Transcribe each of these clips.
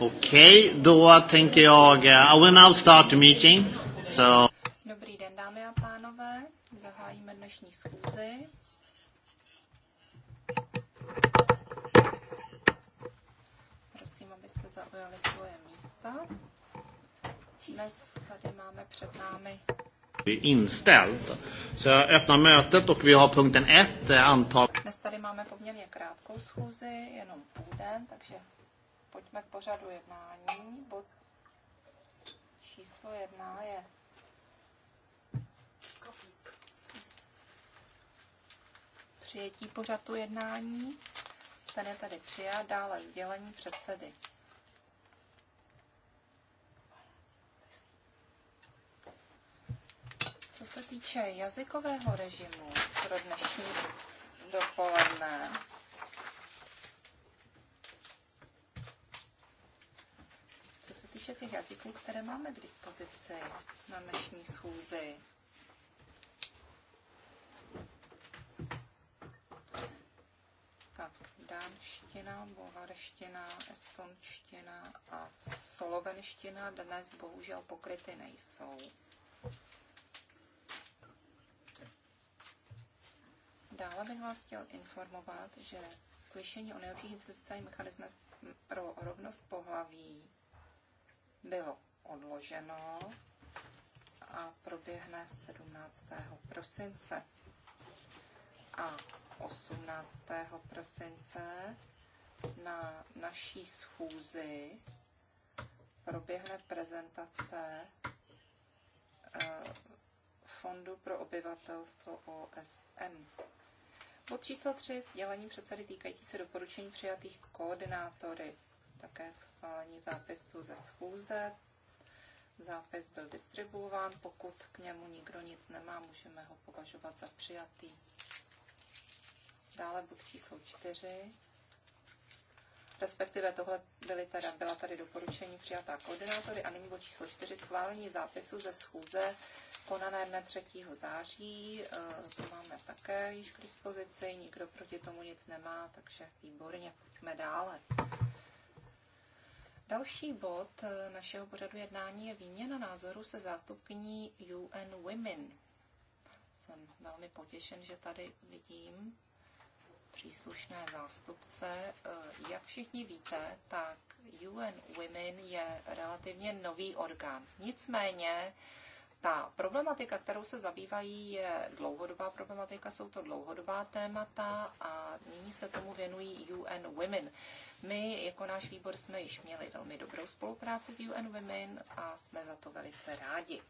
Okej, okay, då tänker jag... I uh, will now start the meeting. So... Dobrý den, dámy a pánové. Zahájíme dnešní schůzi. Prosím, abyste zaujali svoje místa. Dnes tady máme před námi inställd. Så jag öppnar mötet och vi har punkten 1, eh, antal... Dnes tady máme poměrně krátkou schůzi, jenom půl den, takže pojďme k pořadu jednání. Bod číslo jedna je přijetí pořadu jednání. Ten je tady přijat, dále sdělení předsedy. Co se týče jazykového režimu pro dnešní dopoledne, týče těch jazyků, které máme k dispozici na dnešní schůzi, tak dánština, bulharština, estonština a slovenština dnes bohužel pokryty nejsou. Dále bych vás chtěl informovat, že slyšení o nejlepších institucích mechanismech pro rovnost pohlaví bylo odloženo a proběhne 17. prosince. A 18. prosince na naší schůzi proběhne prezentace eh, Fondu pro obyvatelstvo OSN. Bod číslo 3 sdělení předsedy týkající se doporučení přijatých koordinátory také schválení zápisu ze schůze. Zápis byl distribuován, pokud k němu nikdo nic nemá, můžeme ho považovat za přijatý. Dále bod číslo čtyři Respektive tohle byly teda, byla tady doporučení přijatá koordinátory a nyní bod číslo čtyři Schválení zápisu ze schůze konané dne 3. září. E, to máme také již k dispozici, nikdo proti tomu nic nemá, takže výborně, pojďme dále. Další bod eh, našeho pořadu jednání je výměna názoru se zástupkyní UN Women. Jsem velmi potěšen, že tady vidím příslušné zástupce. Eh, jak všichni víte, tak UN Women je relativně nový orgán. Nicméně ta problematika, kterou se zabývají, je dlouhodobá problematika, jsou to dlouhodobá témata a nyní se tomu věnují UN Women. My jako náš výbor jsme již měli velmi dobrou spolupráci s UN Women a jsme za to velice rádi.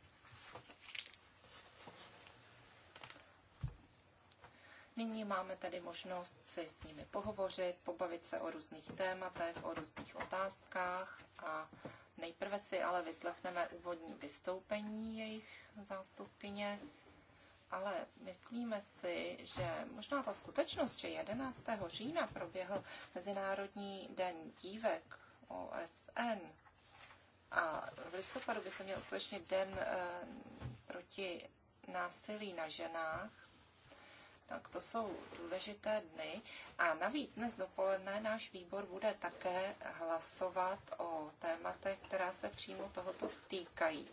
Nyní máme tedy možnost si s nimi pohovořit, pobavit se o různých tématech, o různých otázkách a Nejprve si ale vyslechneme úvodní vystoupení jejich zástupkyně, ale myslíme si, že možná ta skutečnost, že 11. října proběhl Mezinárodní den dívek OSN a v listopadu by se měl skutečně den eh, proti násilí na ženách, tak to jsou důležité dny. A navíc dnes dopoledne náš výbor bude také hlasovat o tématech, která se přímo tohoto týkají.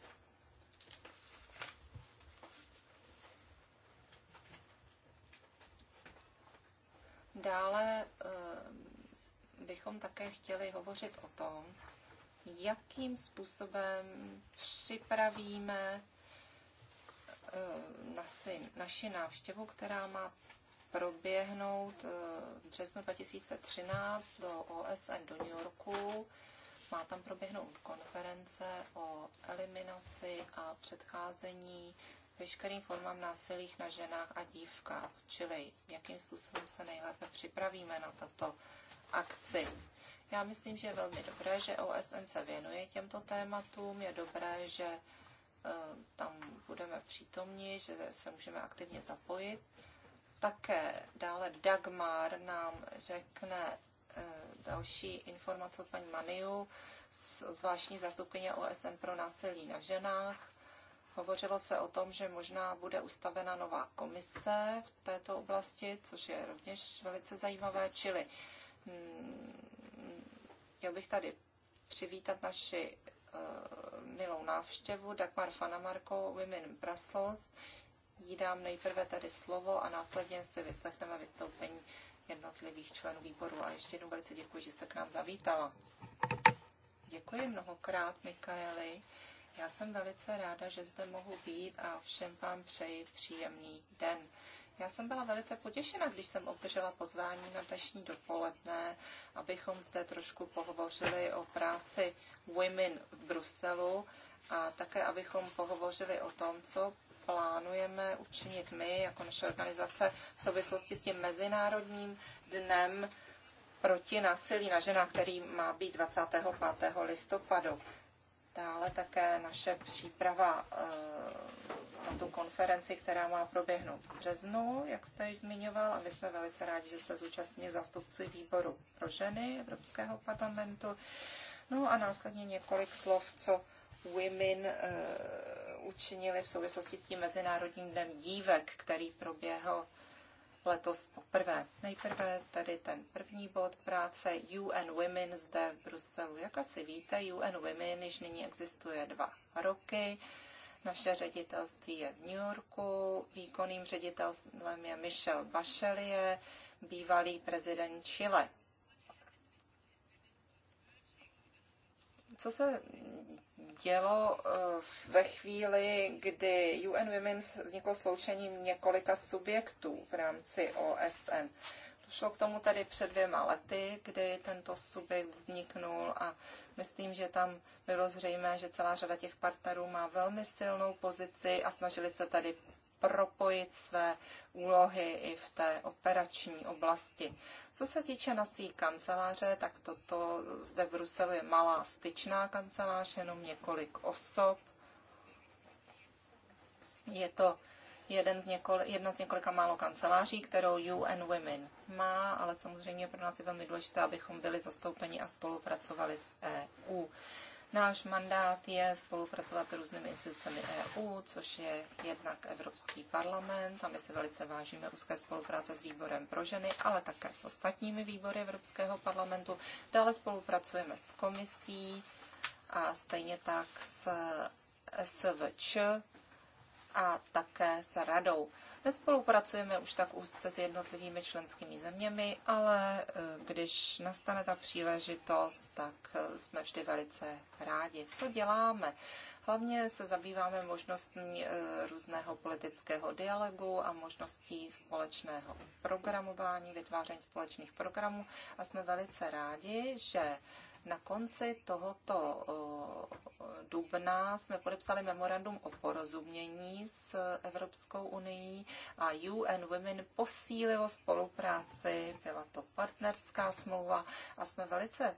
Dále eh, bychom také chtěli hovořit o tom, jakým způsobem připravíme Eh, naši, naši návštěvu, která má proběhnout eh, v březnu 2013 do OSN do New Yorku. Má tam proběhnout konference o eliminaci a předcházení veškerým formám násilích na ženách a dívkách, čili jakým způsobem se nejlépe připravíme na tato akci. Já myslím, že je velmi dobré, že OSN se věnuje těmto tématům, je dobré, že Eh, tam budeme přítomni, že se můžeme aktivně zapojit. Také dále Dagmar nám řekne eh, další informace od paní Maniu, zvláštní zastupkyně OSN pro násilí na ženách. Hovořilo se o tom, že možná bude ustavena nová komise v této oblasti, což je rovněž velice zajímavé, čili mm, chtěl bych tady přivítat naši Eh, milou návštěvu Dagmar Fanamarko Women in Brussels. Jí dám nejprve tady slovo a následně si vyslechneme vystoupení jednotlivých členů výboru. A ještě jednou velice děkuji, že jste k nám zavítala. Děkuji mnohokrát, Mikaeli. Já jsem velice ráda, že zde mohu být a všem vám přeji příjemný den. Já jsem byla velice potěšena, když jsem obdržela pozvání na dnešní dopoledne, abychom zde trošku pohovořili o práci Women v Bruselu a také abychom pohovořili o tom, co plánujeme učinit my jako naše organizace v souvislosti s tím Mezinárodním dnem proti násilí na ženách, který má být 25. listopadu. Dále také naše příprava eh, na tu konferenci, která má proběhnout v březnu, jak jste již zmiňoval, a my jsme velice rádi, že se zúčastní zástupci výboru pro ženy Evropského parlamentu. No a následně několik slov, co Women uh, učinili v souvislosti s tím Mezinárodním dnem dívek, který proběhl letos poprvé. Nejprve tady ten první bod práce UN Women zde v Bruselu. Jak asi víte, UN Women již nyní existuje dva roky. Naše ředitelství je v New Yorku, výkonným ředitelem je Michel Bachelier, bývalý prezident Chile. Co se dělo eh, ve chvíli, kdy UN Women vzniklo sloučením několika subjektů v rámci OSN? Došlo k tomu tedy před dvěma lety, kdy tento subjekt vzniknul a Myslím, že tam bylo zřejmé, že celá řada těch partnerů má velmi silnou pozici a snažili se tady propojit své úlohy i v té operační oblasti. Co se týče naší kanceláře, tak toto zde v Bruselu je malá styčná kancelář, jenom několik osob. Je to jeden z několik, jedno z několika málo kanceláří, kterou UN Women má, ale samozřejmě pro nás je velmi důležité, abychom byli zastoupeni a spolupracovali s EU. Náš mandát je spolupracovat s různými institucemi EU, což je jednak Evropský parlament, a my si velice vážíme úzké spolupráce s výborem pro ženy, ale také s ostatními výbory Evropského parlamentu. Dále spolupracujeme s komisí a stejně tak s SVČ, a také s radou. Nespolupracujeme už tak úzce s jednotlivými členskými zeměmi, ale e, když nastane ta příležitost, tak e, jsme vždy velice rádi. Co děláme? Hlavně se zabýváme možnostmi e, různého politického dialogu a možností společného programování, vytváření společných programů a jsme velice rádi, že na konci tohoto dubna jsme podepsali memorandum o porozumění s Evropskou unii a UN Women posílilo spolupráci, byla to partnerská smlouva a jsme velice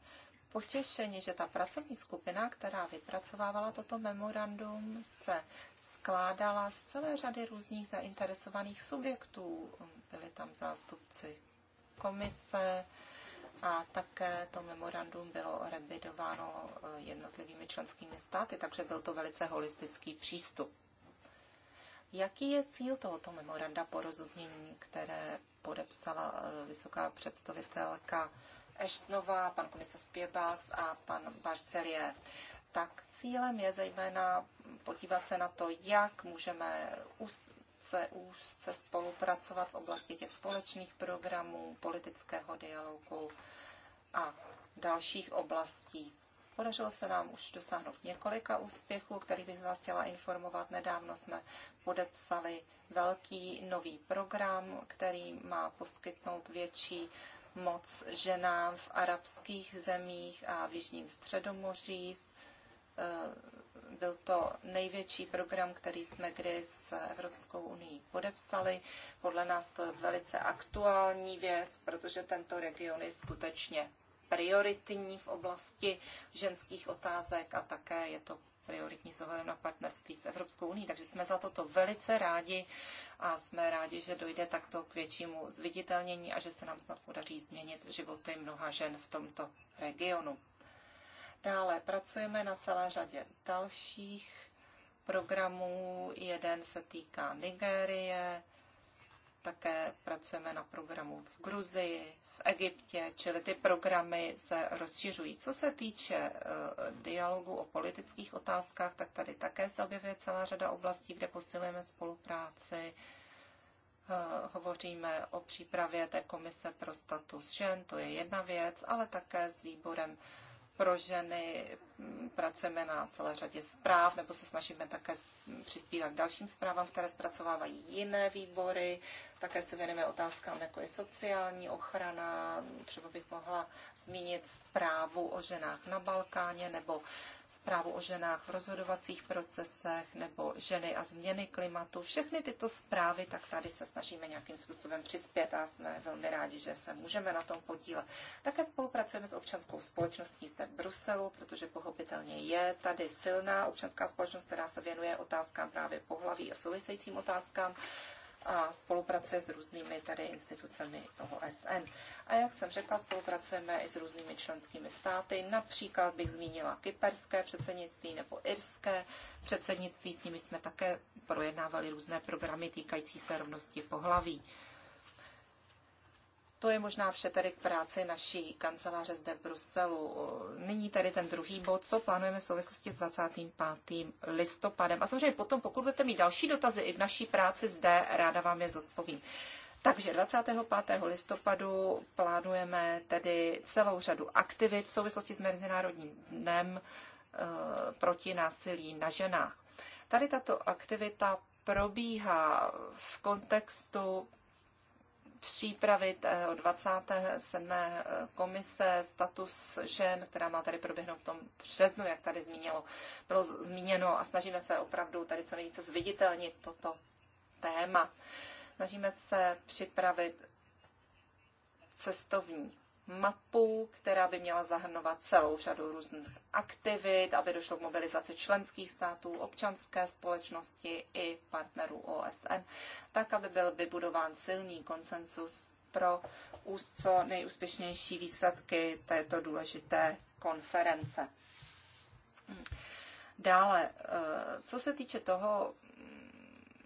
potěšeni, že ta pracovní skupina, která vypracovávala toto memorandum, se skládala z celé řady různých zainteresovaných subjektů. Byli tam zástupci komise, a také to memorandum bylo revidováno eh, jednotlivými členskými státy, takže byl to velice holistický přístup. Jaký je cíl tohoto memoranda porozumění, které podepsala eh, vysoká představitelka Eštnova, pan komisař Pěbals a pan Barcelie? Tak cílem je zejména podívat se na to, jak můžeme chce úzce spolupracovat v oblasti těch společných programů, politického dialogu a dalších oblastí. Podařilo se nám už dosáhnout několika úspěchů, který bych vás chtěla informovat. Nedávno jsme podepsali velký nový program, který má poskytnout větší moc ženám v arabských zemích a v Jižním středomoří byl to největší program, který jsme kdy s Evropskou unii podepsali. Podle nás to je velice aktuální věc, protože tento region je skutečně prioritní v oblasti ženských otázek a také je to prioritní s na partnerství s Evropskou uní. Takže jsme za toto velice rádi a jsme rádi, že dojde takto k většímu zviditelnění a že se nám snad podaří změnit životy mnoha žen v tomto regionu. Dále pracujeme na celé řadě dalších programů. Jeden se týká Nigérie, také pracujeme na programu v Gruzii, v Egyptě, čili ty programy se rozšiřují. Co se týče eh, dialogu o politických otázkách, tak tady také se objevuje celá řada oblastí, kde posilujeme spolupráci. Eh, hovoříme o přípravě té komise pro status žen, to je jedna věc, ale také s výborem pro ženy, pracujeme na celé řadě zpráv, nebo se snažíme také přispívat k dalším zprávám, které zpracovávají jiné výbory. Také se věnujeme otázkám, jako je sociální ochrana. Třeba bych mohla zmínit zprávu o ženách na Balkáně, nebo zprávu o ženách v rozhodovacích procesech, nebo ženy a změny klimatu. Všechny tyto zprávy, tak tady se snažíme nějakým způsobem přispět a jsme velmi rádi, že se můžeme na tom podílet. Také spolupracujeme s občanskou společností zde v Bruselu, protože po pochopitelně je tady silná občanská společnost, která se věnuje otázkám právě pohlaví a souvisejícím otázkám a spolupracuje s různými tady institucemi OSN. A jak jsem řekla, spolupracujeme i s různými členskými státy. Například bych zmínila kyperské předsednictví nebo irské předsednictví, s nimi jsme také projednávali různé programy týkající se rovnosti pohlaví. To je možná vše tedy k práci naší kanceláře zde v Bruselu. Nyní tady ten druhý bod, co plánujeme v souvislosti s 25. listopadem. A samozřejmě potom, pokud budete mít další dotazy i v naší práci zde, ráda vám je zodpovím. Takže 25. listopadu plánujeme tedy celou řadu aktivit v souvislosti s Mezinárodním dnem eh, proti násilí na ženách. Tady tato aktivita probíhá v kontextu přípravy té 27. Eh, komise status žen, která má tady proběhnout v tom březnu, jak tady zmínilo, bylo zmíněno a snažíme se opravdu tady co nejvíce zviditelnit toto téma. Snažíme se připravit cestovní mapu, která by měla zahrnovat celou řadu různých aktivit, aby došlo k mobilizaci členských států, občanské společnosti i partnerů OSN, tak, aby byl vybudován silný konsensus pro úzco nejúspěšnější výsledky této důležité konference. Dále, eh, co se týče toho,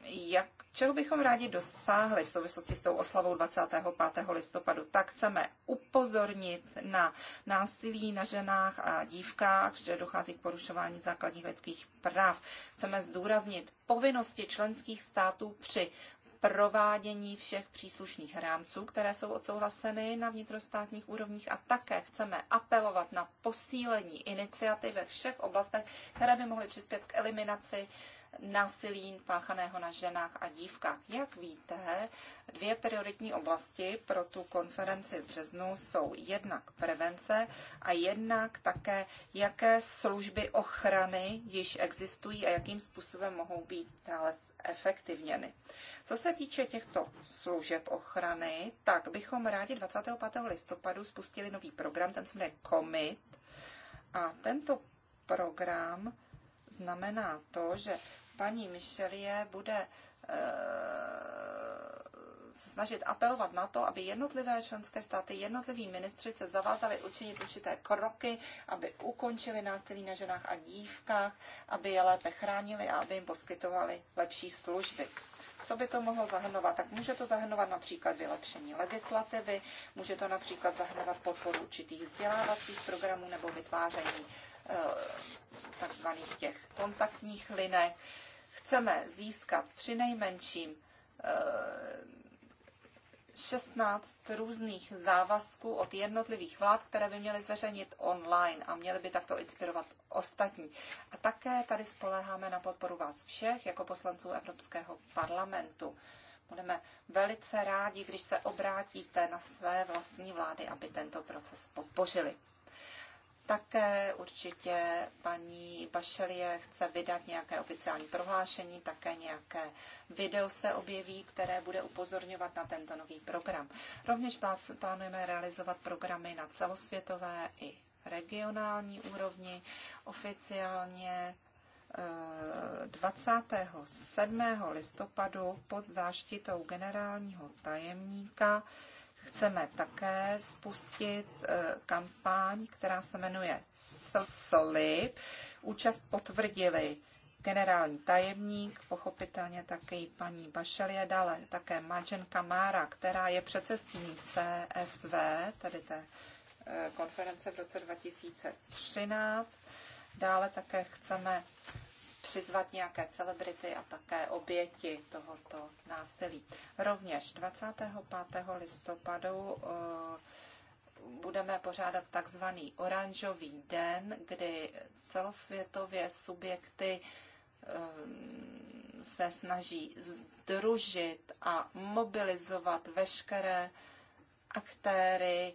jak Čeho bychom rádi dosáhli v souvislosti s tou oslavou 25. listopadu? Tak chceme upozornit na násilí na ženách a dívkách, že dochází k porušování základních lidských práv. Chceme zdůraznit povinnosti členských států při provádění všech příslušných rámců, které jsou odsouhlaseny na vnitrostátních úrovních a také chceme apelovat na posílení iniciativ ve všech oblastech, které by mohly přispět k eliminaci násilí páchaného na ženách a dívkách. Jak víte, dvě prioritní oblasti pro tu konferenci v březnu jsou jednak prevence a jednak také, jaké služby ochrany již existují a jakým způsobem mohou být dále zefektivněny. Co se týče těchto služeb ochrany, tak bychom rádi 25. listopadu spustili nový program, ten se jmenuje COMIT. A tento program znamená to, že paní Michelie bude eh, snažit apelovat na to, aby jednotlivé členské státy, jednotliví ministři se zavázali učinit určité kroky, aby ukončili násilí na ženách a dívkách, aby je lépe chránili a aby jim poskytovali lepší služby. Co by to mohlo zahrnovat? Tak může to zahrnovat například vylepšení legislativy, může to například zahrnovat podporu určitých vzdělávacích programů nebo vytváření eh, takzvaných těch kontaktních linek. Chceme získat při nejmenším eh, 16 různých závazků od jednotlivých vlád, které by měly zveřejnit online a měly by takto inspirovat ostatní. A také tady spoléháme na podporu vás všech jako poslanců Evropského parlamentu. Budeme velice rádi, když se obrátíte na své vlastní vlády, aby tento proces podpořili. Také určitě paní Bašelie chce vydat nějaké oficiální prohlášení, také nějaké video se objeví, které bude upozorňovat na tento nový program. Rovněž plánujeme realizovat programy na celosvětové i regionální úrovni. Oficiálně 27. Eh, listopadu pod záštitou generálního tajemníka Chceme také spustit e, kampaň, která se jmenuje SOLIP. Účast potvrdili generální tajemník, pochopitelně také paní Bašelie, dále také Majen Kamara, která je předsedkyní CSV, tedy té e, konference v roce 2013. Dále také chceme přizvat nějaké celebrity a také oběti tohoto násilí. Rovněž 25. listopadu eh, budeme pořádat takzvaný oranžový den, kdy celosvětově subjekty eh, se snaží združit a mobilizovat veškeré aktéry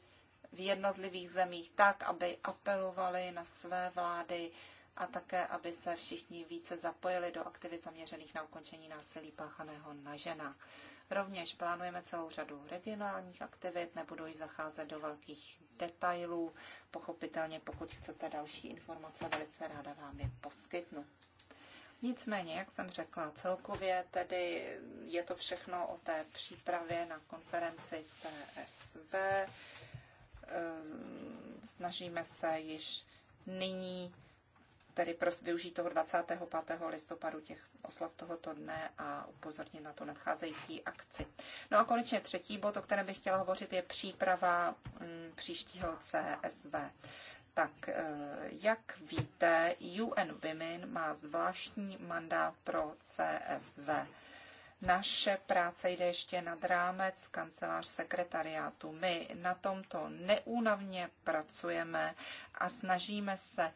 v jednotlivých zemích tak, aby apelovali na své vlády, a také, aby se všichni více zapojili do aktivit zaměřených na ukončení násilí páchaného na ženách. Rovněž plánujeme celou řadu regionálních aktivit, nebudu ji zacházet do velkých detailů. Pochopitelně, pokud chcete další informace, velice ráda vám je poskytnu. Nicméně, jak jsem řekla, celkově tedy je to všechno o té přípravě na konferenci CSV. Ehm, snažíme se již nyní tedy prostě využít toho 25. listopadu těch oslav tohoto dne a upozornit na to nadcházející akci. No a konečně třetí bod, o kterém bych chtěla hovořit, je příprava mm, příštího CSV. Tak eh, jak víte, UN Women má zvláštní mandát pro CSV. Naše práce jde ještě nad rámec kancelář sekretariátu. My na tomto neúnavně pracujeme a snažíme se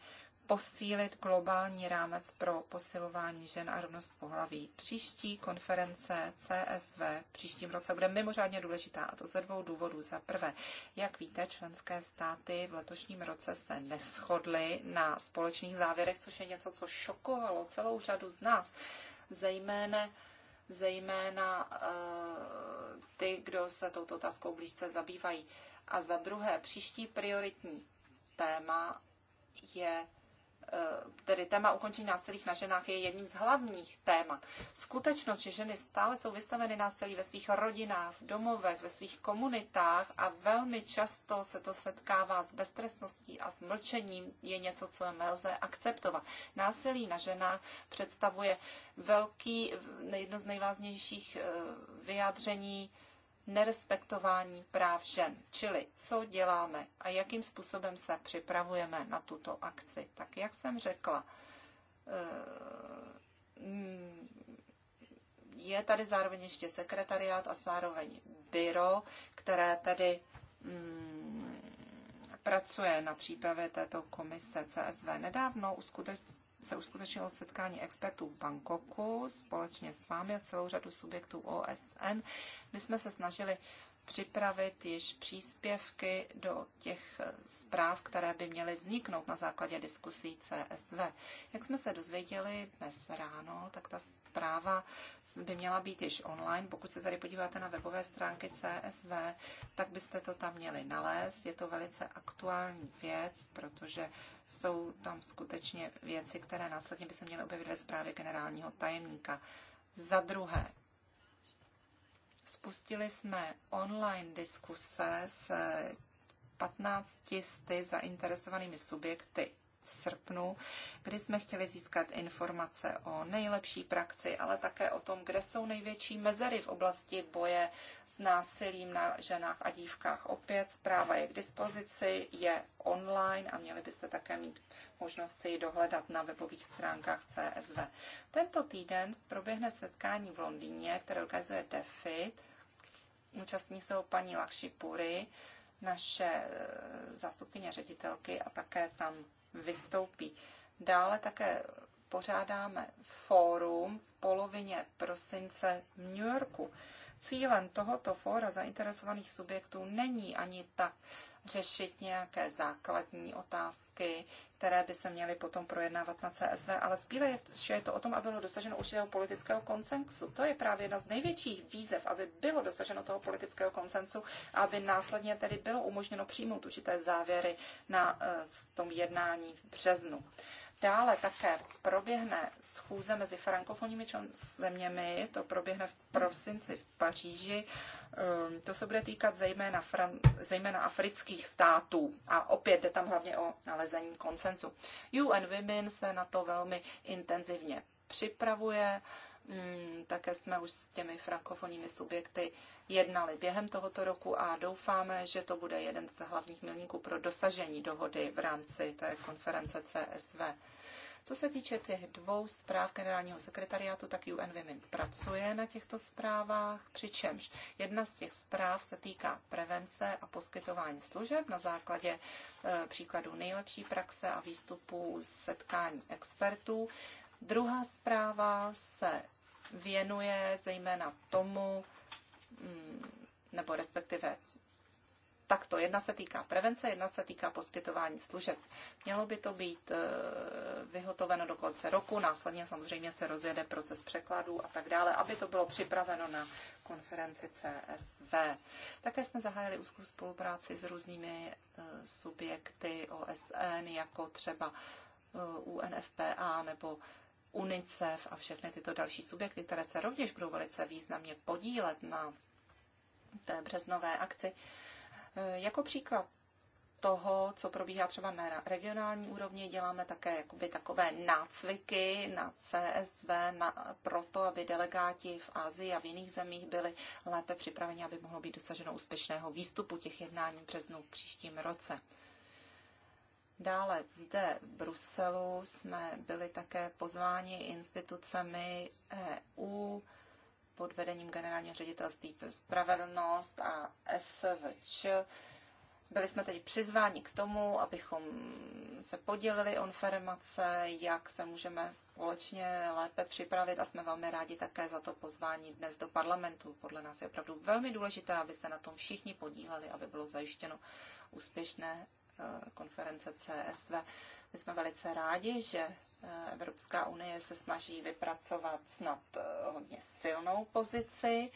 posílit globální rámec pro posilování žen a rovnost pohlaví. Příští konference CSV v příštím roce bude mimořádně důležitá, a to ze dvou důvodů. Za prvé, jak víte, členské státy v letošním roce se neschodly na společných závěrech, což je něco, co šokovalo celou řadu z nás, zejména zejména uh, ty, kdo se touto otázkou blížce zabývají. A za druhé, příští prioritní téma je Eh, tedy téma ukončení násilí na ženách je jedním z hlavních témat. Skutečnost, že ženy stále jsou vystaveny násilí ve svých rodinách, v domovech, ve svých komunitách a velmi často se to setkává s beztrestností a s mlčením, je něco, co nelze akceptovat. Násilí na ženách představuje velký, jedno z nejváznějších eh, vyjádření nerespektování práv žen, čili co děláme a jakým způsobem se připravujeme na tuto akci. Tak jak jsem řekla, eh, je tady zároveň ještě sekretariát a zároveň byro, které tady mm, pracuje na přípravě této komise CSV. Nedávno uskutečnilo se uskutečnilo setkání expertů v Bangkoku společně s vámi a celou řadu subjektů OSN, kdy jsme se snažili připravit již příspěvky do těch zpráv, které by měly vzniknout na základě diskusí CSV. Jak jsme se dozvěděli dnes ráno, tak ta zpráva by měla být již online. Pokud se tady podíváte na webové stránky CSV, tak byste to tam měli nalézt. Je to velice aktuální věc, protože jsou tam skutečně věci, které následně by se měly objevit ve zprávě generálního tajemníka. Za druhé, Spustili jsme online diskuse s 15 zainteresovanými subjekty v srpnu, kdy jsme chtěli získat informace o nejlepší praxi, ale také o tom, kde jsou největší mezery v oblasti boje s násilím na ženách a dívkách. Opět zpráva je k dispozici, je online a měli byste také mít možnost si ji dohledat na webových stránkách CSV. Tento týden proběhne setkání v Londýně, které organizuje DEFIT. Účastní se ho paní Lakšipury, naše eh, zástupkyně ředitelky a také tam vystoupí. Dále také pořádáme fórum v polovině prosince v New Yorku. Cílem tohoto fóra zainteresovaných subjektů není ani tak řešit nějaké základní otázky, které by se měly potom projednávat na CSV, ale zbývá, že je to o tom, aby bylo dosaženo určitého politického konsensu. To je právě jedna z největších výzev, aby bylo dosaženo toho politického konsensu, aby následně tedy bylo umožněno přijmout určité závěry na eh, tom jednání v březnu. Dále také proběhne schůze mezi frankofonními zeměmi, to proběhne v prosinci v Paříži. Ehm, to se bude týkat zejména, Fran- zejména afrických států a opět jde tam hlavně o nalezení konsensu. UN Women se na to velmi intenzivně připravuje. Mm, také jsme už s těmi frankofonními subjekty jednali během tohoto roku a doufáme, že to bude jeden z hlavních milníků pro dosažení dohody v rámci té konference CSV. Co se týče těch dvou zpráv generálního sekretariátu, tak UN Women pracuje na těchto zprávách, přičemž jedna z těch zpráv se týká prevence a poskytování služeb na základě e, příkladů nejlepší praxe a výstupů setkání expertů. Druhá zpráva se věnuje zejména tomu, mm, nebo respektive takto. Jedna se týká prevence, jedna se týká poskytování služeb. Mělo by to být eh, vyhotoveno do konce roku, následně samozřejmě se rozjede proces překladů a tak dále, aby to bylo připraveno na konferenci CSV. Také jsme zahájili úzkou spolupráci s různými eh, subjekty OSN, jako třeba eh, UNFPA nebo UNICEF a všechny tyto další subjekty, které se rovněž budou velice významně podílet na té březnové akci. Eh, jako příklad toho, co probíhá třeba na regionální úrovni, děláme také jakoby takové nácviky na CSV na, to, aby delegáti v Asii a v jiných zemích byli lépe připraveni, aby mohlo být dosaženo úspěšného výstupu těch jednání březnu v příštím roce. Dále zde v Bruselu jsme byli také pozváni institucemi EU pod vedením generálního ředitelství pro spravedlnost a SVČ. Byli jsme tedy přizváni k tomu, abychom se podělili o informace, jak se můžeme společně lépe připravit a jsme velmi rádi také za to pozvání dnes do parlamentu. Podle nás je opravdu velmi důležité, aby se na tom všichni podíleli, aby bylo zajištěno úspěšné Eh, konference CSV. My jsme velice rádi, že eh, Evropská unie se snaží vypracovat snad eh, hodně silnou pozici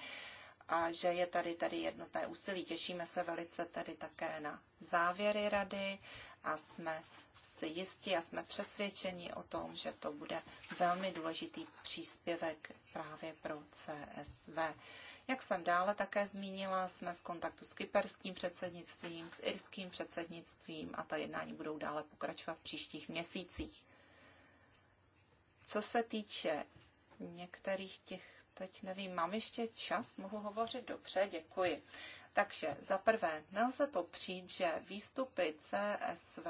a že je tady tady jednotné úsilí. Těšíme se velice tady také na závěry rady a jsme si jistí a jsme přesvědčeni o tom, že to bude velmi důležitý příspěvek právě pro CSV. Jak jsem dále také zmínila, jsme v kontaktu s kyperským předsednictvím, s irským předsednictvím a ta jednání budou dále pokračovat v příštích měsících. Co se týče některých těch teď nevím, mám ještě čas, mohu hovořit dobře, děkuji. Takže za prvé, nelze popřít, že výstupy CSV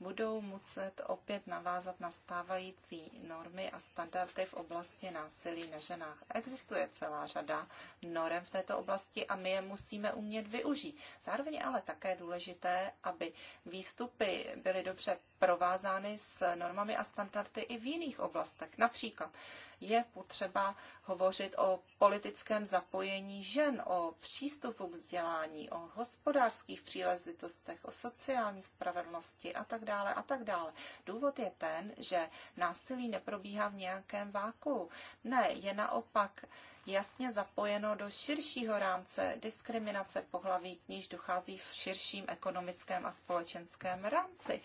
budou muset opět navázat na stávající normy a standardy v oblasti násilí na ženách. Existuje celá řada norem v této oblasti a my je musíme umět využít. Zároveň ale také důležité, aby výstupy byly dobře provázány s normami a standardy i v jiných oblastech. Například je potřeba hovořit o politickém zapojení žen, o přístupu k vzdělání, o hospodářských příležitostech, o sociální spravedlnosti a tak dále a tak dále. Důvod je ten, že násilí neprobíhá v nějakém váku. Ne, je naopak jasně zapojeno do širšího rámce diskriminace pohlaví, k níž dochází v širším ekonomickém a společenském rámci.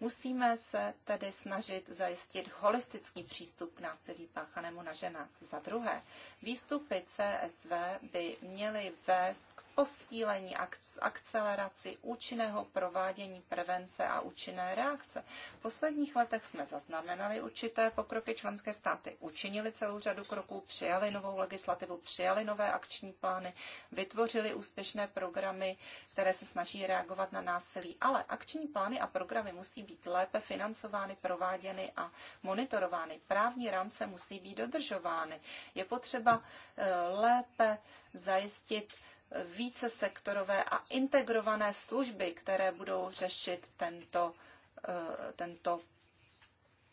Musíme se tedy snažit zajistit holistický přístup k násilí páchanému na ženách. Za druhé, výstupy CSV by měly vést posílení akceleraci účinného provádění prevence a účinné reakce. V posledních letech jsme zaznamenali určité pokroky. Členské státy učinili celou řadu kroků, přijali novou legislativu, přijali nové akční plány, vytvořili úspěšné programy, které se snaží reagovat na násilí. Ale akční plány a programy musí být lépe financovány, prováděny a monitorovány. Právní rámce musí být dodržovány. Je potřeba eh, lépe zajistit více sektorové a integrované služby, které budou řešit tento, eh, tento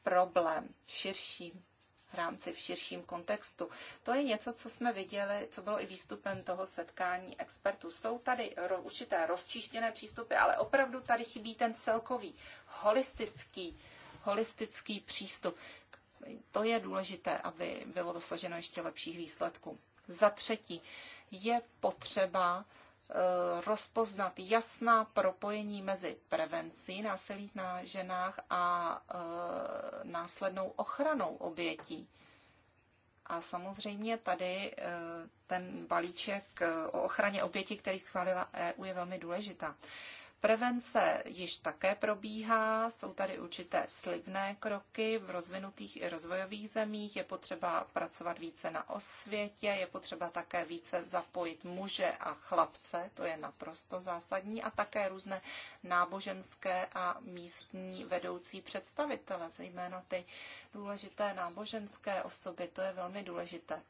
problém v širším v rámci v širším kontextu. To je něco, co jsme viděli, co bylo i výstupem toho setkání expertů. Jsou tady určité rozčištěné přístupy, ale opravdu tady chybí ten celkový, holistický, holistický přístup. To je důležité, aby bylo dosaženo ještě lepších výsledků. Za třetí, je potřeba eh, rozpoznat jasná propojení mezi prevencí násilí na ženách a eh, následnou ochranou obětí. A samozřejmě tady eh, ten balíček o ochraně obětí, který schválila EU, je velmi důležitá. Prevence již také probíhá, jsou tady určité slibné kroky v rozvinutých i rozvojových zemích, je potřeba pracovat více na osvětě, je potřeba také více zapojit muže a chlapce, to je naprosto zásadní, a také různé náboženské a místní vedoucí představitele, zejména ty důležité náboženské osoby, to je velmi důležité.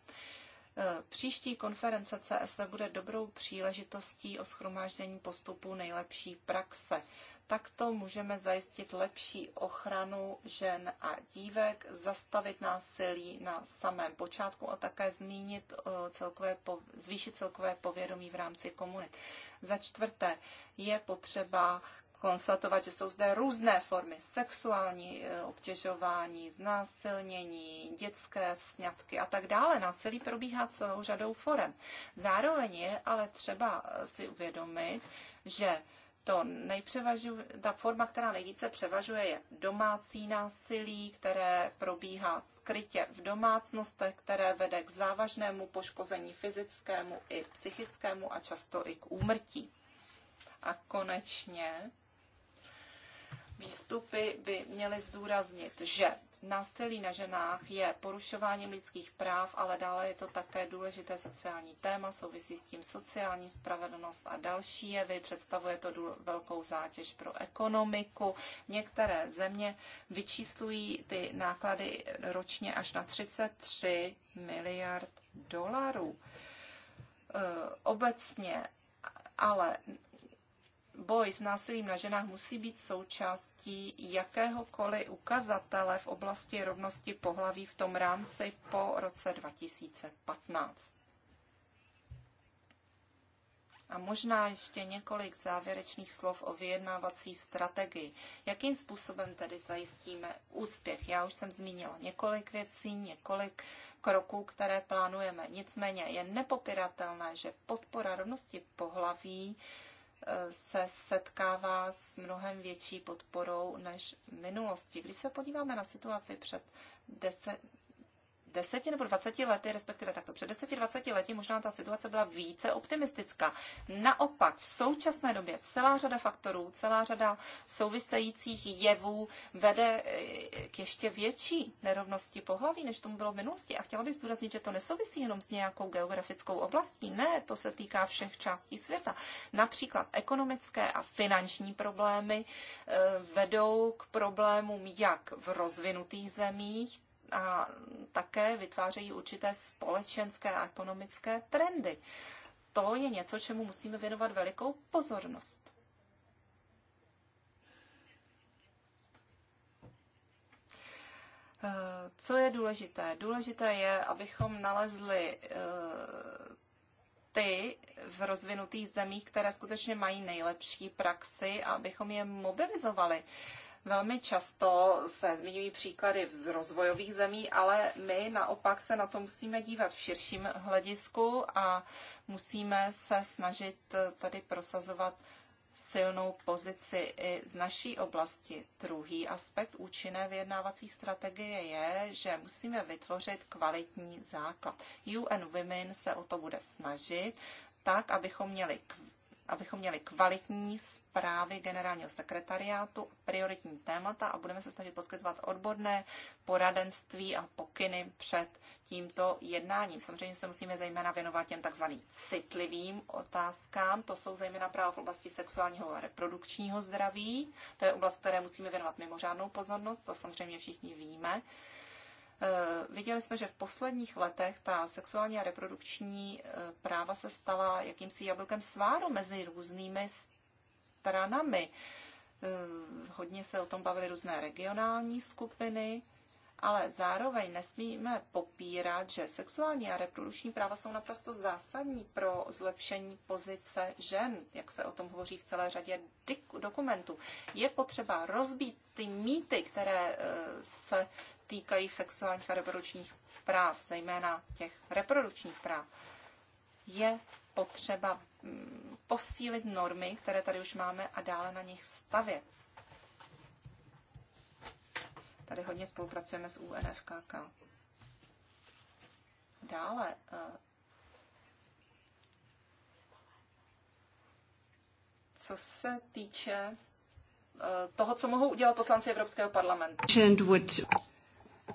E, příští konference CSV bude dobrou příležitostí o schromáždění postupů nejlepší praxe. Takto můžeme zajistit lepší ochranu žen a dívek, zastavit násilí na samém počátku a také zmínit e, celkové, zvýšit celkové povědomí v rámci komunit. Za čtvrté je potřeba konstatovat, že jsou zde různé formy sexuální eh, obtěžování, znásilnění, dětské sňatky a tak dále. Násilí probíhá celou řadou forem. Zároveň je ale třeba eh, si uvědomit, že to ta forma, která nejvíce převažuje, je domácí násilí, které probíhá skrytě v domácnostech, které vede k závažnému poškození fyzickému i psychickému a často i k úmrtí. A konečně výstupy by měly zdůraznit, že násilí na ženách je porušováním lidských práv, ale dále je to také důležité sociální téma, souvisí s tím sociální spravedlnost a další jevy. Představuje to velkou zátěž pro ekonomiku. Některé země vyčíslují ty náklady ročně až na 33 miliard dolarů. E, obecně ale boj s násilím na ženách musí být součástí jakéhokoliv ukazatele v oblasti rovnosti pohlaví v tom rámci po roce 2015. A možná ještě několik závěrečných slov o vyjednávací strategii. Jakým způsobem tedy zajistíme úspěch? Já už jsem zmínila několik věcí, několik kroků, které plánujeme. Nicméně je nepopiratelné, že podpora rovnosti pohlaví se setkává s mnohem větší podporou než v minulosti. Když se podíváme na situaci před deset, deseti nebo dvaceti lety, respektive takto před deseti, dvaceti lety možná ta situace byla více optimistická. Naopak v současné době celá řada faktorů, celá řada souvisejících jevů vede eh, k ještě větší nerovnosti pohlaví, než tomu bylo v minulosti. A chtěla bych zdůraznit, že to nesouvisí jenom s nějakou geografickou oblastí. Ne, to se týká všech částí světa. Například ekonomické a finanční problémy eh, vedou k problémům jak v rozvinutých zemích, a také vytvářejí určité společenské a ekonomické trendy. To je něco, čemu musíme věnovat velikou pozornost. Eh, co je důležité? Důležité je, abychom nalezli eh, ty v rozvinutých zemích, které skutečně mají nejlepší praxi a abychom je mobilizovali. Velmi často se zmiňují příklady z rozvojových zemí, ale my naopak se na to musíme dívat v širším hledisku a musíme se snažit tady prosazovat silnou pozici i z naší oblasti. Druhý aspekt účinné vyjednávací strategie je, že musíme vytvořit kvalitní základ. UN Women se o to bude snažit, tak, abychom měli abychom měli kvalitní zprávy generálního sekretariátu, prioritní témata a budeme se snažit poskytovat odborné poradenství a pokyny před tímto jednáním. Samozřejmě se musíme zejména věnovat těm takzvaným citlivým otázkám. To jsou zejména práva v oblasti sexuálního a reprodukčního zdraví. To je oblast, které musíme věnovat mimořádnou pozornost, to samozřejmě všichni víme. Eh, viděli jsme, že v posledních letech ta sexuální a reprodukční eh, práva se stala jakýmsi jablkem sváru mezi různými stranami. Eh, hodně se o tom bavily různé regionální skupiny, ale zároveň nesmíme popírat, že sexuální a reprodukční práva jsou naprosto zásadní pro zlepšení pozice žen, jak se o tom hovoří v celé řadě dokumentů. Je potřeba rozbít ty mýty, které se týkají sexuálních a reprodukčních práv, zejména těch reprodukčních práv, je potřeba mm, posílit normy, které tady už máme a dále na nich stavět. Tady hodně spolupracujeme s UNFKK. Dále eh, co se týče eh, toho, co mohou udělat poslanci Evropského parlamentu.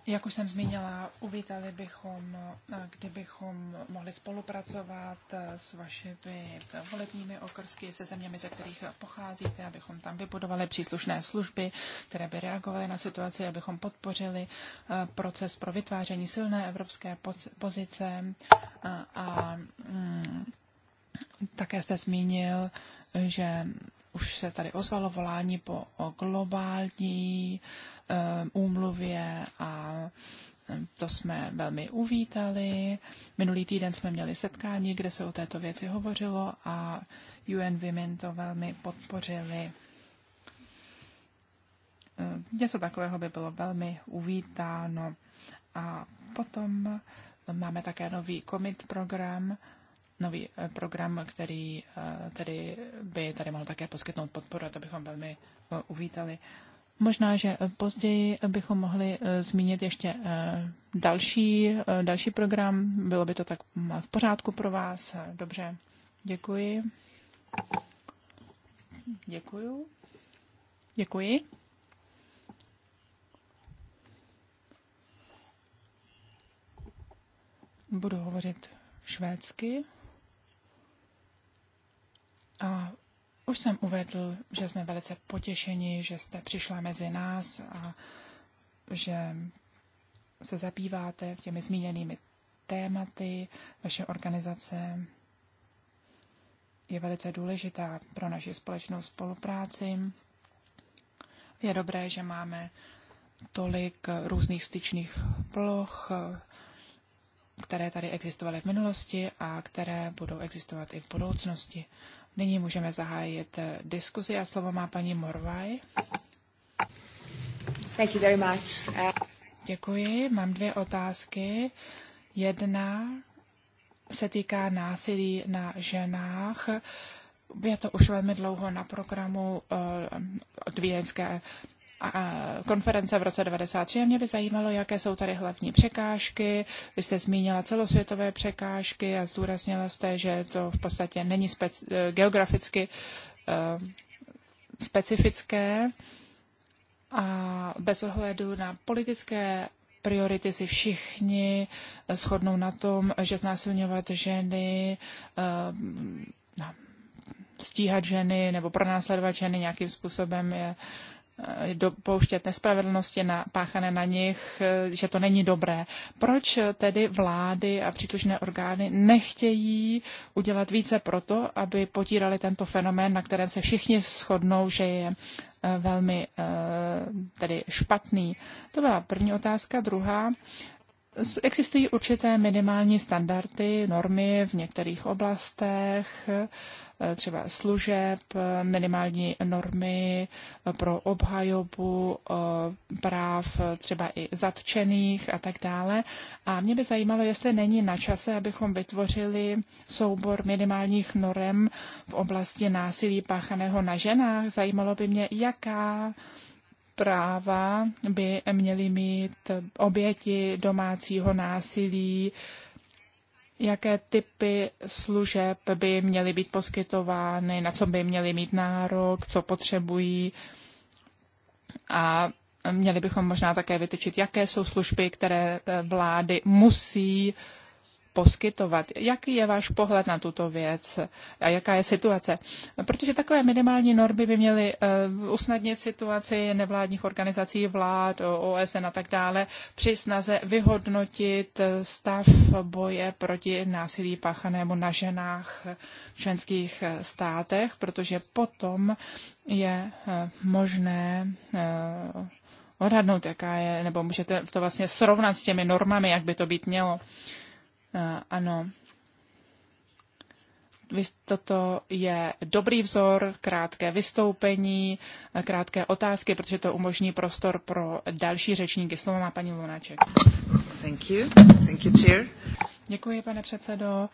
Jak už jsem zmínila, uvítali bychom, eh, kdybychom mohli spolupracovat eh, s vašimi volebními okrsky, se zeměmi, ze kterých pocházíte, abychom tam vybudovali příslušné služby, které by reagovaly na situaci, abychom podpořili eh, proces pro vytváření silné evropské pozice a, a mm, také jste zmínil, že už se tady ozvalo volání po globální uh, Eh, úmluvě a eh, to jsme velmi uvítali. Minulý týden jsme měli setkání, kde se o této věci hovořilo a UN Women to velmi podpořili. Eh, něco takového by bylo velmi uvítáno. A potom máme také nový commit program, nový program, který tedy by tady mohl také poskytnout podporu, a to bychom velmi uvítali. Možná, že eh, později eh, bychom mohli eh, zmínit ještě další, další program. Bylo by to tak mm, v pořádku pro vás? Dobře, děkuji. Děkuji. Děkuji. Budu hovořit švédsky. A už jsem uvedl, že jsme velice potěšeni, že jste přišla mezi nás a že se zabýváte těmi zmíněnými tématy. Vaše organizace je velice důležitá pro naši společnou spolupráci. Je dobré, že máme tolik různých styčných ploch, které tady existovaly v minulosti a které budou existovat i v budoucnosti. Nyní můžeme zahájit eh, diskuzi a slovo má paní Morvaj. Thank you very much. Děkuji. Mám dvě otázky. Jedna se týká násilí na ženách. Je to už velmi dlouho na programu od eh, Vídeňské konference v roce 1993 a mě by zajímalo, jaké jsou tady hlavní překážky. Vy jste zmínila celosvětové překážky a zdůraznila jste, že to v podstatě není speci- eh, geograficky uh, specifické a bez ohledu na politické priority si všichni eh, shodnou na tom, že znásilňovat ženy uh, stíhat ženy nebo pronásledovat ženy nějakým způsobem je Eh, dopouštět nespravedlnosti na, páchané na nich, eh, že to není dobré. Proč tedy vlády a příslušné orgány nechtějí udělat více proto, aby potírali tento fenomén, na kterém se všichni shodnou, že je eh, velmi tedy špatný? To byla první otázka. Druhá, existují určité minimální standardy, normy v některých oblastech, Eh, třeba služeb, eh, minimální normy eh, pro obhajobu práv třeba i zatčených a tak dále. A mě by zajímalo, jestli není na čase, abychom vytvořili soubor minimálních norem v oblasti násilí páchaného na ženách. Zajímalo by mě, jaká práva by měly mít oběti domácího násilí, jaké typy služeb by měly být poskytovány, na co by měly mít nárok, co potřebují. A měli bychom možná také vytyčit, jaké jsou služby, které eh, vlády musí uh, poskytovat. Jaký je váš pohled na tuto věc a jaká je situace? Protože takové minimální normy by měly eh, usnadnit situaci nevládních organizací, vlád, OSN a tak dále při snaze vyhodnotit eh, stav boje proti násilí páchanému na ženách v členských eh, státech, protože potom je možné odhadnout, jaká je, nebo můžete to vlastně srovnat s těmi normami, jak by to být mělo. Eh, ano, toto je dobrý vzor, krátké vystoupení, eh, krátké otázky, protože to umožní prostor pro další řečníky. Slovo má paní Lunáček. Thank you. Thank you, chair. Děkuji, pane předsedo.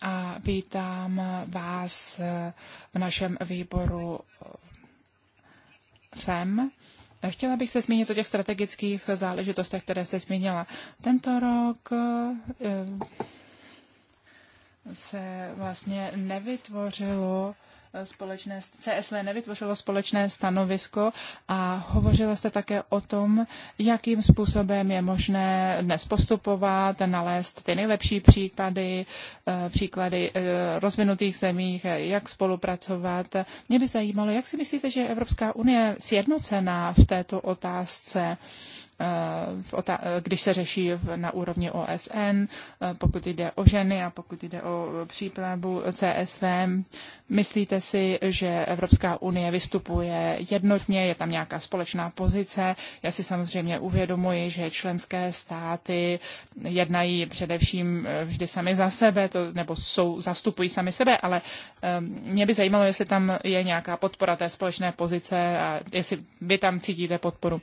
A vítám vás eh, v našem výboru FEM. Chtěla bych se zmínit o těch strategických záležitostech, které jste zmínila. Tento rok eh, se vlastně nevytvořilo společné, CSV nevytvořilo společné stanovisko a hovořila se také o tom, jakým způsobem je možné dnes postupovat, nalézt ty nejlepší případy, eh, příklady eh, rozvinutých zemích, jak spolupracovat. Mě by zajímalo, jak si myslíte, že Evropská unie sjednocená v této otázce, Eh, eh, když se řeší na úrovni OSN, eh, pokud jde o ženy a pokud jde o přípravu CSV. Myslíte si, že Evropská unie vystupuje jednotně, je tam nějaká společná pozice? Já si samozřejmě uvědomuji, že členské státy jednají především vždy sami za sebe, to, nebo jsou, zastupují sami sebe, ale ehm, mě by zajímalo, jestli tam je nějaká podpora té společné pozice a jestli vy tam cítíte podporu. Uh,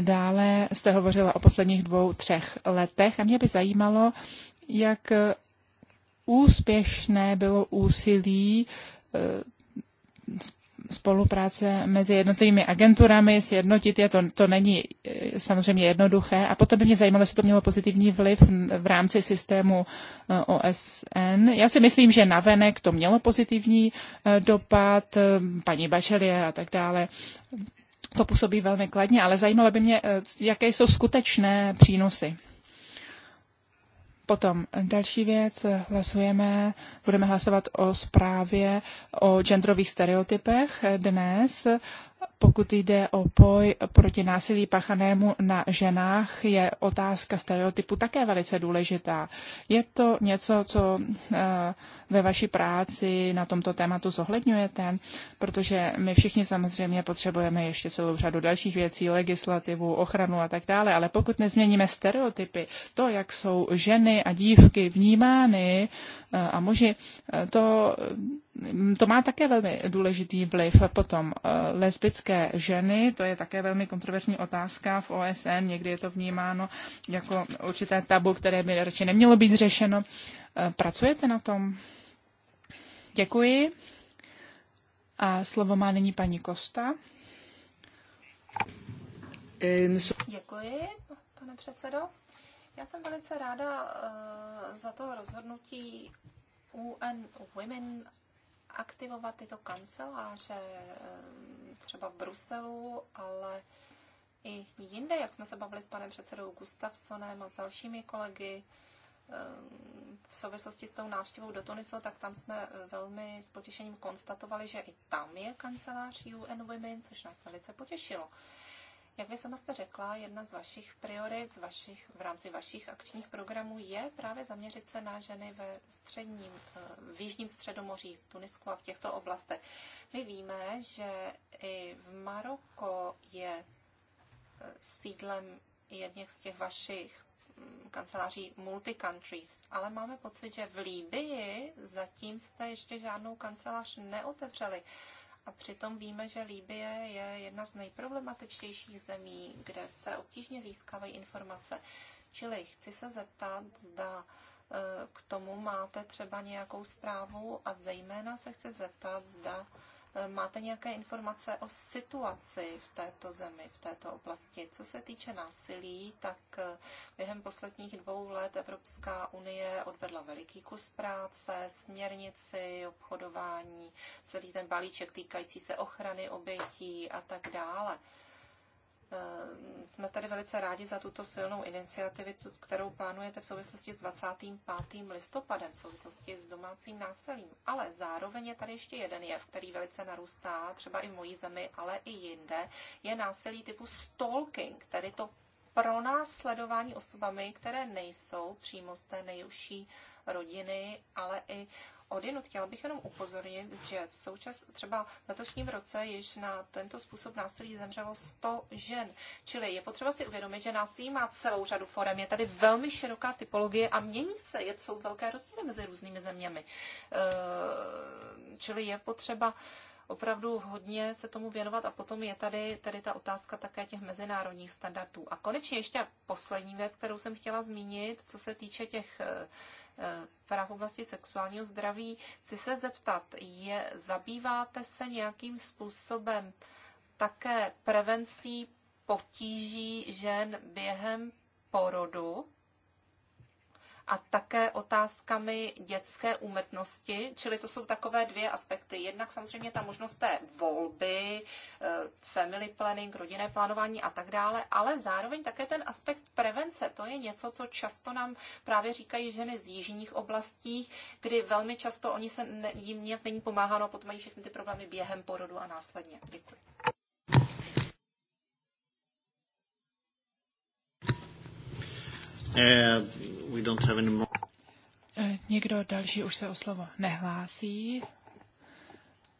Dále jste hovořila o posledních dvou, třech letech a mě by zajímalo, jak úspěšné bylo úsilí eh, spolupráce mezi jednotlivými agenturami, sjednotit je, to, to není eh, samozřejmě jednoduché. A potom by mě zajímalo, jestli to mělo pozitivní vliv v rámci systému eh, OSN. Já si myslím, že navenek to mělo pozitivní dopad, paní Bachelie a tak dále to působí velmi kladně, ale zajímalo by mě, eh, jaké jsou skutečné přínosy. Potom další věc, eh, hlasujeme, budeme hlasovat o zprávě o genderových stereotypech eh, dnes. Pokud jde o boj proti násilí pachanému na ženách, je otázka stereotypu také velice důležitá. Je to něco, co eh, ve vaší práci na tomto tématu zohledňujete? Protože my všichni samozřejmě potřebujeme ještě celou řadu dalších věcí, legislativu, ochranu a tak dále, ale pokud nezměníme stereotypy, to, jak jsou ženy a dívky vnímány eh, a muži, eh, to to má také velmi důležitý vliv. Potom eh, lesbické ženy, to je také velmi kontroverzní otázka v OSN, někdy je to vnímáno jako určité tabu, které by radši nemělo být řešeno. Eh, pracujete na tom? Děkuji. A slovo má nyní paní Kosta. Děkuji, pane předsedo. Já jsem velice ráda eh, za to rozhodnutí UN Women aktivovat tyto kanceláře ehm, třeba v Bruselu, ale i jinde, jak jsme se bavili s panem předsedou Gustavsonem a s dalšími kolegy ehm, v souvislosti s tou návštěvou do Tunisu, tak tam jsme eh, velmi s potěšením konstatovali, že i tam je kancelář UN Women, což nás velice potěšilo. Jak vy sama jste řekla, jedna z vašich priorit z vašich, v rámci vašich akčních programů je právě zaměřit se na ženy ve středním, eh, v jižním středomoří, v Tunisku a v těchto oblastech. My víme, že i v Maroko je eh, sídlem jedněch z těch vašich mm, kanceláří multi-countries, ale máme pocit, že v Líbyi zatím jste ještě žádnou kancelář neotevřeli. A přitom víme, že Líbie je jedna z nejproblematičtějších zemí, kde se obtížně získávají informace. Čili chci se zeptat, zda e, k tomu máte třeba nějakou zprávu a zejména se chci zeptat, zda Máte nějaké informace o situaci v této zemi, v této oblasti? Co se týče násilí, tak eh, během posledních dvou let Evropská unie odvedla veliký kus práce, směrnici, obchodování, celý ten balíček týkající se ochrany obětí a tak dále. Ehm, jsme tady velice rádi za tuto silnou iniciativu, kterou plánujete v souvislosti s 25. listopadem, v souvislosti s domácím násilím. Ale zároveň je tady ještě jeden jev, který velice narůstá, třeba i v mojí zemi, ale i jinde, je násilí typu stalking, tedy to pro sledování osobami, které nejsou přímo z té nejužší rodiny, ale i odinut. Chtěla bych jenom upozornit, že v součas, třeba v letošním roce již na tento způsob násilí zemřelo 100 žen. Čili je potřeba si uvědomit, že násilí má celou řadu forem. Je tady velmi široká typologie a mění se. Je, jsou velké rozdíly mezi různými zeměmi. Ehm, čili je potřeba opravdu hodně se tomu věnovat a potom je tady, tady ta otázka také těch mezinárodních standardů. A konečně ještě poslední věc, kterou jsem chtěla zmínit, co se týče těch Eh, práv v oblasti sexuálního zdraví. Chci se zeptat, je, zabýváte se nějakým způsobem také prevencí potíží žen během porodu? a také otázkami dětské úmrtnosti, čili to jsou takové dvě aspekty. Jednak samozřejmě ta možnost té volby, eh, family planning, rodinné plánování a tak dále, ale zároveň také ten aspekt prevence. To je něco, co často nám právě říkají ženy z jižních oblastí, kdy velmi často oni se ne, jim nějak není pomáháno a potom mají všechny ty problémy během porodu a následně. Děkuji. Eh, we don't have any more. Eh, někdo další už se o slovo nehlásí,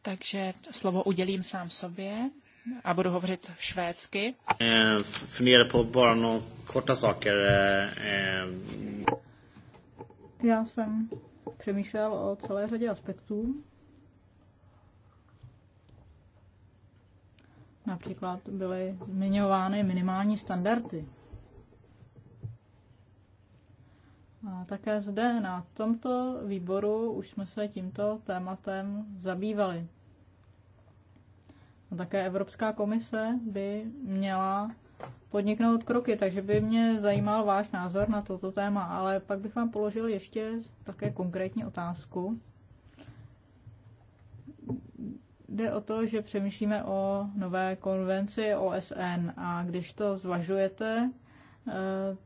takže slovo udělím sám sobě a budu hovořit švédsky. Eh, funderar på bara några korta saker. Eh, Já jsem přemýšlel o celé řadě aspektů. Například byly zmiňovány minimální standardy. A také zde na tomto výboru už jsme se tímto tématem zabývali. A také Evropská komise by měla podniknout kroky, takže by mě zajímal váš názor na toto téma, ale pak bych vám položil ještě také konkrétní otázku. Jde o to, že přemýšlíme o nové konvenci OSN a když to zvažujete, eh,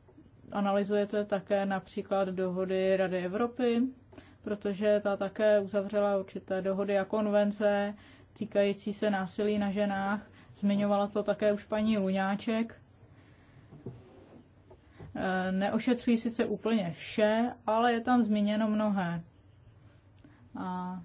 analyzujete také například dohody Rady Evropy, protože ta také uzavřela určité dohody a konvence týkající se násilí na ženách. Zmiňovala to také už paní Luňáček. Eh, neošetřují sice úplně vše, ale je tam zmíněno mnohé. A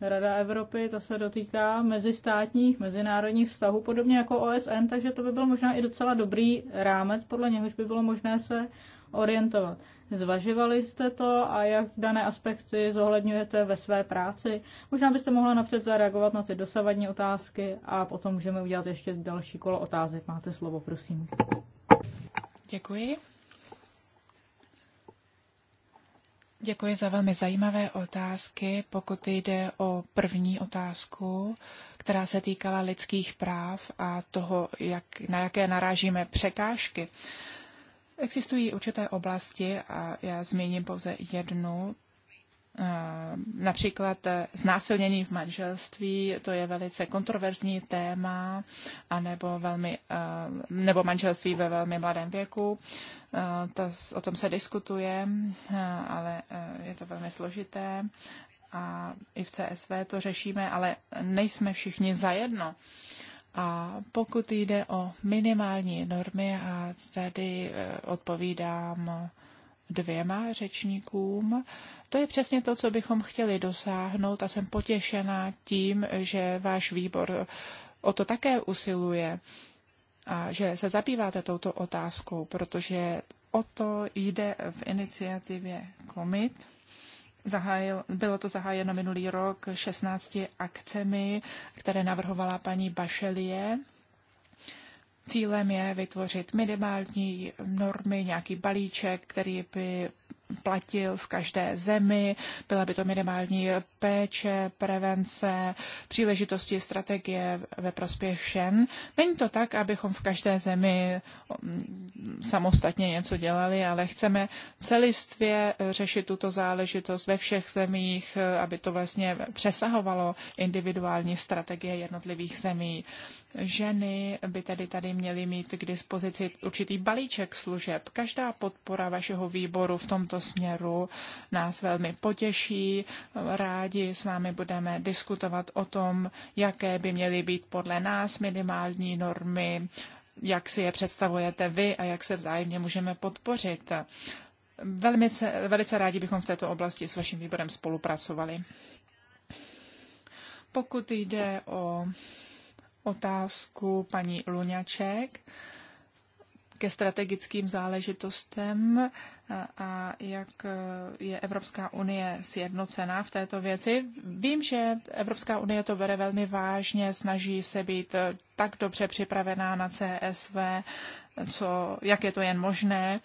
Rada Evropy, to se dotýká mezistátních, mezinárodních vztahů, podobně jako OSN, takže to by byl možná i docela dobrý rámec, podle něhož by bylo možné se orientovat. Zvažovali jste to a jak dané aspekty zohledňujete ve své práci? Možná byste mohla napřed zareagovat na ty dosavadní otázky a potom můžeme udělat ještě další kolo otázek. Máte slovo, prosím. Děkuji. Děkuji za velmi zajímavé otázky. Pokud jde o první otázku, která se týkala lidských práv a toho, jak, na jaké narážíme překážky, existují určité oblasti a já zmíním pouze jednu, Eh, například eh, znásilnění v manželství, to je velice kontroverzní téma, anebo velmi, eh, nebo manželství ve velmi mladém věku. To, o tom se diskutuje, ale je to velmi složité a i v CSV to řešíme, ale nejsme všichni zajedno. A pokud jde o minimální normy, a tady odpovídám dvěma řečníkům. To je přesně to, co bychom chtěli dosáhnout a jsem potěšená tím, že váš výbor o to také usiluje a že se zabýváte touto otázkou, protože o to jde v iniciativě Komit. Zahájil, bylo to zahájeno minulý rok 16 akcemi, které navrhovala paní Bašelie Cílem je vytvořit minimální normy, nějaký balíček, který by platil v každé zemi. Byla by to minimální péče, prevence, příležitosti, strategie ve prospěch všem. Není to tak, abychom v každé zemi mm, samostatně něco dělali, ale chceme celistvě řešit tuto záležitost ve všech zemích, aby to vlastně přesahovalo individuální strategie jednotlivých zemí ženy by tedy tady měly mít k dispozici určitý balíček služeb. Každá podpora vašeho výboru v tomto směru nás velmi potěší. Rádi s vámi budeme diskutovat o tom, jaké by měly být podle nás minimální normy, jak si je představujete vy a jak se vzájemně můžeme podpořit. Velmi, velice rádi bychom v této oblasti s vaším výborem spolupracovali. Pokud jde o otázku paní Luňaček ke strategickým záležitostem a jak je Evropská unie sjednocená v této věci. Vím, že Evropská unie to bere velmi vážně, snaží se být tak dobře připravená na CSV, co, jak je to jen možné.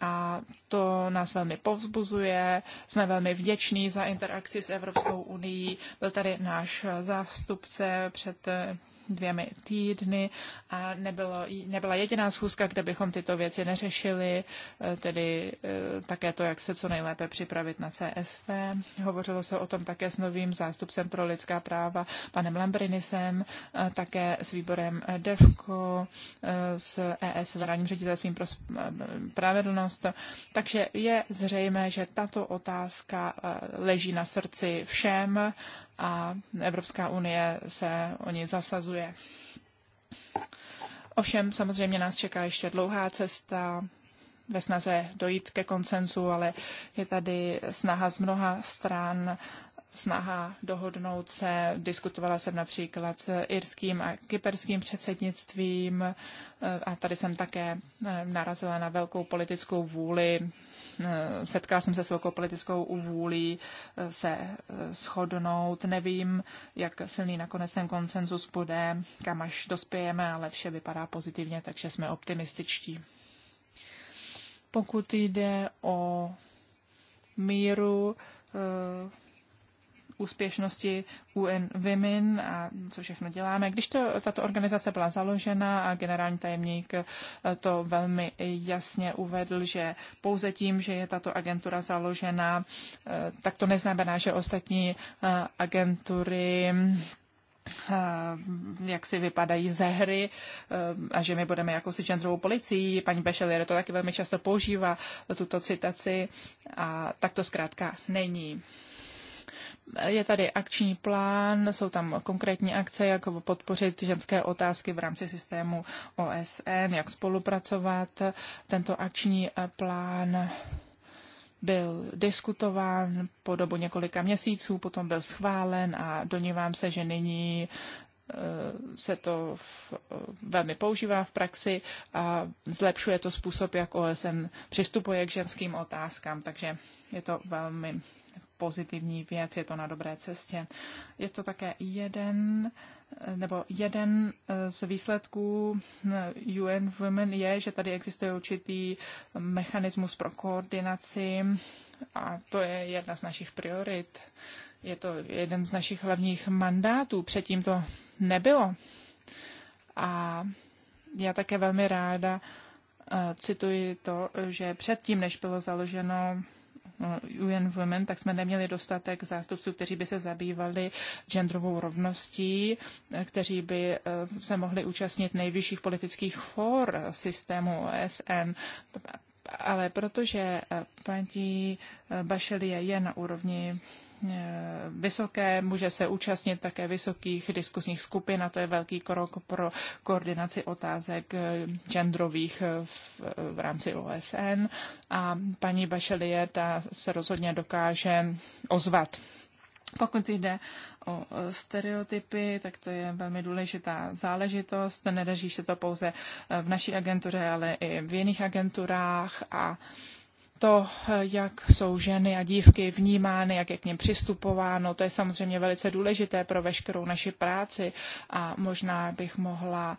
A to nás velmi povzbuzuje. Jsme velmi vděční za interakci s Evropskou unii. Byl tady náš zástupce před dvěmi týdny a nebylo, nebyla jediná schůzka, kde bychom tyto věci neřešili, e, tedy e, také to, jak se co nejlépe připravit na CSV. Hovořilo se o tom také s novým zástupcem pro lidská práva, panem Lambrinisem, e, také s výborem DEVKO, s ES ráním ředitelstvím pro spravedlnost. Takže je zřejmé, že tato otázka leží na srdci všem a Evropská unie se o ně zasazuje. Ovšem samozřejmě nás čeká ještě dlouhá cesta ve snaze dojít ke koncenzu, ale je tady snaha z mnoha stran snaha dohodnout se. Diskutovala jsem například s irským a kyperským předsednictvím eh, a tady jsem také eh, narazila na velkou politickou vůli. Eh, setkala jsem se s velkou politickou vůlí se shodnout. Nevím, jak silný nakonec ten konsenzus bude, kam až dospějeme, ale vše vypadá pozitivně, takže jsme optimističtí. Pokud jde o míru, úspěšnosti UN Women a co všechno děláme. Když to, tato organizace byla založena a generální tajemník eh, to velmi jasně uvedl, že pouze tím, že je tato agentura založena, eh, tak to neznamená, že ostatní eh, agentury jak si vypadají ze hry a že my budeme jakousi genderovou policií. Paní Bešelier to taky velmi často používá, tuto citaci, a tak to zkrátka není je tady akční plán, jsou tam konkrétní akce, jak podpořit ženské otázky v rámci systému OSN, jak spolupracovat. Tento akční eh, plán byl diskutován po dobu několika měsíců, potom byl schválen a donívám se, že nyní eh, se to eh, velmi používá v praxi a zlepšuje to způsob, jak OSN přistupuje k ženským otázkám, takže je to velmi pozitivní věc, je to na dobré cestě. Je to také jeden nebo jeden z výsledků UN Women je, že tady existuje určitý mechanismus pro koordinaci a to je jedna z našich priorit. Je to jeden z našich hlavních mandátů, předtím to nebylo. A já také velmi ráda eh, cituji to, že předtím, než bylo založeno Uh, UN Women, tak jsme neměli dostatek zástupců, kteří by se zabývali genderovou rovností, eh, kteří by eh, se mohli účastnit nejvyšších politických for systému OSN ale protože eh, paní Bašelie je na úrovni Eh, vysoké, může se účastnit také vysokých diskusních skupin a to je velký krok pro koordinaci otázek eh, genderových eh, v, v rámci OSN a paní ta se rozhodně dokáže ozvat. Pokud jde o stereotypy, tak to je velmi důležitá záležitost. Nedaří se to pouze v naší agentuře, ale i v jiných agenturách a to, jak jsou ženy a dívky vnímány, jak je k nim přistupováno, to je samozřejmě velice důležité pro veškerou naši práci a možná bych mohla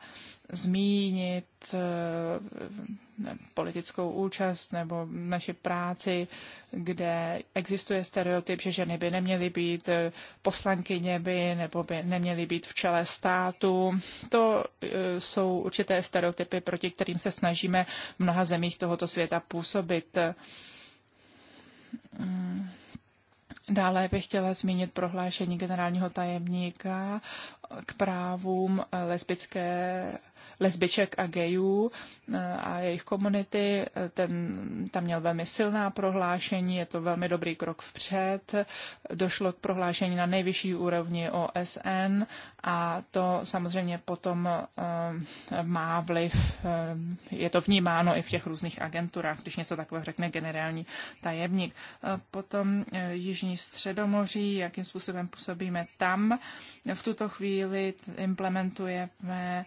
zmínit eh, politickou účast nebo naši práci, kde existuje stereotyp, že ženy by neměly být eh, poslankyně by nebo by neměly být v čele státu. To eh, jsou určité stereotypy, proti kterým se snažíme v mnoha zemích tohoto světa působit. Mm. Dále bych chtěla zmínit prohlášení generálního tajemníka k právům lesbické lesbiček a gejů eh, a jejich komunity. Ten tam měl velmi silná prohlášení, je to velmi dobrý krok vpřed. Došlo k prohlášení na nejvyšší úrovni OSN a to samozřejmě potom eh, má vliv, eh, je to vnímáno i v těch různých agenturách, když něco takového řekne generální tajemník. Potom Jižní středomoří, jakým způsobem působíme tam. V tuto chvíli implementujeme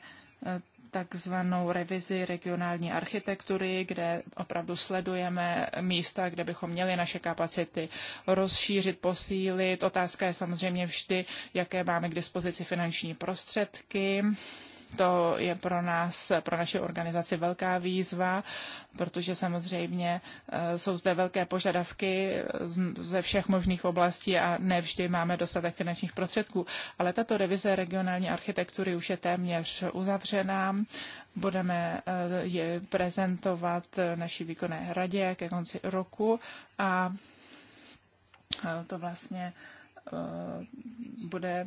takzvanou revizi regionální architektury, kde opravdu sledujeme místa, kde bychom měli naše kapacity rozšířit, posílit. Otázka je samozřejmě vždy, jaké máme k dispozici finanční prostředky. To je pro nás, pro naše organizaci velká výzva, protože samozřejmě eh, jsou zde velké požadavky eh, ze všech možných oblastí a nevždy máme dostatek finančních prostředků. Ale tato revize regionální architektury už je téměř uzavřená. Budeme eh, je prezentovat naší výkonné radě ke konci roku a to vlastně Eh, bude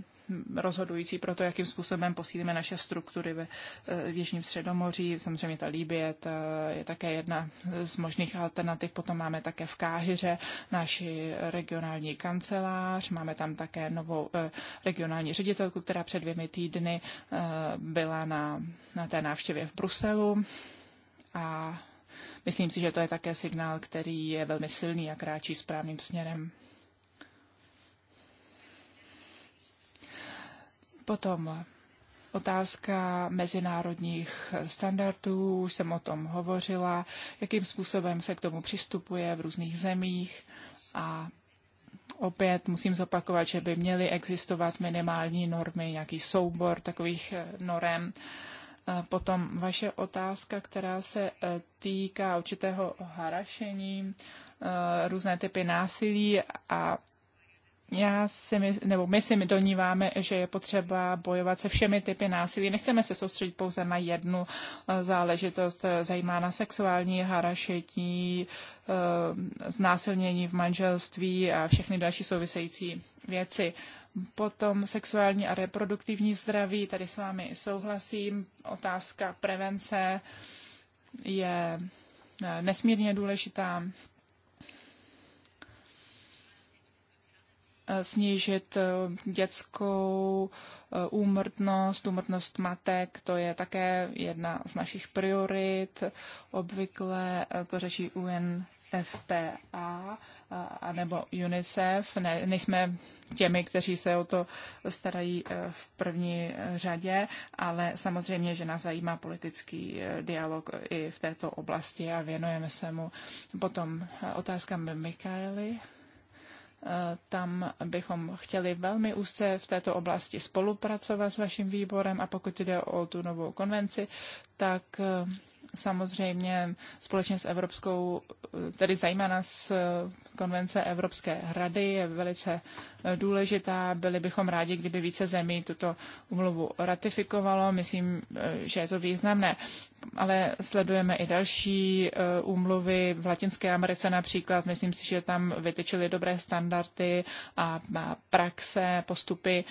rozhodující pro to, jakým způsobem posílíme naše struktury ve eh, v Jižním Středomoří. Samozřejmě ta Líbie ta je také jedna z možných alternativ. Potom máme také v Káhyře naši regionální kancelář. Máme tam také novou eh, regionální ředitelku, která před dvěmi týdny byla na, na té návštěvě v Bruselu. A myslím si, že to je také signál, který je velmi silný a kráčí správným směrem. Potom Otázka mezinárodních standardů, už jsem o tom hovořila, jakým způsobem se k tomu přistupuje v různých zemích a opět musím zopakovat, že by měly existovat minimální normy, nějaký soubor takových eh, norem. Eh, potom vaše otázka, která se eh, týká určitého harašení, různé typy násilí a já si, my, nebo my si my doníváme, že je potřeba bojovat se všemi typy násilí. Nechceme se soustředit pouze na jednu eh, záležitost, eh, zajímá na sexuální harašetí, eh, znásilnění v manželství a všechny další související věci. Potom sexuální a reproduktivní zdraví, tady s vámi souhlasím. Otázka prevence je nesmírně důležitá. Eh, snížit eh, dětskou eh, úmrtnost, úmrtnost matek, to je také jedna z našich priorit. Obvykle to řeší UN FPA nebo UNICEF. Ne, nejsme těmi, kteří se o to starají v první řadě, ale samozřejmě, že nás zajímá politický dialog i v této oblasti a věnujeme se mu. Potom otázkám Mikaely. Tam bychom chtěli velmi úzce v této oblasti spolupracovat s vaším výborem a pokud jde o tu novou konvenci, tak samozřejmě společně s Evropskou, tedy zejména s eh, konvence Evropské rady je velice eh, důležitá. Byli bychom rádi, kdyby více zemí tuto umluvu ratifikovalo. Myslím, eh, že je to významné. Ale sledujeme i další úmluvy v Latinské Americe například. Myslím si, že tam vytyčili dobré standardy a praxe, postupy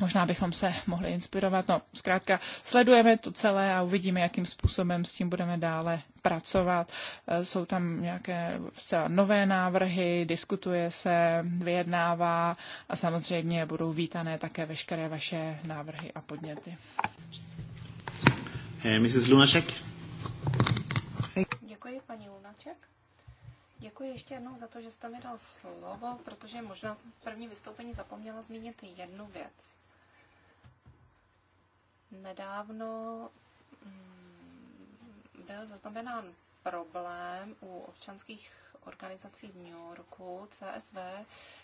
Možná bychom se mohli inspirovat. No, zkrátka sledujeme to celé a uvidíme, jakým způsobem s tím budeme dále pracovat. E, jsou tam nějaké zcela nové návrhy, diskutuje se, vyjednává a samozřejmě budou vítané také veškeré vaše návrhy a podněty. Eh, Mrs. Lunaček. Děkuji, paní Lunaček. Děkuji ještě jednou za to, že jste mi dal slovo, protože možná jsem v první vystoupení zapomněla zmínit jednu věc. Nedávno mm, byl zaznamenán problém u občanských organizací v New Yorku, CSV,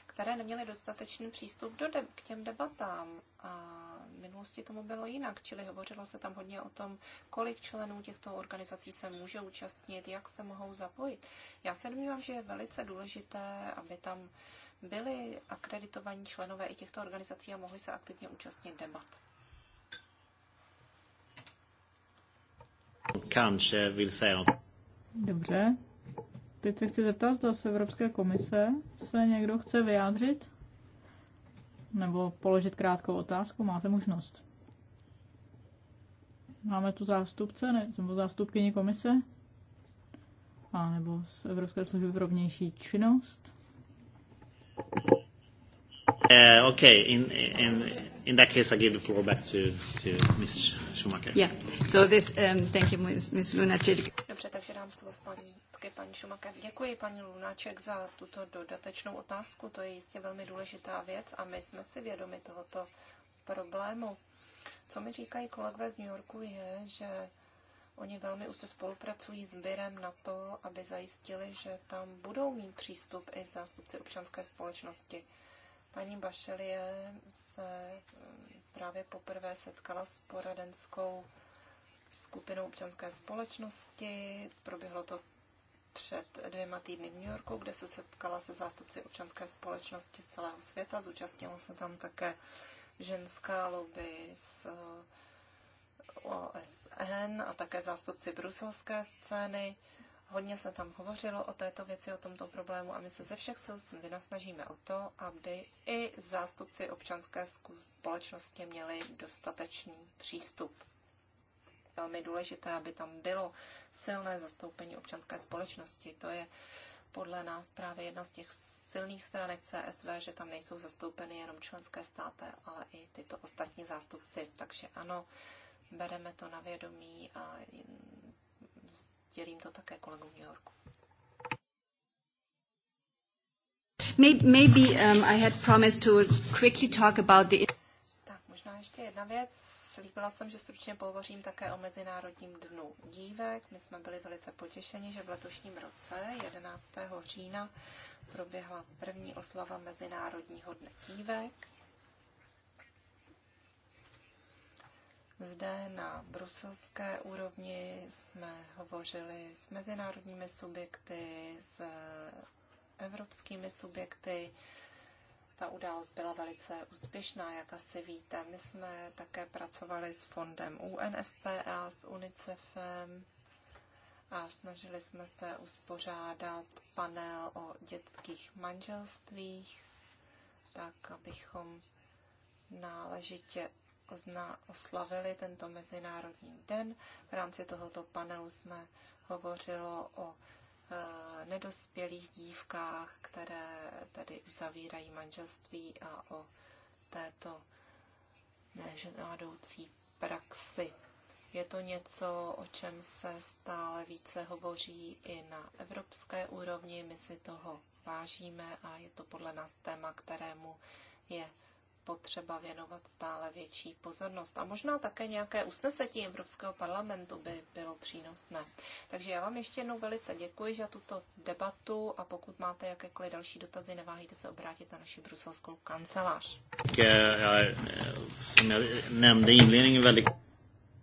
které neměly dostatečný přístup do de- k těm debatám. A v minulosti tomu bylo jinak, čili hovořilo se tam hodně o tom, kolik členů těchto organizací se může účastnit, jak se mohou zapojit. Já se domnívám, že je velice důležité, aby tam byli akreditovaní členové i těchto organizací a mohli se aktivně účastnit debat. kanske vill säga något. Dobře. Teď se chci zeptat, zda se Evropské komise se někdo chce vyjádřit? Nebo položit krátkou otázku? Máte možnost. Máme tu zástupce ne, nebo zástupkyni komise? A nebo z Evropské služby pro vnější činnost? Uh, eh, okay, in, in, in that case, I give the floor back to, to Mrs. Schumacher. Yeah. So this, um, thank you, Ms. Lunacek. Dobře, takže dám slovo zpátky paní Schumacher. Děkuji, paní Lunáček, za tuto dodatečnou otázku. To je jistě velmi důležitá věc a my jsme si vědomi tohoto problému. Co mi říkají kolegové z New Yorku je, že oni velmi úzce spolupracují s Birem na to, aby zajistili, že tam budou mít přístup i zástupci občanské společnosti. Paní Bašelie se eh, právě poprvé setkala s poradenskou skupinou občanské společnosti. Proběhlo to před dvěma týdny v New Yorku, kde se setkala se zástupci občanské společnosti z celého světa. Zúčastnila se tam také ženská lobby z eh, OSN a také zástupci bruselské scény. Hodně se tam hovořilo o této věci, o tomto problému a my se ze všech sil vynasnažíme o to, aby i zástupci občanské společnosti měli dostatečný přístup. Velmi důležité, aby tam bylo silné zastoupení občanské společnosti. To je podle nás právě jedna z těch silných stranek CSV, že tam nejsou zastoupeny jenom členské státy, ale i tyto ostatní zástupci. Takže ano, bereme to na vědomí a sdělím to také kolegům New Yorku. Maybe um, I had promised to quickly talk about the... Tak, možná ještě jedna věc. Slíbila jsem, že stručně pohovořím také o Mezinárodním dnu dívek. My jsme byli velice potěšeni, že v letošním roce, 11. října, proběhla první oslava Mezinárodního dne dívek. Zde na bruselské úrovni jsme hovořili s mezinárodními subjekty, s evropskými subjekty. Ta událost byla velice úspěšná, jak asi víte. My jsme také pracovali s fondem UNFPA, s UNICEFem a snažili jsme se uspořádat panel o dětských manželstvích, tak abychom náležitě ozna, oslavili tento Mezinárodní den. V rámci tohoto panelu jsme hovořilo o e, nedospělých dívkách, které tedy uzavírají manželství a o této nežádoucí praxi. Je to něco, o čem se stále více hovoří i na evropské úrovni. My si toho vážíme a je to podle nás téma, kterému je potřeba věnovat stále větší pozornost. A možná také nějaké usnesení Evropského parlamentu by bylo přínosné. Takže já vám ještě jednou velice děkuji za tuto debatu a pokud máte jakékoliv další dotazy, neváhejte se obrátit na naši bruselskou kancelář.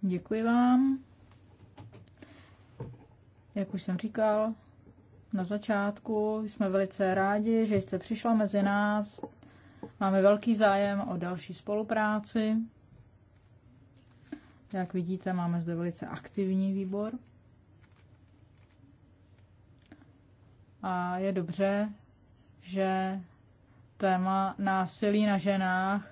Děkuji vám. Jak už jsem říkal, na začátku jsme velice rádi, že jste přišla mezi nás Máme velký zájem o další spolupráci. Jak vidíte, máme zde velice aktivní výbor. A je dobře, že téma násilí na ženách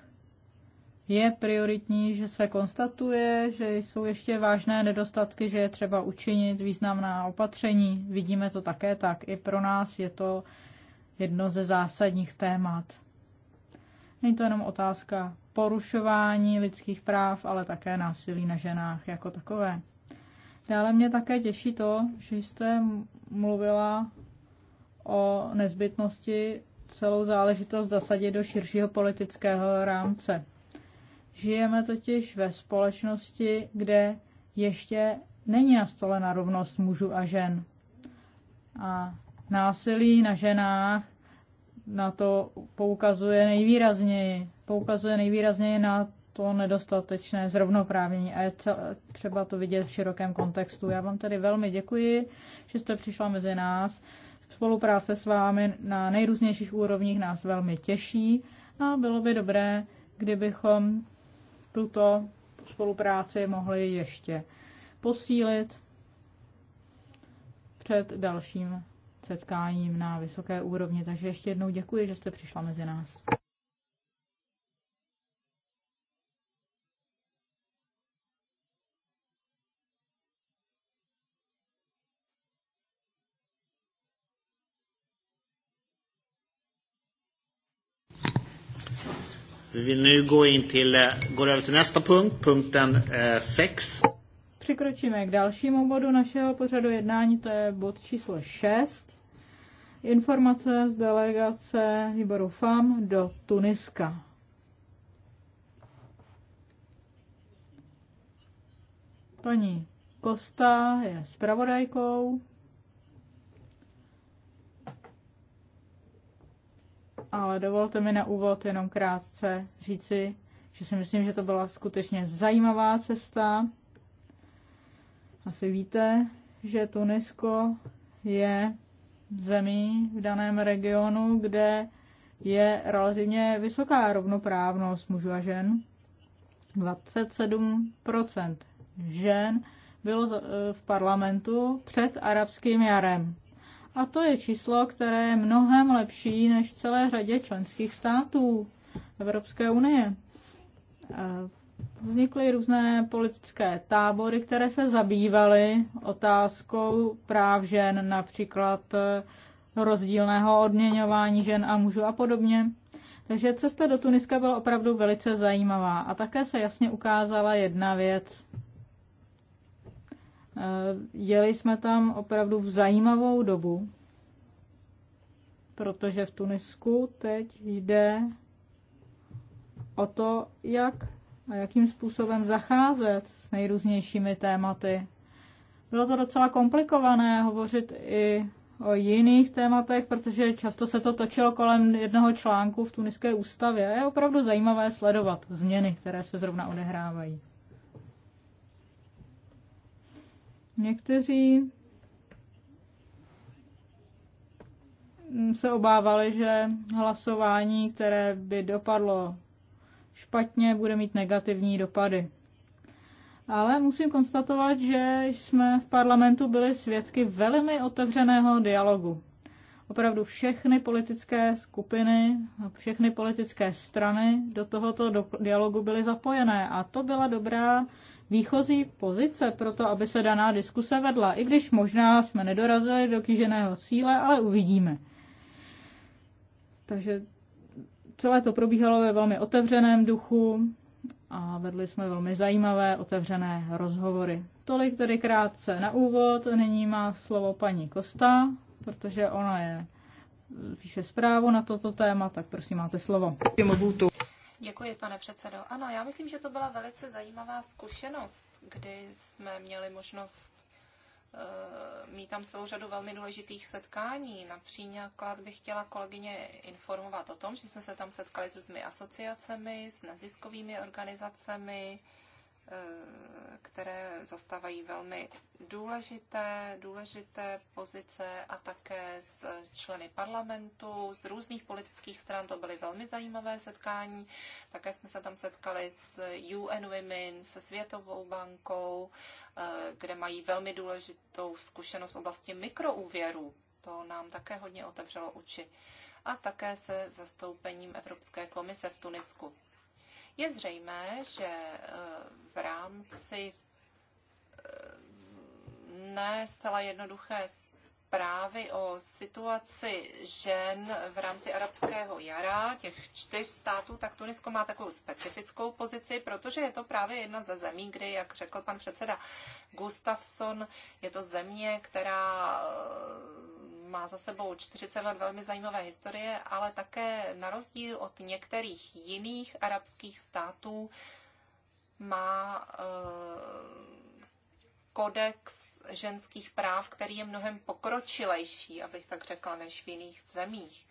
je prioritní, že se konstatuje, že jsou ještě vážné nedostatky, že je třeba učinit významná opatření. Vidíme to také tak. I pro nás je to jedno ze zásadních témat. Není to jenom otázka porušování lidských práv, ale také násilí na ženách jako takové. Dále mě také těší to, že jste mluvila o nezbytnosti celou záležitost zasadit do širšího politického rámce. Žijeme totiž ve společnosti, kde ještě není na rovnost mužů a žen. A násilí na ženách na to poukazuje nejvýrazněji. Poukazuje nejvýrazněji na to nedostatečné zrovnoprávnění a je třeba to vidět v širokém kontextu. Já vám tedy velmi děkuji, že jste přišla mezi nás. Spolupráce s vámi na nejrůznějších úrovních nás velmi těší a bylo by dobré, kdybychom tuto spolupráci mohli ještě posílit před dalším setkáním na vysoké úrovni. Takže ještě jednou děkuji, že jste přišla mezi nás. Vi vill nu gå in till, eh, går över till nästa punkt, punkten 6. Eh, Přikročíme k dalšímu bodu našeho pořadu jednání, to je bod číslo 6. Informace z delegace výboru FAM do Tuniska. Paní Kosta je zpravodajkou. Ale dovolte mi na úvod jenom krátce říci, že si myslím, že to byla skutečně zajímavá cesta asi víte, že Tunisko je zemí v daném regionu, kde je relativně vysoká rovnoprávnost mužů a žen. 27% žen bylo eh, v parlamentu před arabským jarem. A to je číslo, které je mnohem lepší než celé řadě členských států Evropské unie. Eh, vznikly různé politické tábory, které se zabývaly otázkou práv žen, například eh, rozdílného odměňování žen a mužů a podobně. Takže cesta do Tuniska byla opravdu velice zajímavá a také se jasně ukázala jedna věc. Eh, jeli jsme tam opravdu v zajímavou dobu, protože v Tunisku teď jde o to, jak a jakým způsobem zacházet s nejrůznějšími tématy. Bylo to docela komplikované hovořit i o jiných tématech, protože často se to točilo kolem jednoho článku v tuniské ústavě. Je opravdu zajímavé sledovat změny, které se zrovna odehrávají. Někteří se obávali, že hlasování, které by dopadlo špatně, bude mít negativní dopady. Ale musím konstatovat, že jsme v parlamentu byli svědky velmi otevřeného dialogu. Opravdu všechny politické skupiny, všechny politické strany do tohoto dialogu byly zapojené a to byla dobrá výchozí pozice pro to, aby se daná diskuse vedla, i když možná jsme nedorazili do kýženého cíle, ale uvidíme. Takže Celé to probíhalo ve velmi otevřeném duchu a vedli jsme velmi zajímavé otevřené rozhovory. Tolik tedy krátce na úvod. Nyní má slovo paní Kosta, protože ona je píše zprávu na toto téma, tak prosím, máte slovo. Děkuji, pane předsedo. Ano, já myslím, že to byla velice zajímavá zkušenost, kdy jsme měli možnost Eh, mít tam celou řadu velmi důležitých setkání. Například bych chtěla kolegyně informovat o tom, že jsme se tam setkali s různými asociacemi, s neziskovými organizacemi, které zastávají velmi důležité, důležité pozice a také z členy parlamentu, z různých politických stran. To byly velmi zajímavé setkání. Také jsme se tam setkali s UN Women, se Světovou bankou, eh, kde mají velmi důležitou zkušenost v oblasti mikroúvěrů. To nám také hodně otevřelo oči. A také se zastoupením Evropské komise v Tunisku. Je zřejmé, že eh, v rámci eh, ne zcela jednoduché zprávy o situaci žen v rámci arabského jara, těch čtyř států, tak Tunisko má takovou specifickou pozici, protože je to právě jedna ze zemí, kdy, jak řekl pan předseda Gustafsson, je to země, která eh, má za sebou 40 let velmi zajímavé historie, ale také na rozdíl od některých jiných arabských států má eh, kodex ženských práv, který je mnohem pokročilejší, abych tak řekla, než v jiných zemích.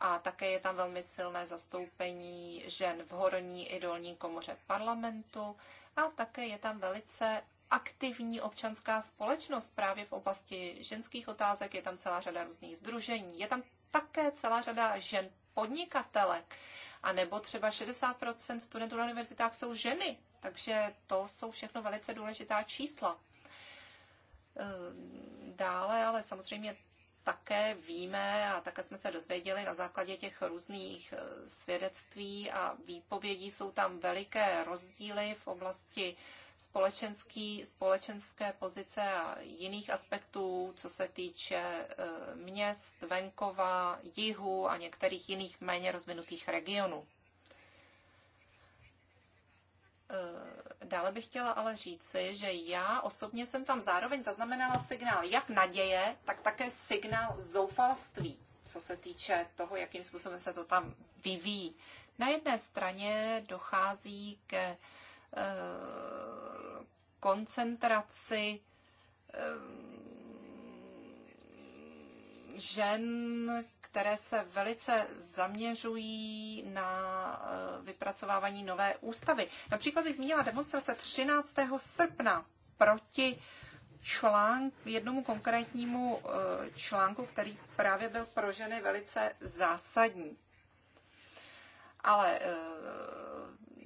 A také je tam velmi silné zastoupení žen v horní i dolní komoře parlamentu a také je tam velice aktivní občanská společnost právě v oblasti ženských otázek, je tam celá řada různých združení, je tam také celá řada žen podnikatelek, a nebo třeba 60% studentů na univerzitách jsou ženy, takže to jsou všechno velice důležitá čísla. Ehm, dále, ale samozřejmě také víme a také jsme se dozvěděli na základě těch různých e, svědectví a výpovědí, jsou tam veliké rozdíly v oblasti společenský, společenské pozice a jiných aspektů, co se týče e, měst, venkova, jihu a některých jiných méně rozvinutých regionů. E, dále bych chtěla ale říci, že já osobně jsem tam zároveň zaznamenala signál jak naděje, tak také signál zoufalství, co se týče toho, jakým způsobem se to tam vyvíjí. Na jedné straně dochází ke Eh, koncentraci eh, žen, které se velice zaměřují na eh, vypracovávání nové ústavy. Například bych zmínila demonstrace 13. srpna proti článk, jednomu konkrétnímu článku, který právě byl pro ženy velice zásadní. Ale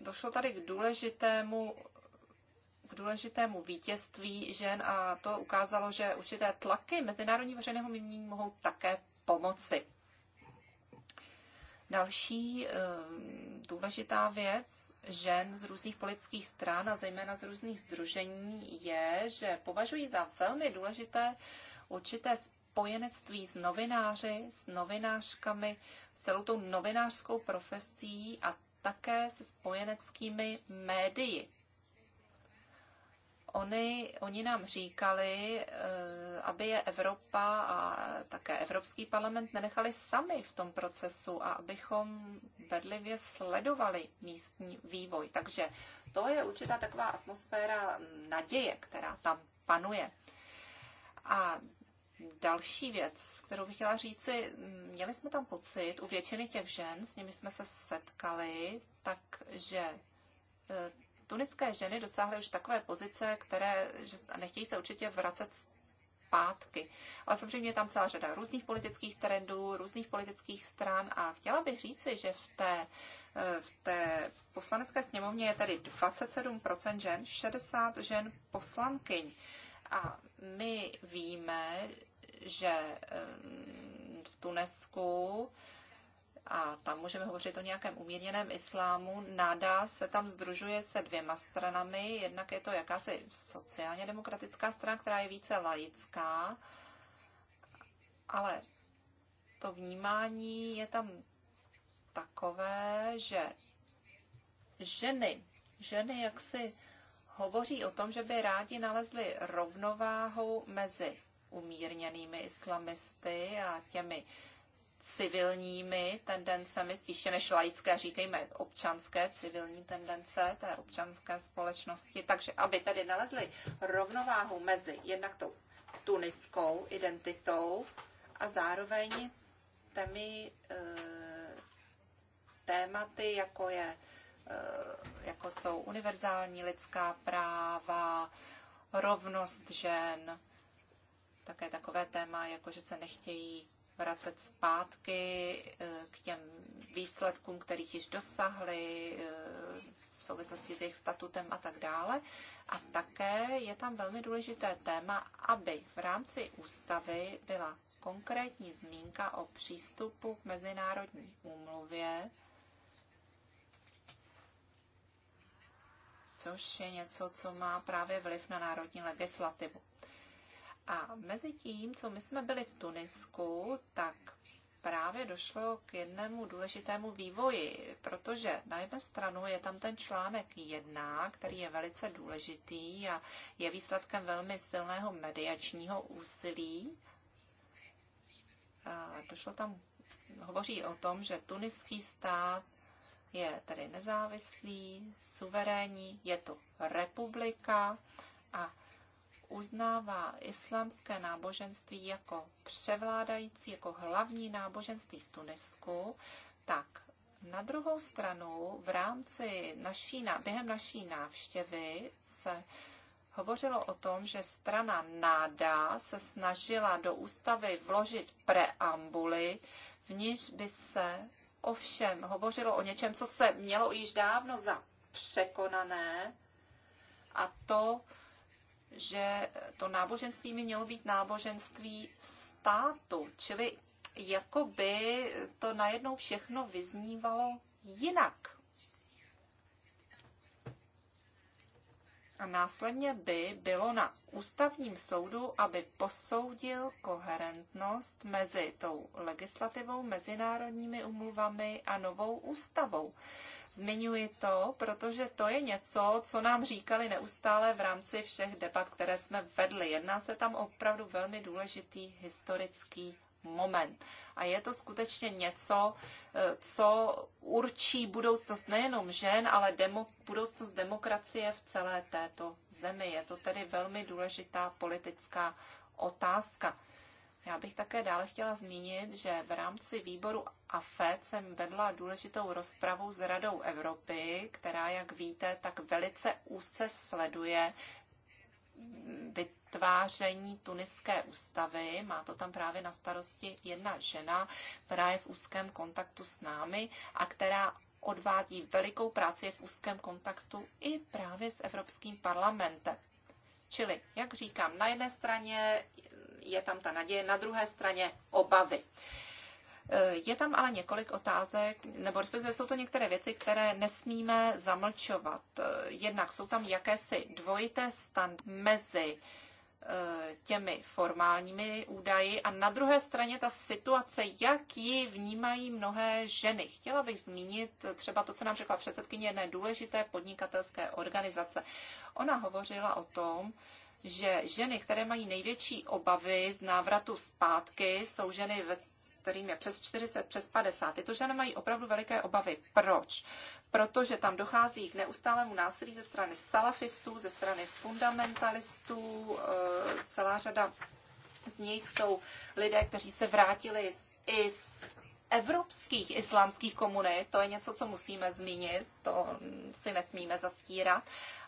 došlo tady k důležitému k důležitému vítězství žen a to ukázalo, že určité tlaky mezinárodní veřejného mínění mohou také pomoci. Další eh, důležitá věc žen z různých politických stran a zejména z různých združení je, že považují za velmi důležité určité spojenectví s novináři, s novinářkami, s celou tou novinářskou profesí a také se spojeneckými médii. Oni, oni nám říkali, eh, aby je Evropa a také Evropský parlament nenechali sami v tom procesu a abychom bedlivě sledovali místní vývoj. Takže to je určitá taková atmosféra naděje, která tam panuje. A Další věc, kterou bych chtěla říci, měli jsme tam pocit u většiny těch žen, s nimi jsme se setkali, takže e, tuniské ženy dosáhly už takové pozice, které že nechtějí se určitě vracet zpátky. Ale samozřejmě je tam celá řada různých politických trendů, různých politických stran a chtěla bych říci, že v té, e, v té poslanecké sněmovně je tady 27% žen, 60 žen poslankyň. A my víme, že v Tunesku a tam můžeme hovořit o nějakém umírněném islámu. Nada se tam združuje se dvěma stranami. Jednak je to jakási sociálně demokratická strana, která je více laická, ale to vnímání je tam takové, že ženy, ženy jaksi hovoří o tom, že by rádi nalezli rovnováhu mezi umírněnými islamisty a těmi civilními tendencemi, spíše než laické, říkejme občanské, civilní tendence té občanské společnosti. Takže aby tady nalezli rovnováhu mezi jednak tou tuniskou identitou a zároveň těmi e, tématy, jako je Eh, jako jsou univerzální lidská práva, rovnost žen, také takové téma, jako že se nechtějí vracet zpátky eh, k těm výsledkům, kterých již dosahli eh, v souvislosti s jejich statutem a tak dále. A také je tam velmi důležité téma, aby v rámci ústavy byla konkrétní zmínka o přístupu k mezinárodní úmluvě, což je něco, co má právě vliv na národní legislativu. A mezi tím, co my jsme byli v Tunisku, tak právě došlo k jednému důležitému vývoji, protože na jedné stranu je tam ten článek 1, který je velice důležitý a je výsledkem velmi silného mediačního úsilí. A došlo tam, hovoří o tom, že tuniský stát je tedy nezávislý, suverénní, je to republika a uznává islámské náboženství jako převládající, jako hlavní náboženství v Tunisku, tak na druhou stranu v rámci naší, během naší návštěvy se hovořilo o tom, že strana NADA se snažila do ústavy vložit preambuly, v níž by se ovšem hovořilo o něčem, co se mělo již dávno za překonané, a to, že to náboženství mi mělo být náboženství státu, čili jakoby to najednou všechno vyznívalo jinak. A následně by bylo na ústavním soudu, aby posoudil koherentnost mezi tou legislativou, mezinárodními umluvami a novou ústavou. Zmiňuji to, protože to je něco, co nám říkali neustále v rámci všech debat, které jsme vedli. Jedná se tam opravdu velmi důležitý historický moment. A je to skutečně něco, eh, co určí budoucnost nejenom žen, ale demo, budoucnost demokracie v celé této zemi. Je to tedy velmi důležitá politická otázka. Já bych také dále chtěla zmínit, že v rámci výboru AFED jsem vedla důležitou rozpravu s Radou Evropy, která, jak víte, tak velice úzce sleduje vytváření tuniské ústavy. Má to tam právě na starosti jedna žena, která je v úzkém kontaktu s námi a která odvádí velikou práci v úzkém kontaktu i právě s Evropským parlamentem. Čili, jak říkám, na jedné straně je tam ta naděje, na druhé straně obavy. Je tam ale několik otázek, nebo respektive jsou to některé věci, které nesmíme zamlčovat. Jednak jsou tam jakési dvojité stand mezi uh, Eh, těmi formálními údaji a na druhé straně ta situace, jak ji vnímají mnohé ženy. Chtěla bych zmínit třeba to, co nám řekla předsedkyně jedné důležité podnikatelské organizace. Ona hovořila o tom, že ženy, které mají největší obavy z návratu zpátky, jsou ženy ve kterým je přes 40, přes 50. Tyto ženy mají opravdu veliké obavy. Proč? Protože tam dochází k neustálému násilí ze strany salafistů, ze strany fundamentalistů. Eh, celá řada z nich jsou lidé, kteří se vrátili i z evropských islámských komunit, to je něco, co musíme zmínit, to si nesmíme zastírat.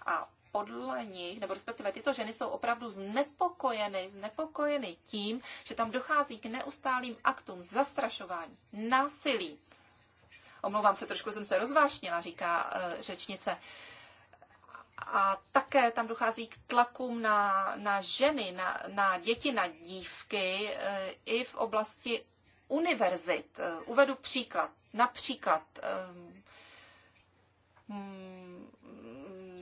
A podle nich, nebo respektive tyto ženy jsou opravdu znepokojeny, znepokojeny tím, že tam dochází k neustálým aktům zastrašování, násilí. Omlouvám se, trošku jsem se rozvášnila, říká uh, řečnice. A také tam dochází k tlakům na, na ženy, na, na děti, na dívky uh, i v oblasti univerzit. Uh, uvedu příklad. Například. Um,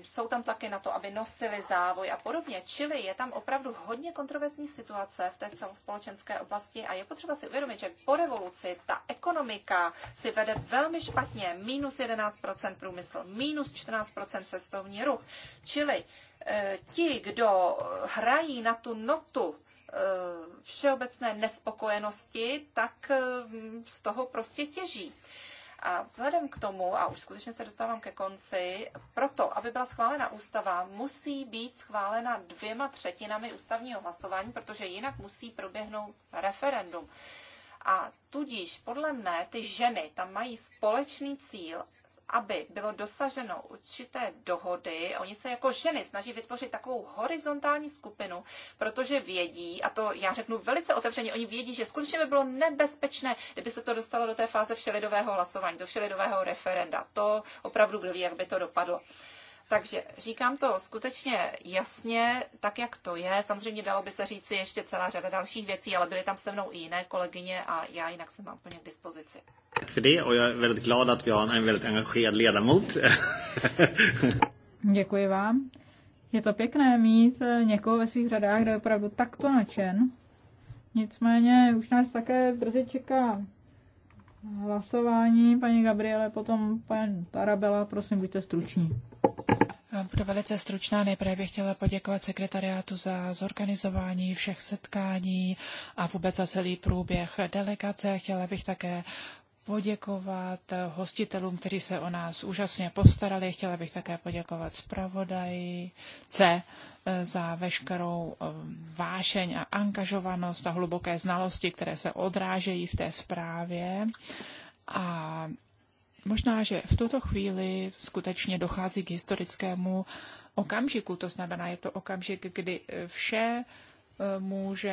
jsou tam tlaky na to, aby nosili závoj a podobně. Čili je tam opravdu hodně kontroverzní situace v té celospolečenské oblasti a je potřeba si uvědomit, že po revoluci ta ekonomika si vede velmi špatně. Minus 11% průmysl, minus 14% cestovní ruch. Čili e, ti, kdo hrají na tu notu eh, všeobecné nespokojenosti, tak eh, z toho prostě těží. A vzhledem k tomu, a už skutečně se dostávám ke konci, proto, aby byla schválena ústava, musí být schválena dvěma třetinami ústavního hlasování, protože jinak musí proběhnout referendum. A tudíž podle mne ty ženy tam mají společný cíl aby bylo dosaženo určité dohody, oni se jako ženy snaží vytvořit takovou horizontální skupinu, protože vědí, a to já řeknu velice otevřeně, oni vědí, že skutečně by bylo nebezpečné, kdyby se to dostalo do té fáze všelidového hlasování, do všelidového referenda. To opravdu kdo ví, jak by to dopadlo. Takže říkám to skutečně jasně, tak jak to je. Samozřejmě dalo by se říci ještě celá řada dalších věcí, ale byly tam se mnou i jiné kolegyně a já jinak jsem mám úplně k dispozici. Děkuji vám. Je to pěkné mít eh, někoho ve svých řadách, kdo je opravdu takto nadšen. Nicméně už nás také brzy čeká hlasování. Paní Gabriele, potom pan Tarabela, prosím, buďte struční. Budu velice stručná. Nejprve bych chtěla poděkovat sekretariátu za zorganizování všech setkání a vůbec za celý průběh delegace. Chtěla bych také poděkovat hostitelům, kteří se o nás úžasně postarali. Chtěla bych také poděkovat zpravodajce eh, za veškerou eh, vášeň a angažovanost a hluboké znalosti, které se odrážejí v té zprávě. A Možná, že v tuto chvíli skutečně dochází k historickému okamžiku, to znamená, je to okamžik, kdy eh, vše eh, může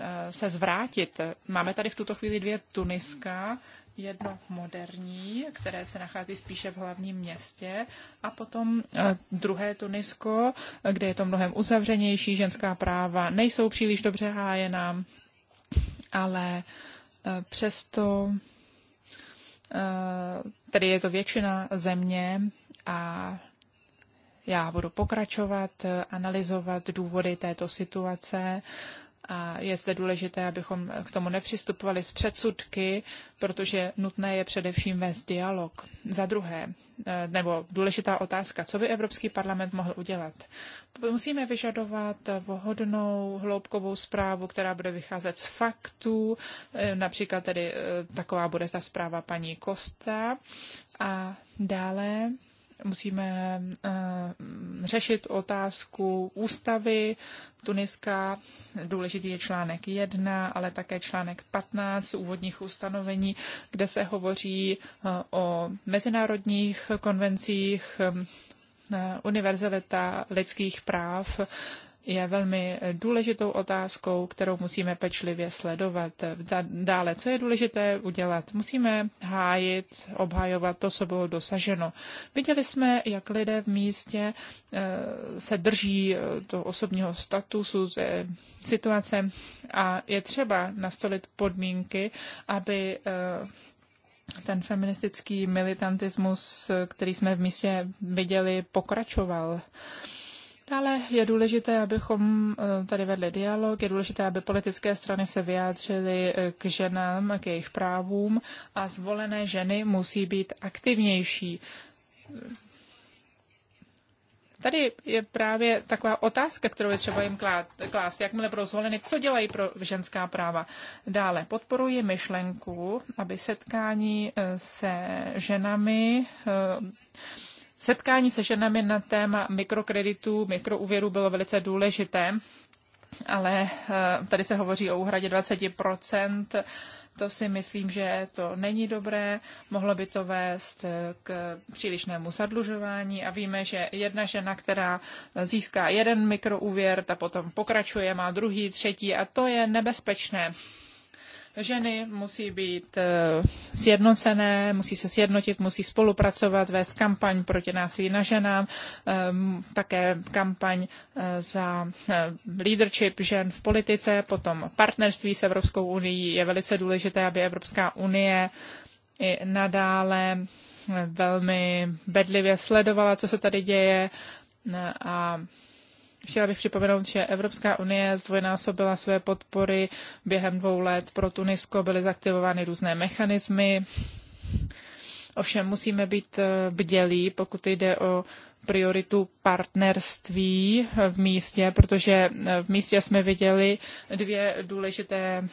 eh, se zvrátit. Máme tady v tuto chvíli dvě Tuniska, jedno moderní, které se nachází spíše v hlavním městě, a potom druhé Tunisko, kde je to mnohem uzavřenější, ženská práva nejsou příliš dobře hájena, ale přesto Eh, tedy je to většina země a já budu pokračovat, eh, analyzovat důvody této situace a je zde důležité, abychom k tomu nepřistupovali s předsudky, protože nutné je především vést dialog. Za druhé, e, nebo důležitá otázka, co by Evropský parlament mohl udělat? Musíme vyžadovat vhodnou hloubkovou zprávu, která bude vycházet z faktů, e, například tedy e, taková bude ta zpráva paní Kosta. A dále musíme eh, řešit otázku ústavy Tuniska. Důležitý je článek 1, ale také článek 15 úvodních ustanovení, kde se hovoří eh, o mezinárodních konvencích eh, univerzalita lidských práv je velmi eh, důležitou otázkou, kterou musíme pečlivě sledovat. Dále, co je důležité udělat? Musíme hájit, obhajovat to, co bylo dosaženo. Viděli jsme, jak lidé v místě eh, se drží eh, toho osobního statusu, situace a je třeba nastolit podmínky, aby ten feministický militantismus, který jsme v místě viděli, pokračoval. Dále je důležité, abychom eh, tady vedli dialog, je důležité, aby politické strany se vyjádřily eh, k ženám, k jejich právům a zvolené ženy musí být aktivnější. Tady je právě taková otázka, kterou je třeba jim klást. Jakmile budou zvoleny, co dělají pro ženská práva? Dále podporuji myšlenku, aby setkání eh, se ženami Setkání se ženami na téma mikrokreditů, mikrouvěru bylo velice důležité, ale eh, tady se hovoří o úhradě 20 to si myslím, že to není dobré, mohlo by to vést eh, k přílišnému zadlužování a víme, že jedna žena, která získá jeden mikroúvěr, ta potom pokračuje, má druhý, třetí a to je nebezpečné. Ženy musí být eh, sjednocené, musí se sjednotit, musí spolupracovat, vést kampaň proti násilí na ženám, ehm, také kampaň eh, za eh, leadership žen v politice, potom partnerství s Evropskou unii. Je velice důležité, aby Evropská unie i nadále velmi bedlivě sledovala, co se tady děje a Chtěla bych připomenout, že Evropská unie zdvojnásobila své podpory během dvou let pro Tunisko, byly zaktivovány různé mechanismy. Ovšem musíme být eh, bdělí, pokud jde o prioritu partnerství v místě, protože eh, v místě jsme viděli dvě důležité eh,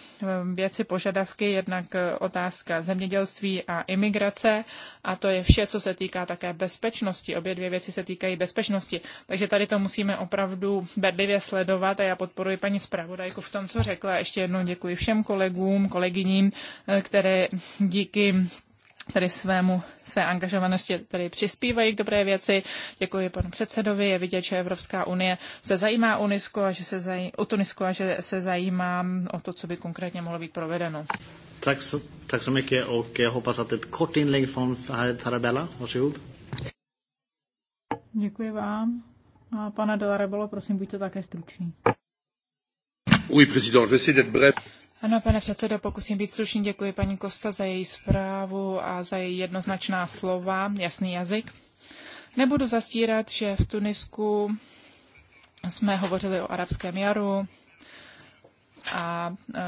věci, požadavky, jednak eh, otázka zemědělství a imigrace a to je vše, co se týká také bezpečnosti. Obě dvě věci se týkají bezpečnosti, takže tady to musíme opravdu bedlivě sledovat a já podporuji paní zpravodajku v tom, co řekla. Ještě jednou děkuji všem kolegům, kolegyním, které díky tady svému, své angažovanosti tady přispívají k dobré věci. Děkuji panu předsedovi, je vidět, že Evropská unie se zajímá UNESCO a že se zaj, o Tunisko a že se zajímá o to, co by konkrétně mohlo být provedeno. Tak, tak så mycket och jag hoppas att ett kort inlägg från Tarabella. Děkuji vám. A pane Delarebolo, prosím, buďte také stručný. Oui, président, j'essaie d'être bref. Ano, pane předsedo, pokusím být slušný. Děkuji paní Kosta za její zprávu a za její jednoznačná slova, jasný jazyk. Nebudu zastírat, že v Tunisku jsme hovořili o arabském jaru a e,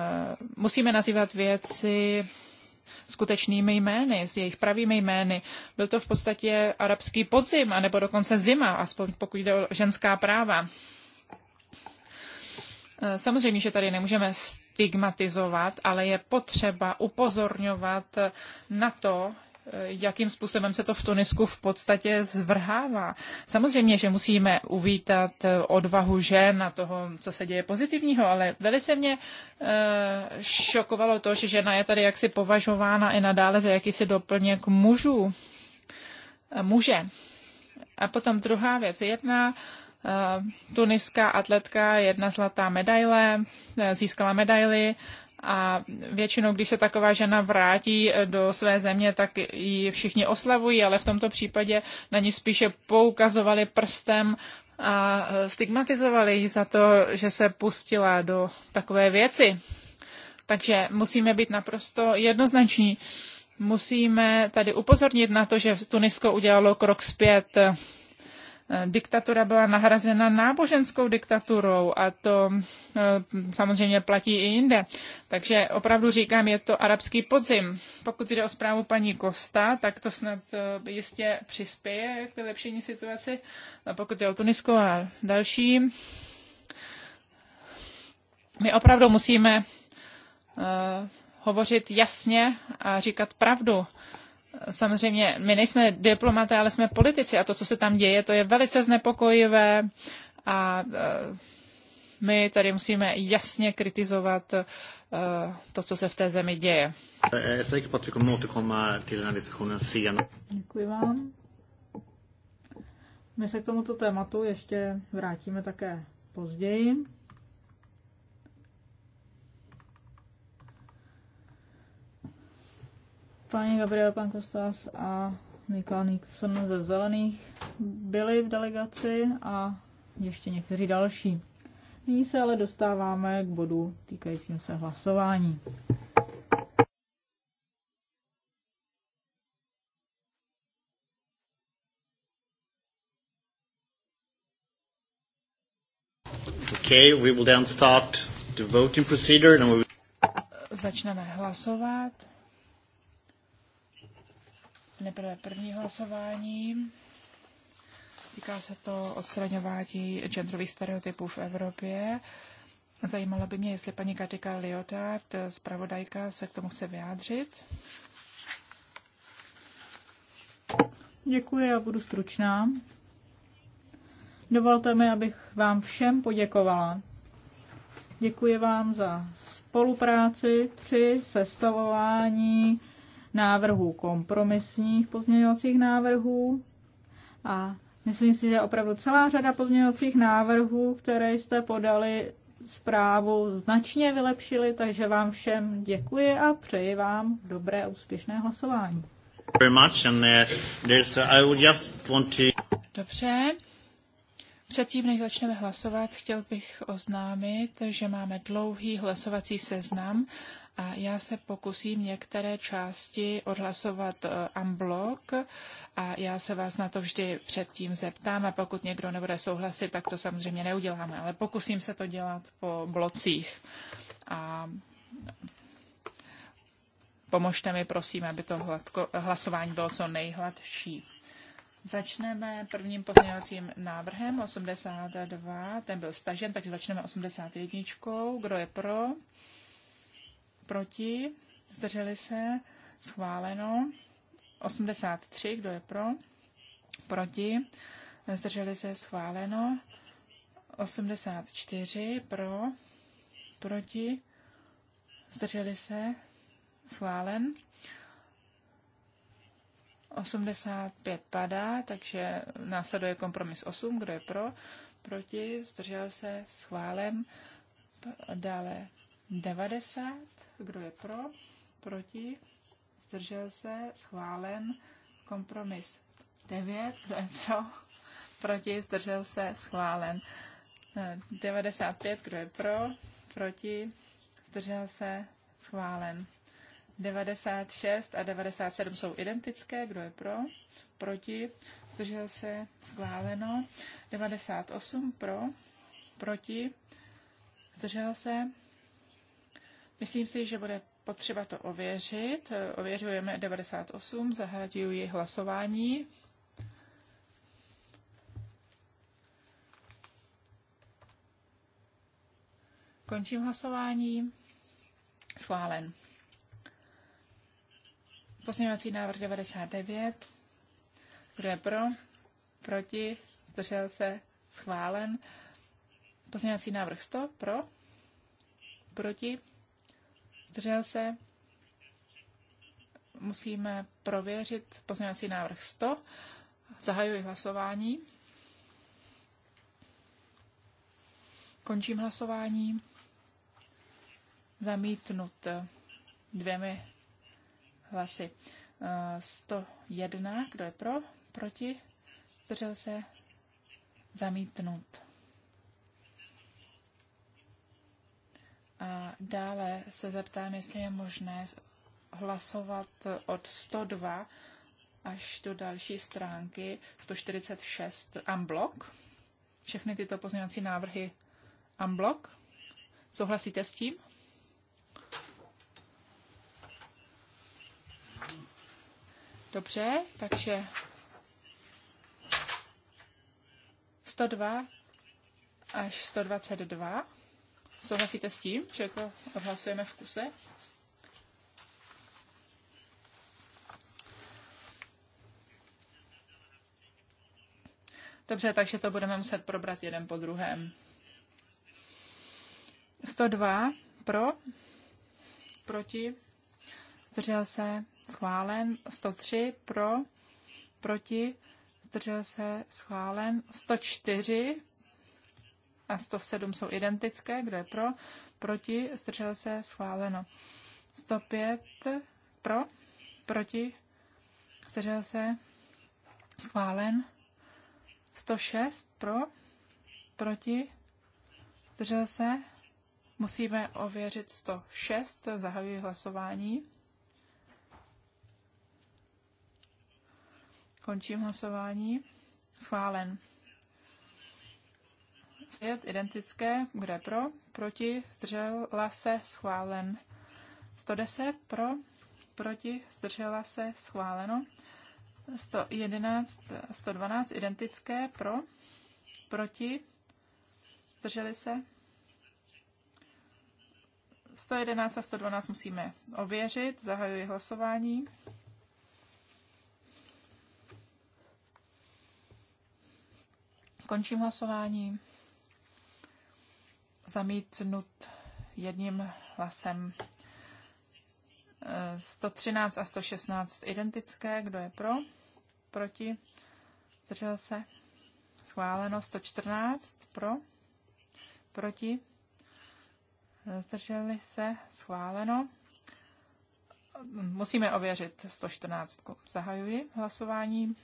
musíme nazývat věci skutečnými jmény, s jejich pravými jmény. Byl to v podstatě arabský podzim, anebo dokonce zima, aspoň pokud jde o ženská práva. Eh, samozřejmě, že tady nemůžeme stigmatizovat, ale je potřeba upozorňovat eh, na to, eh, jakým způsobem se to v Tunisku v podstatě zvrhává. Samozřejmě, že musíme uvítat odvahu žen a toho, co se děje pozitivního, ale velice mě šokovalo to, že žena je tady jaksi považována i nadále za jakýsi doplněk mužů. Muže. A potom druhá věc. Jedna tuniská atletka, jedna zlatá medaile, eh, získala medaily a většinou, když se taková žena vrátí eh, do své země, tak ji všichni oslavují, ale v tomto případě na ní spíše poukazovali prstem a eh, stigmatizovali ji za to, že se pustila do takové věci. Takže musíme být naprosto jednoznační. Musíme tady upozornit na to, že Tunisko udělalo krok zpět Eh, diktatura byla nahrazena náboženskou diktaturou a to eh, samozřejmě platí i jinde. Takže opravdu říkám, je to arabský podzim. Pokud jde o zprávu paní Kosta, tak to snad eh, jistě přispěje k vylepšení situaci. A pokud je o Tunisko a další, my opravdu musíme hovořit jasně a říkat pravdu. Samozřejmě, my nejsme diplomaté, ale jsme politici a to, co se tam děje, to je velice znepokojivé a e, my tady musíme jasně kritizovat e, to, co se v té zemi děje. Eh, eh, Děkuji vám. My se k tomuto tématu ještě vrátíme také později. Paní Gabriel, pan Kostas a Mikael Nixon ze Zelených byli v delegaci a ještě někteří další. Nyní se ale dostáváme k bodu týkajícím se hlasování. Okay, we will then start the voting procedure and we will... Začneme hlasovat. Nebylo první hlasování. Týká se to odstraňování genderových stereotypů v Evropě. Zajímalo by mě, jestli paní Katika Liotard, zpravodajka, se k tomu chce vyjádřit. Děkuji, já budu stručná. Dovolte mi, abych vám všem poděkovala. Děkuji vám za spolupráci při sestavování návrhů kompromisních pozměňovacích návrhů a myslím si, že opravdu celá řada pozměňovacích návrhů, které jste podali, zprávu značně vylepšili, takže vám všem děkuji a přeji vám dobré a úspěšné hlasování. Dobře. Předtím, než začneme hlasovat, chtěl bych oznámit, že máme dlouhý hlasovací seznam a já se pokusím některé části odhlasovat unblock eh, a já se vás na to vždy předtím zeptám a pokud někdo nebude souhlasit, tak to samozřejmě neuděláme, ale pokusím se to dělat po blocích a pomožte mi prosím, aby to hladko, hlasování bylo co nejhladší. Začneme prvním pozměňovacím návrhem 82, ten byl stažen, takže začneme 81. Kdo je pro? proti, zdrželi se, schváleno. 83, kdo je pro, proti, zdrželi se, schváleno. 84, pro, proti, zdrželi se, schválen. 85 padá, takže následuje kompromis 8, kdo je pro, proti, zdržel se, schválen. Dále 90. Kdo je pro? Proti? Zdržel se? Schválen. Kompromis 9. Kdo je pro? Proti? Zdržel se? Schválen. 95. Kdo je pro? Proti? Zdržel se? Schválen. 96 a 97 jsou identické. Kdo je pro? Proti? Zdržel se? Schváleno. 98 pro? Proti? Zdržel se? Myslím si, že bude potřeba to ověřit. Ověřujeme 98, zahraduji hlasování. Končím hlasování. Schválen. Pozměňovací návrh 99. Kdo je pro? Proti? Zdržel se? Schválen. Pozměňovací návrh 100. Pro? Proti? zdržel se, musíme prověřit pozměňovací návrh 100. Zahajuji hlasování. Končím hlasování. Zamítnut dvěmi hlasy. 101, kdo je pro, proti, zdržel se, zamítnut. A dále se zeptám, jestli je možné hlasovat od 102 až do další stránky 146 unblock. Všechny tyto pozměňovací návrhy unblock. Souhlasíte s tím? Dobře, takže 102 až 122. Souhlasíte s tím, že to odhlasujeme v kuse? Dobře, takže to budeme muset probrat jeden po druhém. 102 pro, proti, zdržel se, schválen. 103 pro, proti, zdržel se, schválen. 104 a 107 jsou identické. Kdo je pro? Proti? Zdržel se? Schváleno. 105 pro? Proti? Zdržel se? Schválen. 106 pro? Proti? Zdržel se? Musíme ověřit 106. Zahajuji hlasování. Končím hlasování. Schválen. Svět identické, kde pro, proti, zdržela se, schválen. 110 pro, proti, zdržela se, schváleno. 111, 112 identické, pro, proti, zdrželi se. 111 a 112 musíme ověřit, zahajuji hlasování. Končím hlasování zamítnut jedním hlasem. 113 eh, a 116 identické, kdo je pro, proti, zdržel se, schváleno 114 pro, proti, zdrželi se, schváleno. Musíme ověřit 114. Zahajuji hlasování.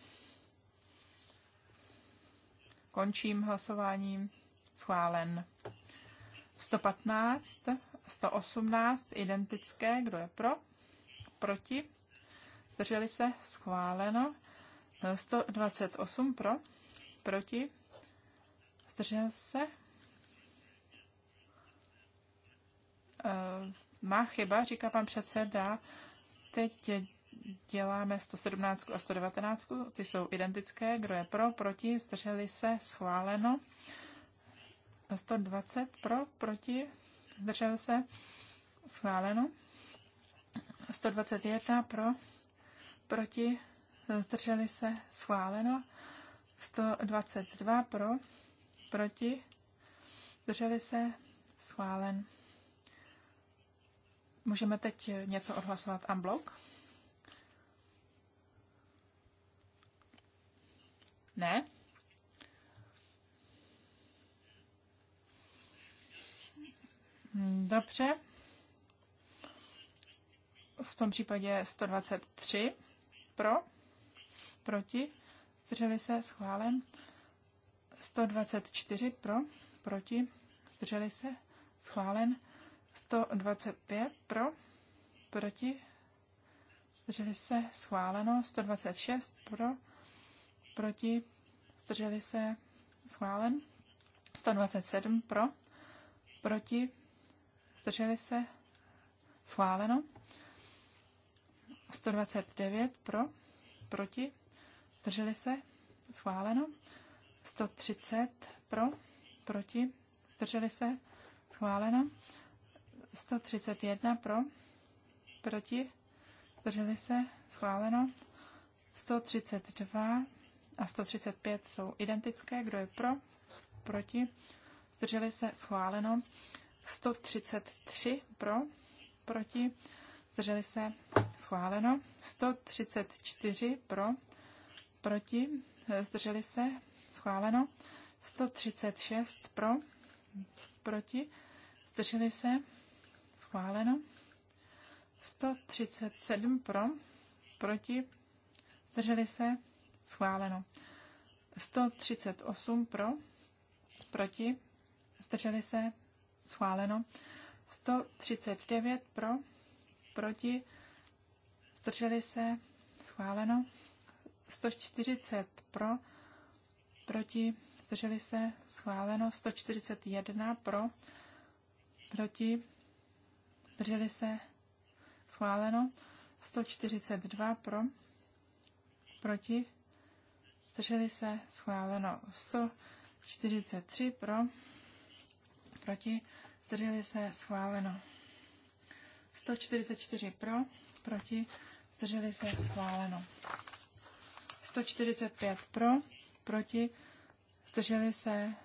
Končím hlasováním. Schválen. 115, 118, identické, kdo je pro, proti, zdrželi se, schváleno, 128 pro, proti, zdržel se, eh, má chyba, říká pan předseda, teď děláme 117 a 119, ty jsou identické, kdo je pro, proti, zdrželi se, schváleno. 120 pro, proti, zdržel se, schváleno. 121 pro, proti, zdrželi se, schváleno. 122 pro, proti, zdrželi se, schválen. Můžeme teď něco odhlasovat unblock? Ne? Hm, dobře. V tom případě 123 pro, proti, zdrželi se, schválen. 124 pro, proti, zdrželi se, schválen. 125 pro, proti, zdrželi se, schváleno. 126 pro, proti, zdrželi se, schválen. 127 pro, proti, Zdrželi se? Schváleno. 129 pro, proti, zdrželi se, schváleno. 130 pro, proti, zdrželi se, schváleno. 131 pro, proti, zdrželi se, schváleno. 132 a 135 jsou identické, kdo je pro, proti, zdrželi se, schváleno. 133 pro, proti, zdrželi se, schváleno. 134 pro, proti, zdrželi se, schváleno. 136 pro, proti, zdrželi se, schváleno. 137 pro, proti, zdrželi se, schváleno. 138 pro, proti, zdrželi se, schváleno. 139 pro, proti, zdrželi se, schváleno. 140 pro, proti, zdrželi se, schváleno. 141 pro, proti, zdrželi se, schváleno. 142 pro, proti, zdrželi se, schváleno. 143 pro, proti, zdrželi se, schváleno. 144 pro, proti, zdrželi se, schváleno. 145 pro, proti, zdrželi se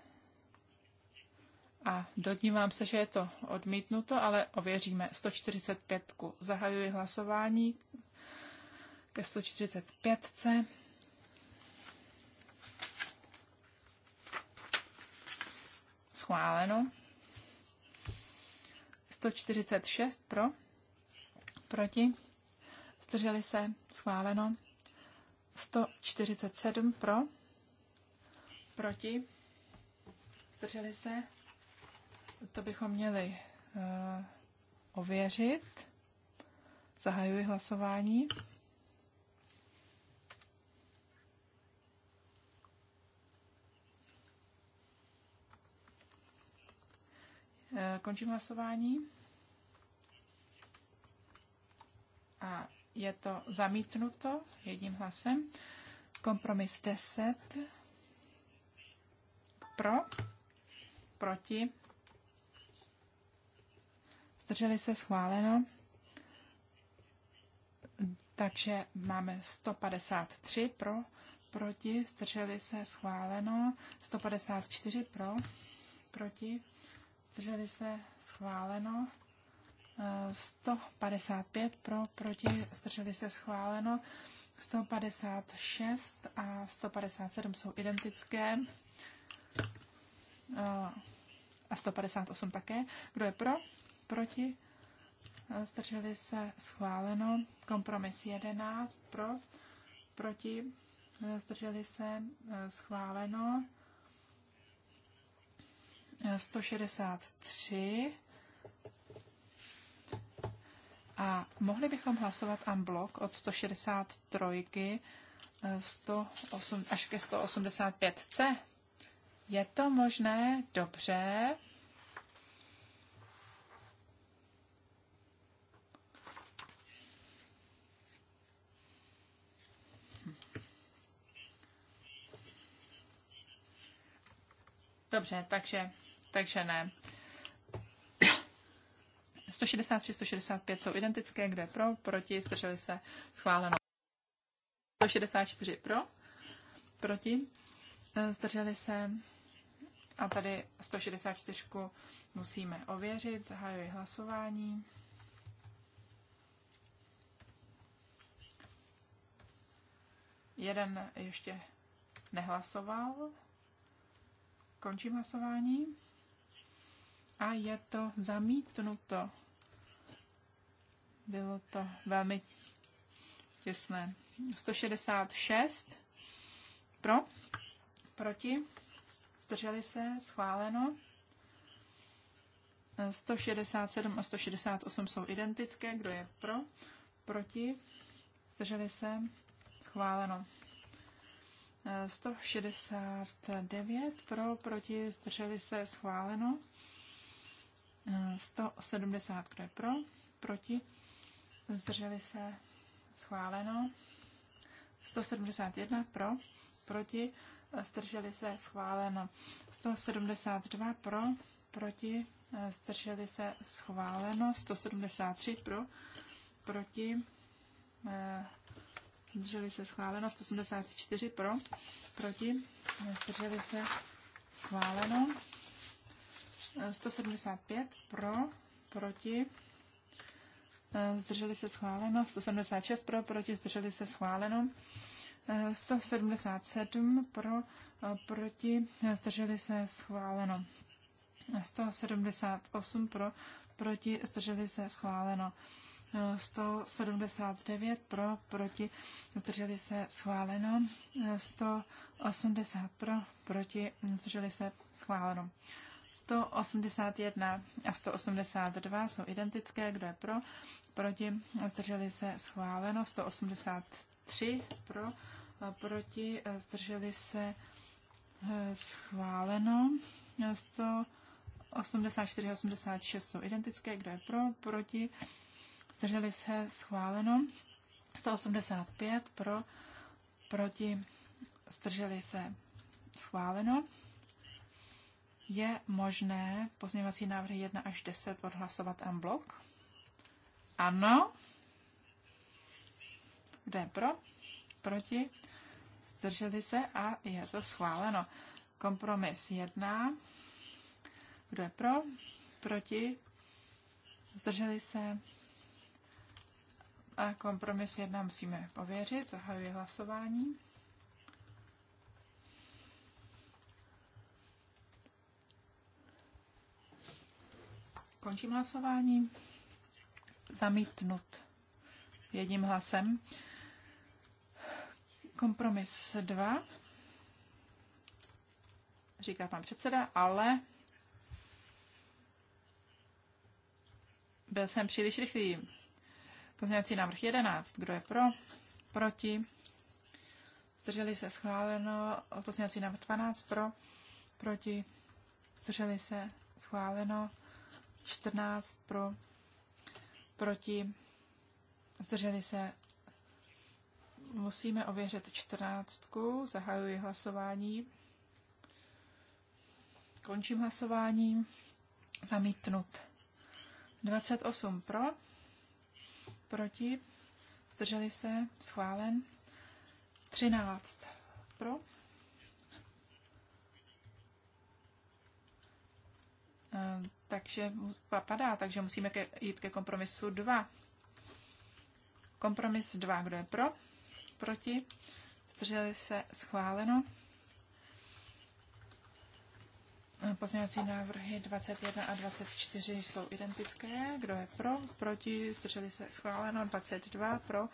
a dodnívám se, že je to odmítnuto, ale ověříme 145. Zahajuji hlasování ke 145. Schváleno. 146 pro, proti, zdrželi se, schváleno. 147 pro, proti, zdrželi se. To bychom měli uh, ověřit. Zahajuji hlasování. Eh, končím hlasování. A je to zamítnuto jedním hlasem. Kompromis 10. Pro. Proti. Zdrželi se schváleno. Takže máme 153 pro, proti, zdrželi se schváleno, 154 pro, proti, zdrželi se, schváleno. 155 eh, pro, proti, zdrželi se, schváleno. 156 a 157 jsou identické. Eh, a 158 také. Kdo je pro? Proti? Eh, zdrželi se schváleno. Kompromis 11 pro. Proti? Zdrželi se schváleno. 163. A mohli bychom hlasovat unblock od 163 108, až ke 185C. Je to možné? Dobře. Dobře, takže takže ne. 163, 165 jsou identické, kde pro, proti, zdrželi se, schváleno. 164 pro, proti, zdrželi se. A tady 164 musíme ověřit, zahajuji hlasování. Jeden ještě nehlasoval. Končím hlasování a je to zamítnuto. Bylo to velmi těsné. 166 pro, proti, zdrželi se, schváleno. 167 a 168 jsou identické, kdo je pro, proti, zdrželi se, schváleno. 169 pro, proti, zdrželi se, schváleno. 170, kdo je pro, proti, zdrželi se, schváleno. 171 pro, proti, zdrželi se, schváleno. 172 pro, proti, zdrželi se, schváleno. 173 eh, pro, proti, zdrželi se, schváleno. 174 pro, proti, zdrželi se, schváleno. 175 eh, pro, proti, zdrželi se schváleno. 176 eh, eh, pro, proti, zdrželi se schváleno. 177 pro, proti, zdrželi se schváleno. 178 pro, proti, zdrželi se schváleno. 179 pro, proti, zdrželi se schváleno. 180 pro, proti, zdrželi se schváleno. 181 a 182 jsou identické. Kdo je pro? Proti? Zdrželi se schváleno. 183 pro? Proti? Zdrželi se schváleno. 184 a 186 jsou identické. Kdo je pro? Proti? Zdrželi se schváleno. 185 pro? Proti? Zdrželi se schváleno. Je možné pozměňovací návrhy 1 až 10 odhlasovat en blok? Ano. Kdo je pro? Proti? Zdrželi se a je to schváleno. Kompromis 1. Kdo je pro? Proti? Zdrželi se? A kompromis 1 musíme pověřit. Zahajuji hlasování. Končím hlasování. Zamítnut jedním hlasem. Kompromis 2, říká pan předseda, ale byl jsem příliš rychlý. Pozměňovací návrh 11. Kdo je pro? Proti? Zdrželi se schváleno. Pozměňovací návrh 12. Pro? Proti? Zdrželi se schváleno. 14 pro, proti, zdrželi se. Musíme ověřit 14. Zahajuji hlasování. Končím hlasování. Zamítnut. 28 pro, proti, zdrželi se, schválen. 13 pro, Eh, takže padá, takže musíme ke, jít ke kompromisu 2. Kompromis 2, kdo je pro? Proti? Zdrželi se schváleno. Eh, pozměňovací návrhy 21 a 24 jsou identické. Kdo je pro? Proti? Zdrželi se schváleno. 22 pro?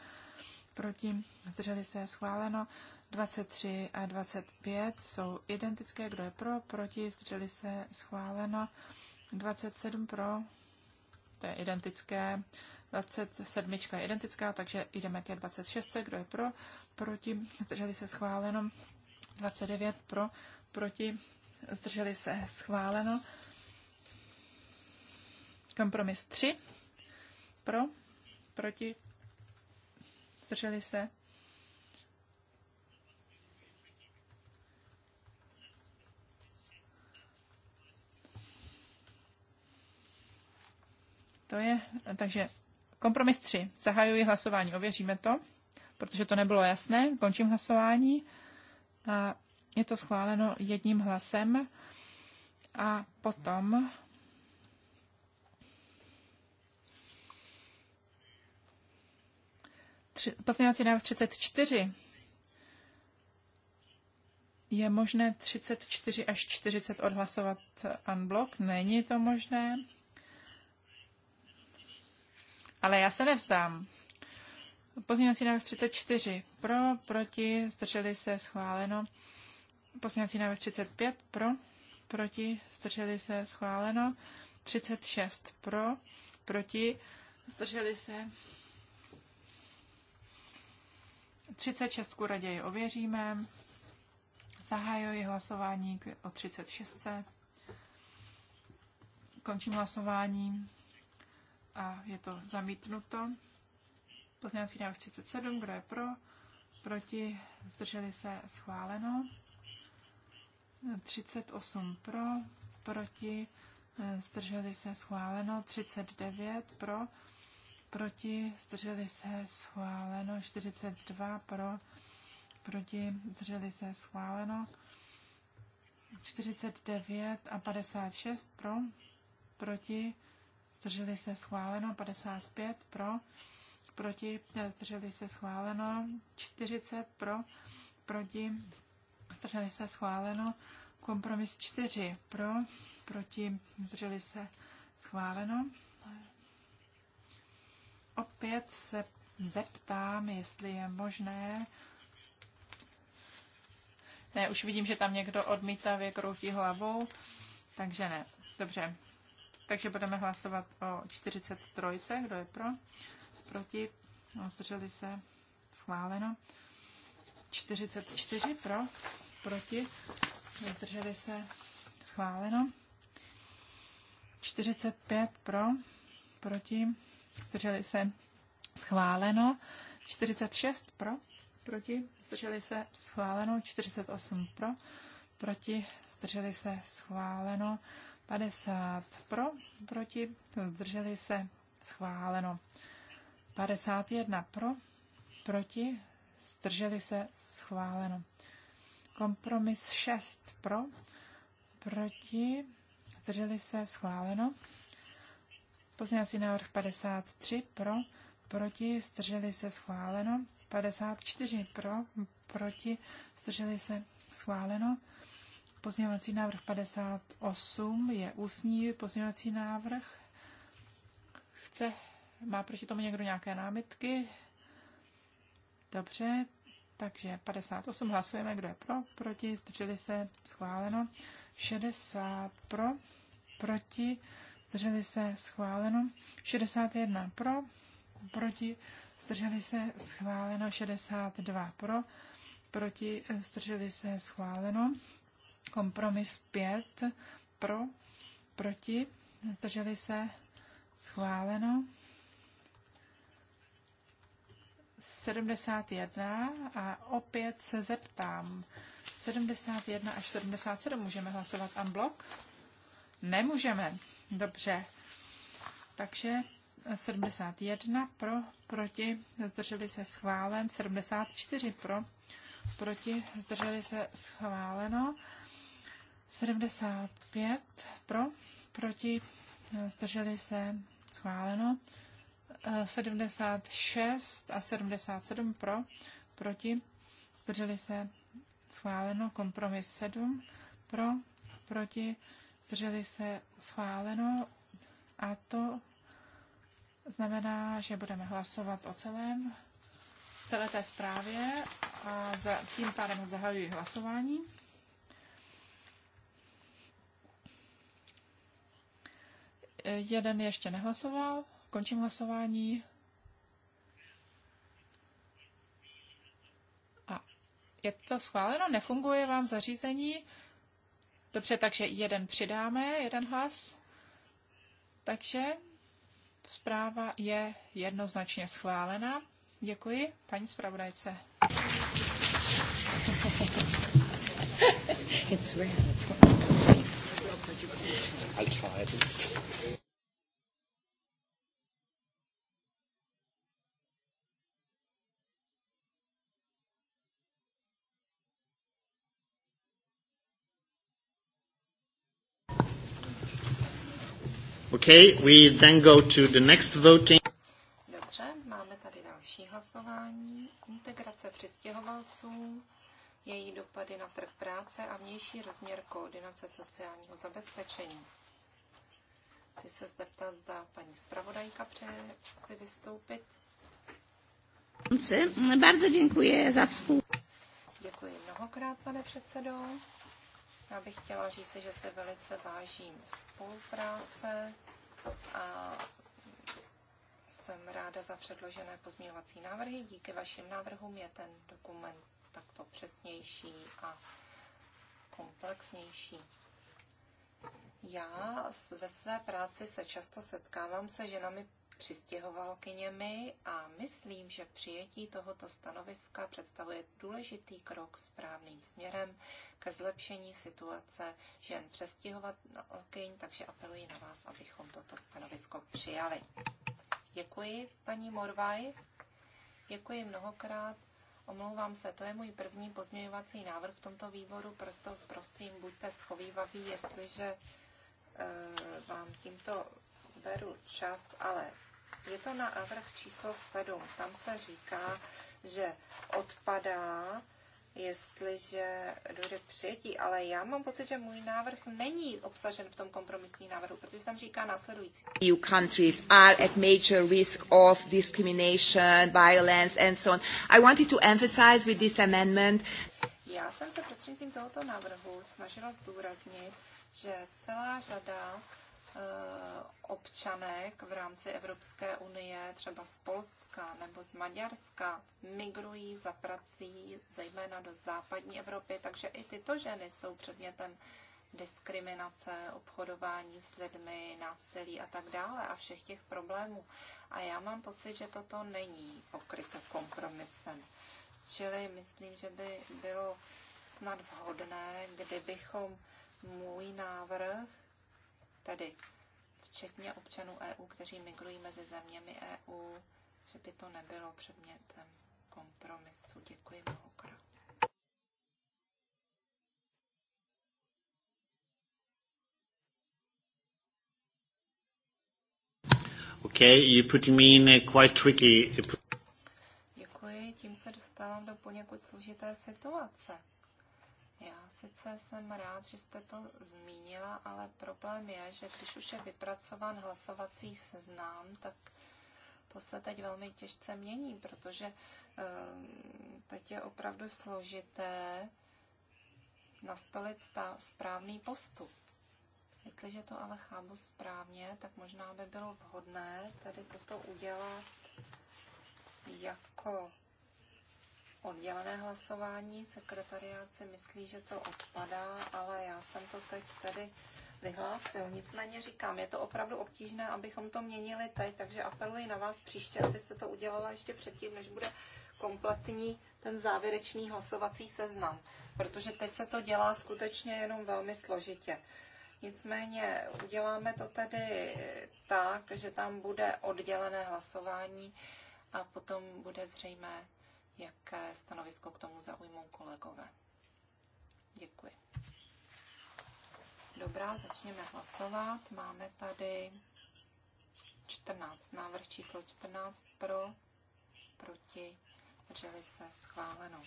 Proti? Zdrželi se schváleno. 23 a 25 jsou identické. Kdo je pro? Proti? Zdrželi se? Schváleno. 27 pro. To je identické. 27 je identická, takže jdeme ke 26. Kdo je pro? Proti? Zdrželi se? Schváleno. 29 pro. Proti? Zdrželi se? Schváleno. Kompromis 3. Pro. Proti? Zdrželi se? To je, takže kompromis 3. Zahajuji hlasování, ověříme to, protože to nebylo jasné. Končím hlasování. A je to schváleno jedním hlasem. A potom pozměňovací návrh 34. Je možné 34 až 40 odhlasovat unblock? Není to možné. Ale já se nevzdám. Pozměňovací návrh 34 pro, proti, zdrželi se, schváleno. Pozměňovací návrh 35 pro, proti, zdrželi se, schváleno. 36 pro, proti, zdrželi se. 36 raději ověříme. Zahajuji hlasování o 36. Končím hlasování a je to zamítnuto. Pozměňovací návrh 37, kdo je pro, proti, zdrželi se, schváleno. 38 pro, proti, zdrželi se, schváleno. 39 pro, proti, zdrželi se, schváleno. 42 pro, proti, zdrželi se, schváleno. 49 a 56 pro, proti, zdrželi se schváleno, 55 pro, proti, zdrželi se schváleno, 40 pro, proti, zdrželi se schváleno, kompromis 4 pro, proti, zdrželi se schváleno. Opět se zeptám, jestli je možné ne, už vidím, že tam někdo odmítavě kroutí hlavou, takže ne. Dobře, takže budeme hlasovat o 43. Kdo je pro? Proti? Zdrželi se? Schváleno. 44 pro? Proti? Zdrželi se? Schváleno. 45 pro? Proti? Zdrželi se? Schváleno. 46 pro? Proti? Zdrželi se? Schváleno. 48 pro? Proti? Zdrželi se? Schváleno. 50 pro, proti, zdrželi se, schváleno. 51 pro, proti, zdrželi se, schváleno. Kompromis 6 pro, proti, zdrželi se, schváleno. Pozměňovací návrh 53 pro, proti, zdrželi se, schváleno. 54 pro, proti, zdrželi se, schváleno. Pozměňovací návrh 58 je ústní pozměňovací návrh. Chce, má proti tomu někdo nějaké námitky? Dobře, takže 58 hlasujeme, kdo je pro, proti, zdrželi se, schváleno. 60 pro, proti, zdrželi se, schváleno. 61 pro, proti, zdrželi se, schváleno. 62 pro, proti, zdrželi se, schváleno. Kompromis 5 pro, proti, zdrželi se, schváleno. 71 a opět se zeptám. 71 až 77 můžeme hlasovat unblock? Nemůžeme. Dobře. Takže 71 pro, proti, zdrželi se schválen, 74 pro, proti, zdrželi se schváleno, 75 pro, proti, zdrželi se, schváleno. 76 eh, a 77 pro, proti, zdrželi se, schváleno. Kompromis 7 pro, proti, zdrželi se, schváleno. A to znamená, že budeme hlasovat o celém, celé té zprávě a za, tím pádem zahajuji hlasování. Jeden ještě nehlasoval. Končím hlasování. A je to schváleno? Nefunguje vám zařízení? Dobře, takže jeden přidáme, jeden hlas. Takže zpráva je jednoznačně schválena. Děkuji, paní zpravodajce. It's weird. It's weird. Falsch verhalten. Okay, we then go to the next voting. Dobře, máme tady další hlasování. Integrace přistěhovalců její dopady na trh práce a vnější rozměr koordinace sociálního zabezpečení. Chci se zeptat, zda paní zpravodajka přeje si vystoupit. Bardzo děkuji za vzpůl. Děkuji mnohokrát, pane předsedo. Já bych chtěla říct, že se velice vážím spolupráce a jsem ráda za předložené pozměňovací návrhy. Díky vašim návrhům je ten dokument takto přesnější a komplexnější. Já ve své práci se často setkávám se ženami přistěhovalkyněmi a myslím, že přijetí tohoto stanoviska představuje důležitý krok správným směrem ke zlepšení situace žen přestěhovalkyň, takže apeluji na vás, abychom toto stanovisko přijali. Děkuji, paní Morvaj. Děkuji mnohokrát Omlouvám se, to je můj první pozměňovací návrh v tomto výboru, proto prosím, buďte schovývaví, jestliže e, vám tímto beru čas, ale je to na návrh číslo 7. Tam se říká, že odpadá jestliže dojde k přijetí, ale já mám pocit, že můj návrh není obsažen v tom kompromisním návrhu, protože tam říká následující. EU countries are at major risk of discrimination, violence and so on. I wanted to emphasize with this amendment já jsem se prostřednictvím tohoto návrhu snažila zdůraznit, že celá řada Eh, občanek v rámci Evropské unie, třeba z Polska nebo z Maďarska, migrují za prací zejména do západní Evropy, takže i tyto ženy jsou předmětem diskriminace, obchodování s lidmi, násilí a tak dále a všech těch problémů. A já mám pocit, že toto není pokryto kompromisem. Čili myslím, že by bylo snad vhodné, kdybychom můj návrh tedy včetně občanů EU, kteří migrují mezi zeměmi EU, že by to nebylo předmětem kompromisu. Děkuji mnohokrát. Okay, you put me in a quite tricky... Děkuji, tím se dostávám do poněkud složité situace. Sice jsem rád, že jste to zmínila, ale problém je, že když už je vypracován hlasovací seznám, tak to se teď velmi těžce mění, protože ehm, teď je opravdu složité nastolit ta správný postup. Jestliže to ale chápu správně, tak možná by bylo vhodné tady toto udělat jako oddělené hlasování. Sekretariát si myslí, že to odpadá, ale já jsem to teď tady vyhlásil. Nicméně říkám, je to opravdu obtížné, abychom to měnili teď, takže apeluji na vás příště, abyste to udělala ještě předtím, než bude kompletní ten závěrečný hlasovací seznam, protože teď se to dělá skutečně jenom velmi složitě. Nicméně uděláme to tedy tak, že tam bude oddělené hlasování a potom bude zřejmé, jaké stanovisko k tomu zaujmou kolegové. Děkuji. Dobrá, začněme hlasovat. Máme tady 14, návrh číslo 14 pro, proti, zdrželi se, schváleno.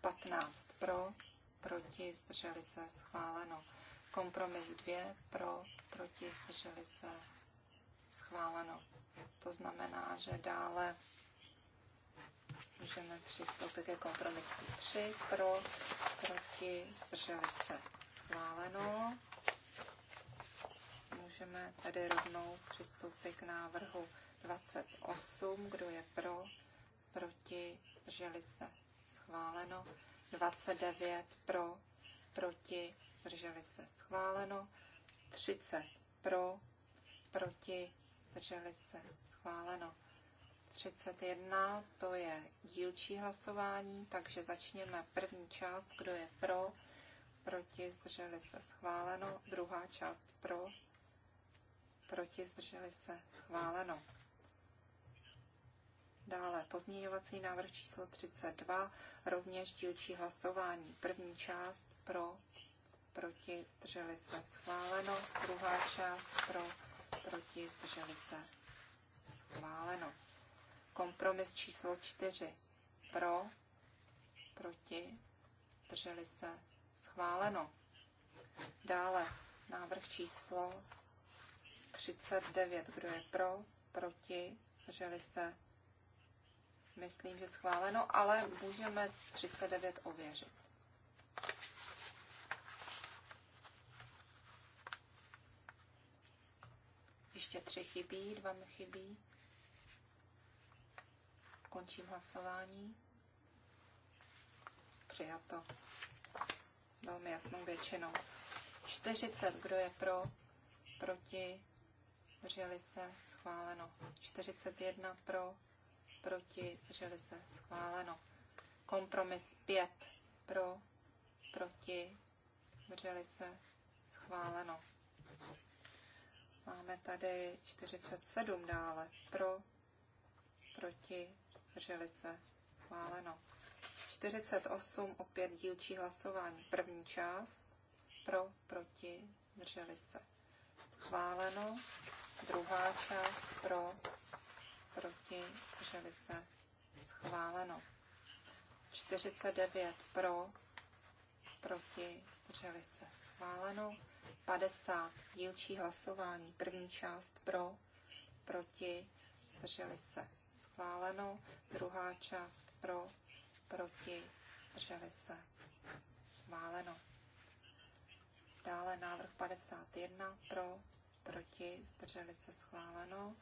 15 pro, proti, zdrželi se, schváleno. Kompromis 2 pro, proti, zdrželi se, schváleno. To znamená, že dále Můžeme přistoupit ke kompromisu 3 pro, proti, zdrželi se schváleno. Můžeme tedy rovnou přistoupit k návrhu 28, kdo je pro, proti, zdrželi se schváleno. 29 pro, proti, zdrželi se schváleno. 30 pro, proti, zdrželi se schváleno. 31, to je dílčí hlasování, takže začněme první část, kdo je pro, proti, zdrželi se schváleno, druhá část pro, proti, zdrželi se schváleno. Dále pozměňovací návrh číslo 32, rovněž dílčí hlasování. První část pro, proti, zdrželi se schváleno, druhá část pro, proti, zdrželi se schváleno. Kompromis číslo čtyři Pro, proti, drželi se, schváleno. Dále návrh číslo 39. Kdo je pro, proti, drželi se, myslím, že schváleno, ale můžeme 39 ověřit. Ještě tři chybí, dva mi chybí. Končím hlasování. Přijato. Velmi jasnou většinou. 40, kdo je pro, proti, drželi se, schváleno. 41 pro, proti, drželi se, schváleno. Kompromis 5 pro, proti, drželi se, schváleno. Máme tady 47 dále pro, proti, zdrželi se. Schváleno. 48, opět dílčí hlasování. První část. Pro, proti, drželi se. Schváleno. Druhá část. Pro, proti, drželi se. Schváleno. 49 pro, proti, drželi se. Schváleno. 50 dílčí hlasování. První část pro, proti, zdrželi se schváleno. Druhá část pro, proti, drželi se, schváleno. Dále návrh 51 pro, proti, zdrželi se, schváleno.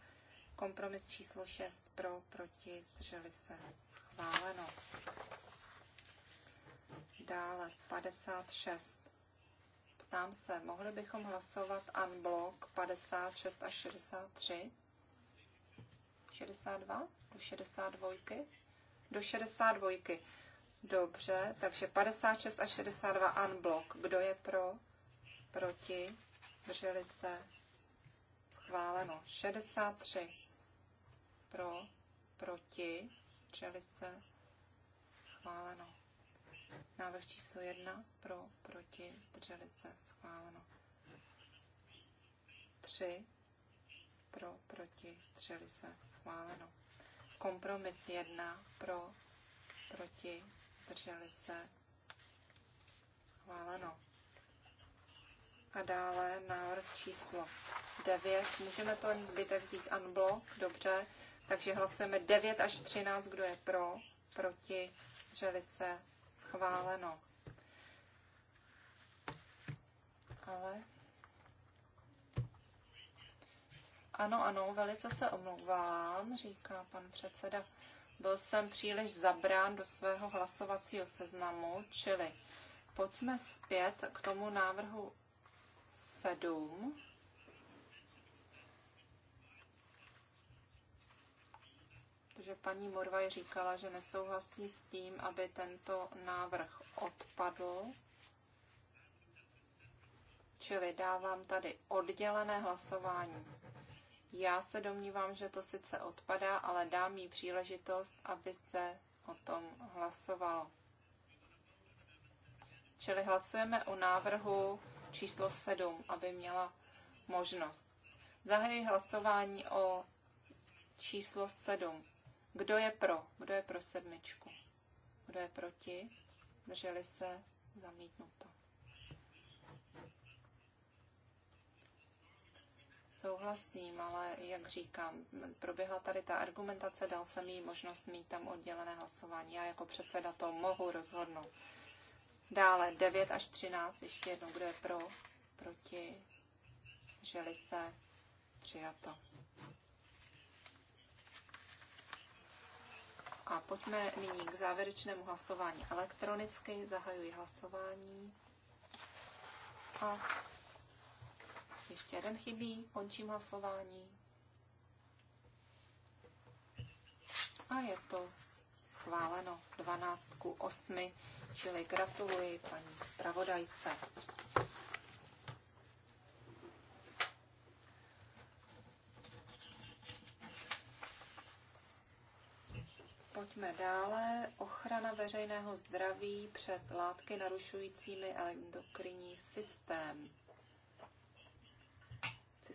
Kompromis číslo 6 pro, proti, zdrželi se, schváleno. Dále 56. Ptám se, mohli bychom hlasovat unblock 56 až 63? 62? Do 62. Do 62. Dobře, takže 56 a 62 unblock. Kdo je pro? Proti? Drželi se? Schváleno. 63. Pro? Proti? Drželi se? Schváleno. Návrh číslo 1. Pro? Proti? Zdrželi se? Schváleno. 3. Pro? Proti? Zdrželi se? Schváleno. Kompromis jedna pro, proti, drželi se, schváleno. A dále návrh číslo 9. Můžeme to ten zbytek vzít unblock, dobře. Takže hlasujeme 9 až 13, kdo je pro, proti, zdrželi se, schváleno. Ale Ano, ano, velice se omlouvám, říká pan předseda. Byl jsem příliš zabrán do svého hlasovacího seznamu, čili pojďme zpět k tomu návrhu 7. Protože paní Morvaj říkala, že nesouhlasí s tím, aby tento návrh odpadl. Čili dávám tady oddělené hlasování já se domnívám, že to sice odpadá, ale dám jí příležitost, aby se o tom hlasovalo. Čili hlasujeme o návrhu číslo 7, aby měla možnost. Zahajuji hlasování o číslo 7. Kdo je pro? Kdo je pro sedmičku? Kdo je proti? Drželi se? Zamítnuto. souhlasím, ale jak říkám, proběhla tady ta argumentace, dal jsem jí možnost mít tam oddělené hlasování. Já jako předseda to mohu rozhodnout. Dále 9 až 13, ještě jednou, kdo je pro, proti, želi se, přijato. A pojďme nyní k závěrečnému hlasování elektronicky. Zahajuji hlasování. A ještě jeden chybí, končím hlasování. A je to schváleno 12 ku 8, čili gratuluji paní zpravodajce. Pojďme dále. Ochrana veřejného zdraví před látky narušujícími endokrinní systém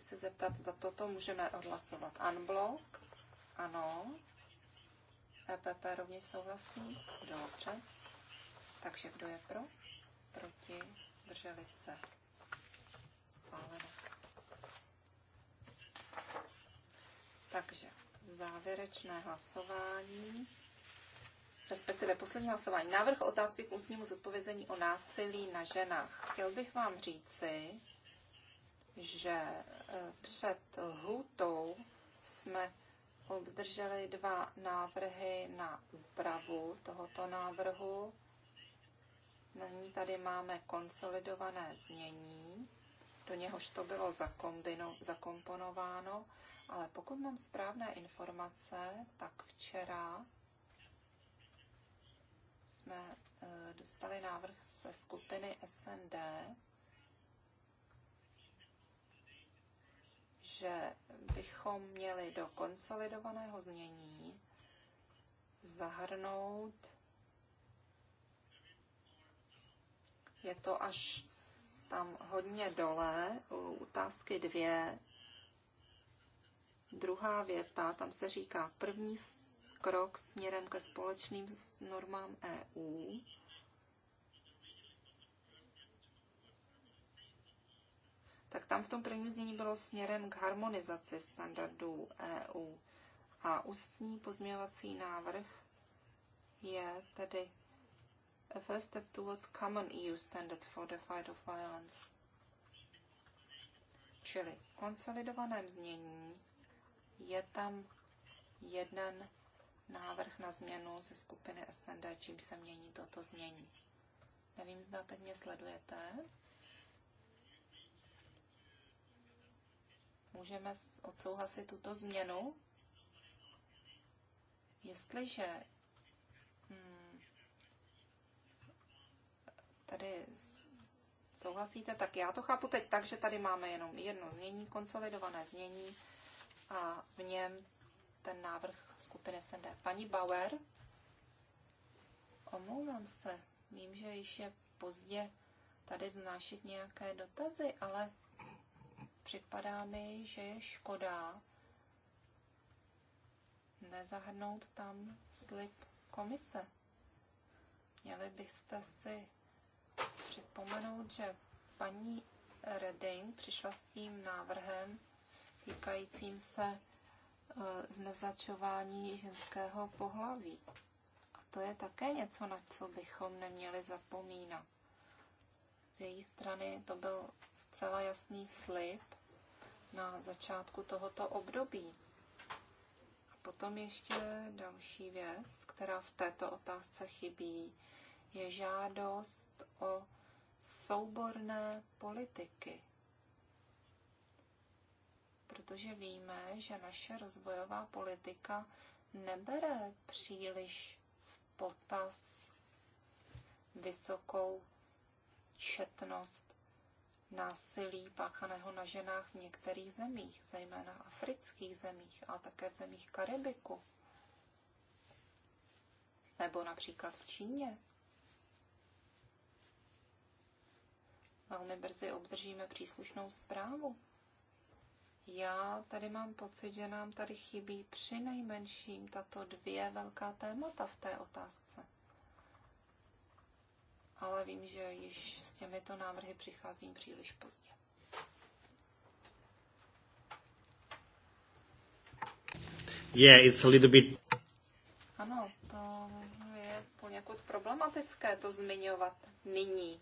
se zeptat, zda toto můžeme odhlasovat unblock. Ano. EPP rovněž souhlasí. Dobře. Takže kdo je pro? Proti? Drželi se? Schváleno. Takže závěrečné hlasování, respektive poslední hlasování. Návrh otázky k ústnímu zodpovězení o násilí na ženách. Chtěl bych vám říci, že eh, před lhůtou jsme obdrželi dva návrhy na úpravu tohoto návrhu. Nyní tady máme konsolidované znění, do něhož to bylo zakomponováno, ale pokud mám správné informace, tak včera jsme eh, dostali návrh ze skupiny SND, že bychom měli do konsolidovaného znění zahrnout, je to až tam hodně dole, u otázky dvě, druhá věta, tam se říká první krok směrem ke společným normám EU. tak tam v tom prvním znění bylo směrem k harmonizaci standardů EU. A ústní pozměňovací návrh je tedy a first step towards common EU standards for the fight of violence. Čili v konsolidovaném znění je tam jeden návrh na změnu ze skupiny SND, čím se mění toto znění. Nevím, zda teď mě sledujete. můžeme odsouhlasit tuto změnu, jestliže hmm, tady souhlasíte, tak já to chápu teď tak, že tady máme jenom jedno znění, konsolidované znění a v něm ten návrh skupiny SND. Paní Bauer, omlouvám se, vím, že již je pozdě tady vznášet nějaké dotazy, ale Připadá mi, že je škoda nezahrnout tam slib komise. Měli byste si připomenout, že paní Redding přišla s tím návrhem týkajícím se e, zmezačování ženského pohlaví. A to je také něco, na co bychom neměli zapomínat. Z její strany to byl zcela jasný slib na začátku tohoto období. A potom ještě další věc, která v této otázce chybí, je žádost o souborné politiky. Protože víme, že naše rozvojová politika nebere příliš v potaz vysokou četnost násilí páchaného na ženách v některých zemích, zejména afrických zemích, ale také v zemích Karibiku. Nebo například v Číně. Velmi brzy obdržíme příslušnou zprávu. Já tady mám pocit, že nám tady chybí při nejmenším tato dvě velká témata v té otázce ale vím, že již s těmito návrhy přicházím příliš pozdě. Yeah, it's a little bit... Ano, to je poněkud problematické to zmiňovat nyní.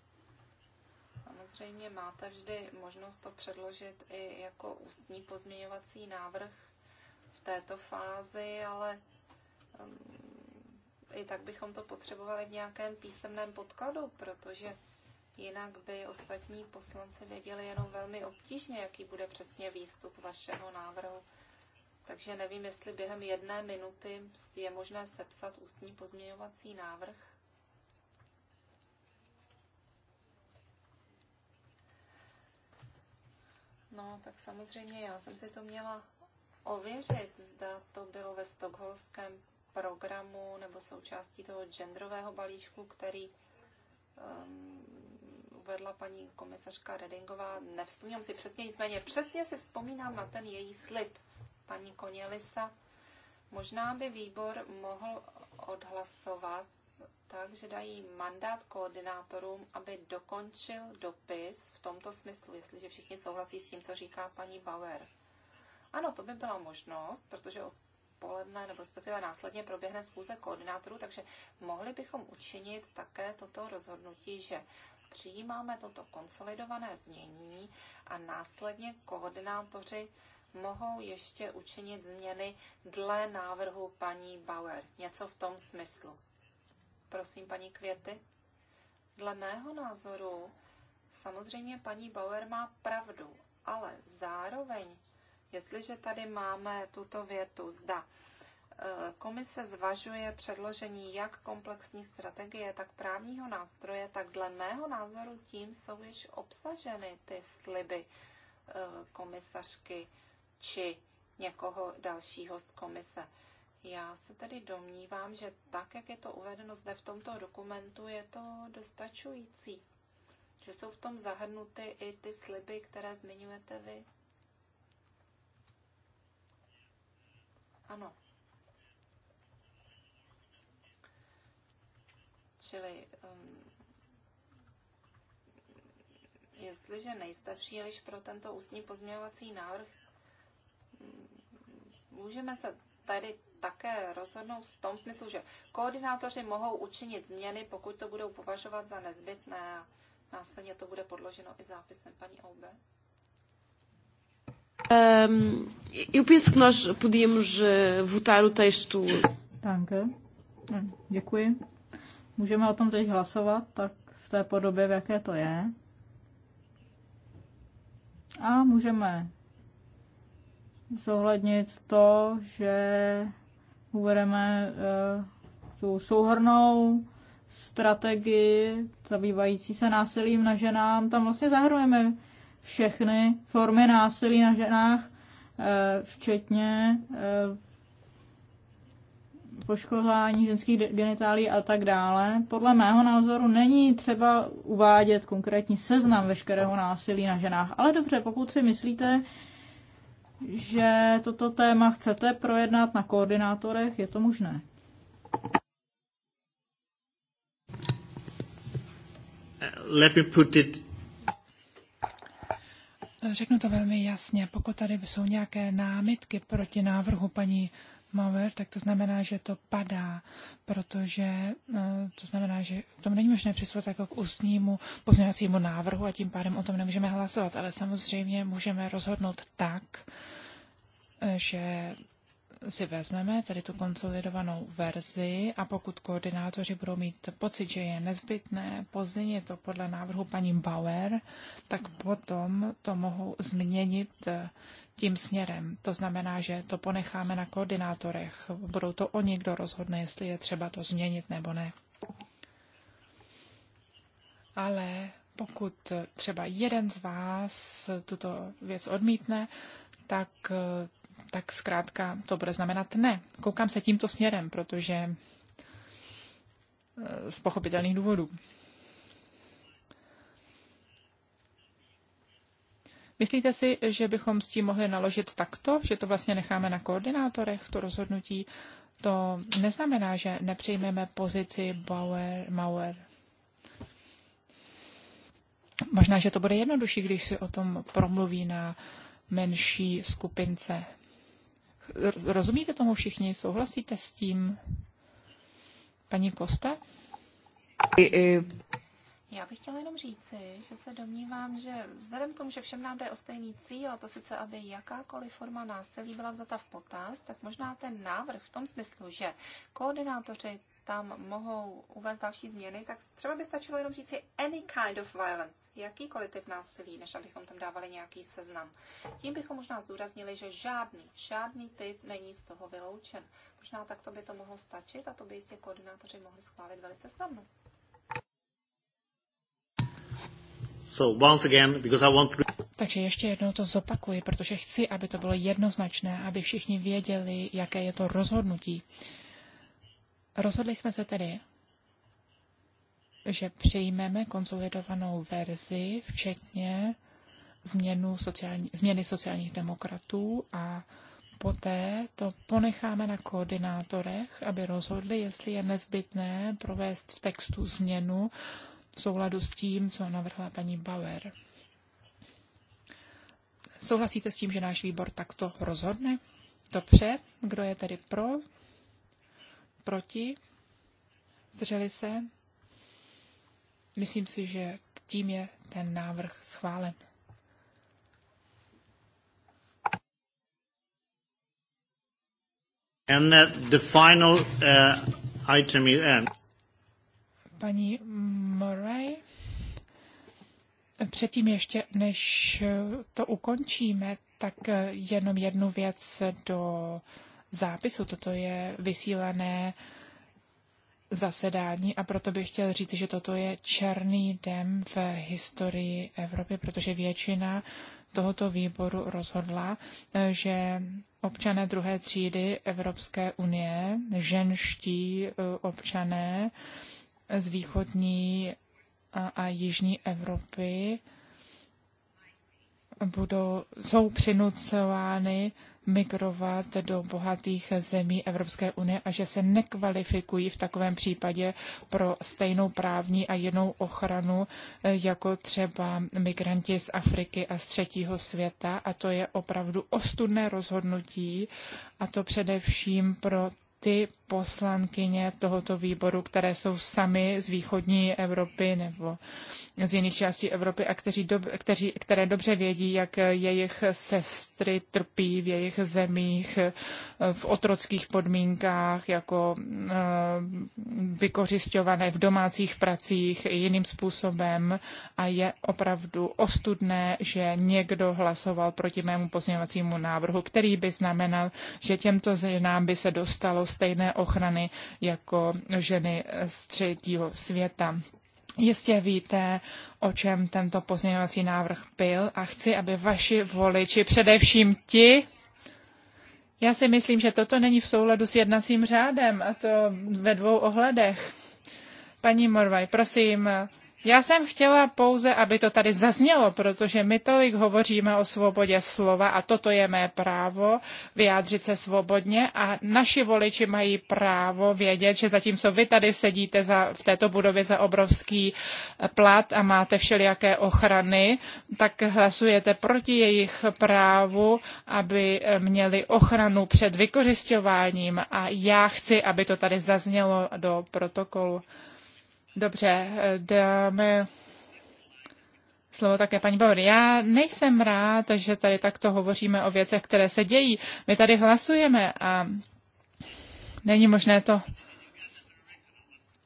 Samozřejmě máte vždy možnost to předložit i jako ústní pozměňovací návrh v této fázi, ale um, i tak bychom to potřebovali v nějakém písemném podkladu, protože jinak by ostatní poslanci věděli jenom velmi obtížně, jaký bude přesně výstup vašeho návrhu. Takže nevím, jestli během jedné minuty je možné sepsat ústní pozměňovací návrh. No, tak samozřejmě já jsem si to měla ověřit, zda to bylo ve stokholském programu nebo součástí toho genderového balíčku, který um, uvedla paní komisařka Redingová. Nevzpomínám si přesně, nicméně přesně si vzpomínám na ten její slib, paní Konělisa. Možná by výbor mohl odhlasovat tak, že dají mandát koordinátorům, aby dokončil dopis v tomto smyslu, jestliže všichni souhlasí s tím, co říká paní Bauer. Ano, to by byla možnost, protože odpoledne, nebo respektive následně proběhne schůze koordinátorů, takže mohli bychom učinit také toto rozhodnutí, že přijímáme toto konsolidované znění a následně koordinátoři mohou ještě učinit změny dle návrhu paní Bauer. Něco v tom smyslu. Prosím, paní Květy. Dle mého názoru samozřejmě paní Bauer má pravdu, ale zároveň Jestliže tady máme tuto větu, zda e, komise zvažuje předložení jak komplexní strategie, tak právního nástroje, tak dle mého názoru tím jsou již obsaženy ty sliby e, komisařky či někoho dalšího z komise. Já se tedy domnívám, že tak, jak je to uvedeno zde v tomto dokumentu, je to dostačující. Že jsou v tom zahrnuty i ty sliby, které zmiňujete vy. Ano. Čili um, jestliže nejste příliš pro tento ústní pozměňovací návrh, mm, můžeme se tady také rozhodnout v tom smyslu, že koordinátoři mohou učinit změny, pokud to budou považovat za nezbytné a následně to bude podloženo i zápisem paní Oube. Um, eu penso que nós podíamos uh, votar o texto. Danke. Hm, děkuji. Můžeme o tom teď hlasovat, tak v té podobě, v jaké to je. A můžeme zohlednit to, že uvedeme uh, tu souhrnou strategii zabývající se násilím na ženám. Tam vlastně zahrujeme všechny formy násilí na ženách, eh, včetně eh, poškozování ženských genitálí a tak dále. Podle mého názoru není třeba uvádět konkrétní seznam veškerého násilí na ženách. Ale dobře, pokud si myslíte, že toto téma chcete projednat na koordinátorech, je to možné. Let me put it Řeknu to velmi jasně. Pokud tady jsou nějaké námitky proti návrhu paní Mauer, tak to znamená, že to padá, protože eh, to znamená, že tomu není možné přistupovat jako k ústnímu pozměňovacímu návrhu a tím pádem o tom nemůžeme hlasovat. Ale samozřejmě můžeme rozhodnout tak, eh, že si vezmeme tady tu konsolidovanou verzi a pokud koordinátoři budou mít pocit, že je nezbytné později to podle návrhu paní Bauer, tak potom to mohou změnit eh, tím směrem. To znamená, že to ponecháme na koordinátorech. Budou to oni, kdo rozhodne, jestli je třeba to změnit nebo ne. Ale pokud třeba jeden z vás tuto věc odmítne, tak eh, tak zkrátka to bude znamenat ne. Koukám se tímto směrem, protože eh, z pochopitelných důvodů. Myslíte si, že bychom s tím mohli naložit takto, že to vlastně necháme na koordinátorech, to rozhodnutí? To neznamená, že nepřijmeme pozici Bauer, Mauer. Možná, že to bude jednodušší, když si o tom promluví na menší skupince Rozumíte tomu všichni? Souhlasíte s tím? Paní Kosta? Já bych chtěla jenom říci, že se domnívám, že vzhledem k tomu, že všem nám jde o stejný cíl, a to sice, aby jakákoliv forma násilí byla vzata v potaz, tak možná ten návrh v tom smyslu, že koordinátoři tam mohou uvést další změny, tak třeba by stačilo jenom říci any kind of violence, jakýkoliv typ násilí, než abychom tam dávali nějaký seznam. Tím bychom možná zdůraznili, že žádný, žádný typ není z toho vyloučen. Možná takto by to mohlo stačit a to by jistě koordinátoři mohli schválit velice snadno. So once again, because I want to... Takže ještě jednou to zopakuji, protože chci, aby to bylo jednoznačné, aby všichni věděli, jaké je to rozhodnutí. Uh, Rozhodli jsme se tedy, že přijmeme konsolidovanou verzi, včetně změnu sociální, změny sociálních demokratů a poté to ponecháme na koordinátorech, aby rozhodli, jestli je nezbytné provést v textu změnu v souladu s tím, co navrhla paní Bauer. Souhlasíte s tím, že náš výbor takto rozhodne? Dobře, kdo je tedy pro proti, zdrželi se. Myslím si, že tím je ten návrh schválen. And the final uh, item is N. Paní Murray, předtím ještě, než to ukončíme, tak jenom jednu věc do uh, zápisu. Toto je vysílané zasedání a proto bych chtěl říct, že toto je černý den v historii Evropy, protože většina tohoto výboru rozhodla, že občané druhé třídy Evropské unie, ženští eh, občané z východní a, a jižní Evropy budou, jsou přinucovány migrovat do bohatých zemí Evropské unie a že se nekvalifikují v takovém případě pro stejnou právní a jinou ochranu eh, jako třeba migranti z Afriky a z třetího světa. A to je opravdu ostudné rozhodnutí a to především pro ty poslankyně tohoto výboru, které jsou sami z východní Evropy nebo z jiných částí Evropy a kteří do, kteří, které dobře vědí, jak jejich sestry trpí v jejich zemích v otrockých podmínkách, jako eh, vykořišťované v domácích pracích jiným způsobem a je opravdu ostudné, že někdo hlasoval proti mému pozměňovacímu návrhu, který by znamenal, že těmto ženám by se dostalo stejné ochrany jako ženy z třetího světa. Jistě víte, o čem tento pozměňovací návrh byl a chci, aby vaši voliči, především ti, já si myslím, že toto není v souladu s jednacím řádem a to ve dvou ohledech. Paní Morvaj, prosím, já jsem chtěla pouze, aby to tady zaznělo, protože my tolik hovoříme o svobodě slova a toto je mé právo vyjádřit se svobodně a naši voliči mají právo vědět, že zatímco vy tady sedíte za, v této budově za obrovský plat a máte všelijaké ochrany, tak hlasujete proti jejich právu, aby měli ochranu před vykořišťováním a já chci, aby to tady zaznělo do protokolu. Dobře, dáme slovo také paní Bauer. Já nejsem rád, že tady takto hovoříme o věcech, které se dějí. My tady hlasujeme a není možné to.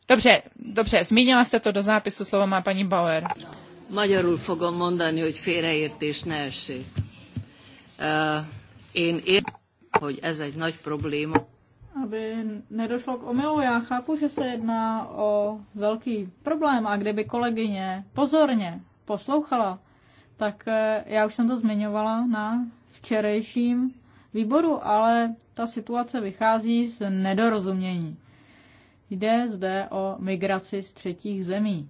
Dobře, dobře, zmínila jste to do zápisu, slovo má paní Bauer. Magyarul fogom mondani, hogy félreértés ne essék. Uh, én értem, hogy ez egy nagy probléma aby nedošlo k omylu. Já chápu, že se jedná o velký problém a kdyby kolegyně pozorně poslouchala, tak eh, já už jsem to zmiňovala na včerejším výboru, ale ta situace vychází z nedorozumění. Jde zde o migraci z třetích zemí.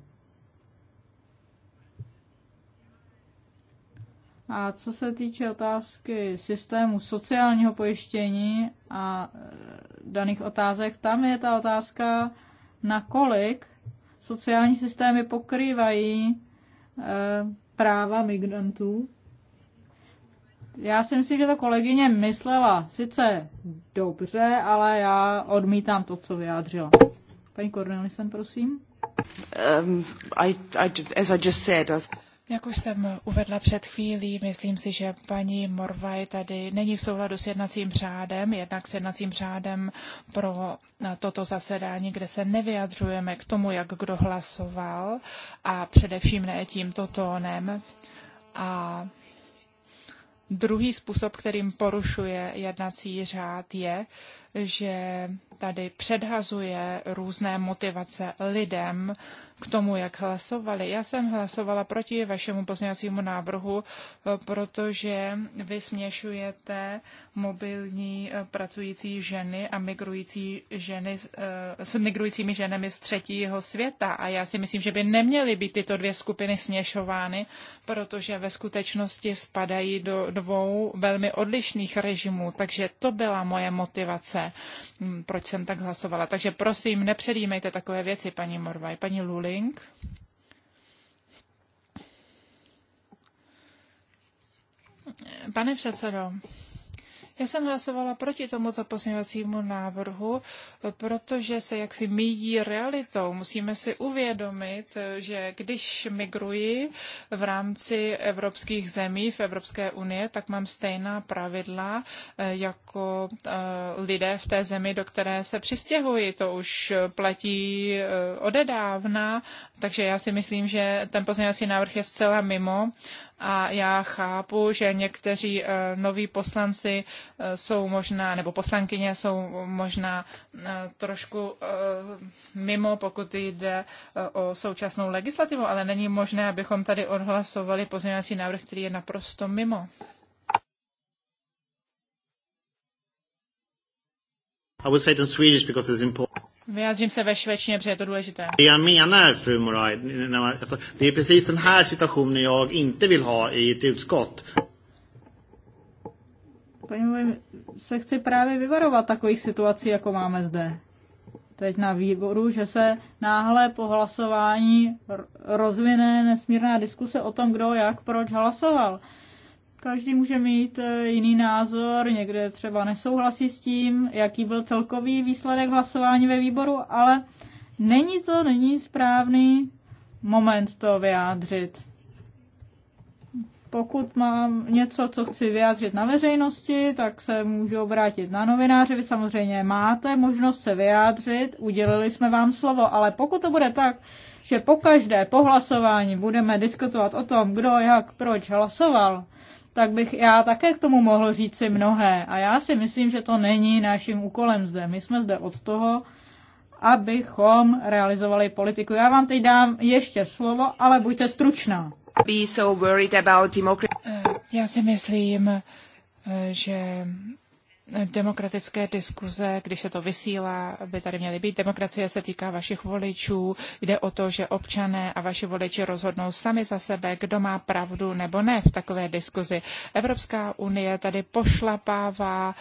A co se týče otázky systému sociálního pojištění a e, daných otázek, tam je ta otázka, nakolik sociální systémy pokrývají e, práva migrantů. Já si myslím, že to kolegyně myslela sice dobře, ale já odmítám to, co vyjádřila. Paní Cornelisen, prosím. Um, I, I, as I just said, I... Jak už jsem uvedla před chvílí, myslím si, že paní Morvaj tady není v souladu s jednacím řádem, jednak s jednacím řádem pro eh, toto zasedání, kde se nevyjadřujeme k tomu, jak kdo hlasoval a především ne tímto tónem. A druhý způsob, kterým porušuje jednací řád, je, že tady předhazuje různé motivace lidem k tomu, jak hlasovali. Já jsem hlasovala proti vašemu pozměňovacímu návrhu, protože vy směšujete mobilní eh, pracující ženy a migrující ženy eh, s migrujícími ženami z třetího světa. A já si myslím, že by neměly být tyto dvě skupiny směšovány, protože ve skutečnosti spadají do dvou velmi odlišných režimů. Takže to byla moje motivace se, hm, proč jsem tak hlasovala. Takže prosím, nepředjímejte takové věci, paní Morvaj. Paní Luling. Pane předsedo, já jsem hlasovala proti tomuto pozměňovacímu návrhu, protože se jaksi míjí realitou. Musíme si uvědomit, že když migruji v rámci evropských zemí v Evropské unie, tak mám stejná pravidla eh, jako eh, lidé v té zemi, do které se přistěhuji. To už platí eh, odedávna, takže já si myslím, že ten pozměňovací návrh je zcela mimo a já chápu, že někteří eh, noví poslanci eh, jsou možná, nebo poslankyně jsou možná eh, trošku mimo, pokud jde o současnou legislativu, ale není možné, abychom tady odhlasovali pozměňovací návrh, který je naprosto mimo. I would say Swedish because it's important. Vyjádřím se ve švečně, protože je to důležité. Det jag menar, fru Moraj, det är precis den här situationen jag inte vill ha i ett utskott. Paní se chci právě vyvarovat takových situací, jako máme zde. Teď na výboru, že se náhle po hlasování rozvine nesmírná diskuse o tom, kdo jak proč hlasoval. Každý může mít e, jiný názor, někde třeba nesouhlasí s tím, jaký byl celkový výsledek hlasování ve výboru, ale není to, není správný moment to vyjádřit. Pokud mám něco, co chci vyjádřit na veřejnosti, tak se můžu obrátit na novináře. Vy samozřejmě máte možnost se vyjádřit, udělili jsme vám slovo, ale pokud to bude tak, že po každé pohlasování budeme diskutovat o tom, kdo jak proč hlasoval, tak bych já také k tomu mohl říct si mnohé. A já si myslím, že to není naším úkolem zde. My jsme zde od toho, abychom realizovali politiku. Já vám teď dám ještě slovo, ale buďte stručná. Be so worried about democracy. Eh, já si myslím, eh, že demokratické diskuze, když se to vysílá, by tady měly být. Demokracie se týká vašich voličů, jde o to, že občané a vaši voliči rozhodnou sami za sebe, kdo má pravdu nebo ne v takové diskuzi. Evropská unie tady pošlapává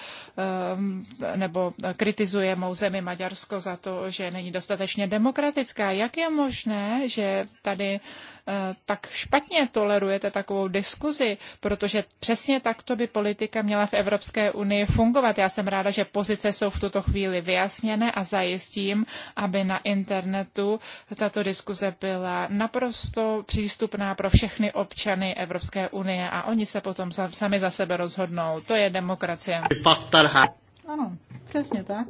ehm, nebo kritizuje mou zemi Maďarsko za to, že není dostatečně demokratická. Jak je možné, že tady Eh, tak špatně tolerujete takovou diskuzi, protože přesně takto by politika měla v Evropské unii fungovat. Já jsem ráda, že pozice jsou v tuto chvíli vyjasněné a zajistím, aby na internetu tato diskuze byla naprosto přístupná pro všechny občany Evropské unie a oni se potom sami za sebe rozhodnou. To je demokracie. Ano, přesně tak.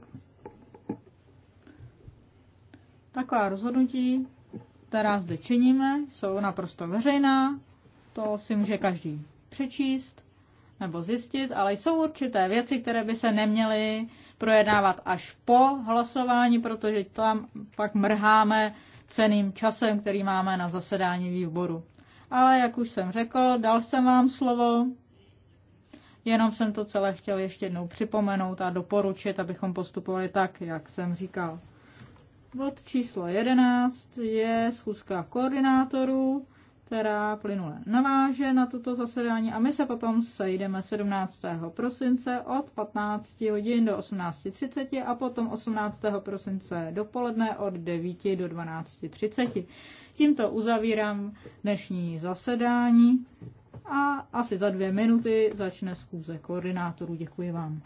Taková rozhodnutí která zde činíme, jsou naprosto veřejná, to si může každý přečíst nebo zjistit, ale jsou určité věci, které by se neměly projednávat až po hlasování, protože tam pak mrháme ceným časem, který máme na zasedání výboru. Ale jak už jsem řekl, dal jsem vám slovo, jenom jsem to celé chtěl ještě jednou připomenout a doporučit, abychom postupovali tak, jak jsem říkal. Bod číslo 11 je schůzka koordinátorů, která plynule naváže na toto zasedání a my se potom sejdeme 17. prosince od 15 hodin do 18.30 a potom 18. prosince dopoledne od 9 do 12.30. Tímto uzavírám dnešní zasedání a asi za dvě minuty začne schůze koordinátorů. Děkuji vám.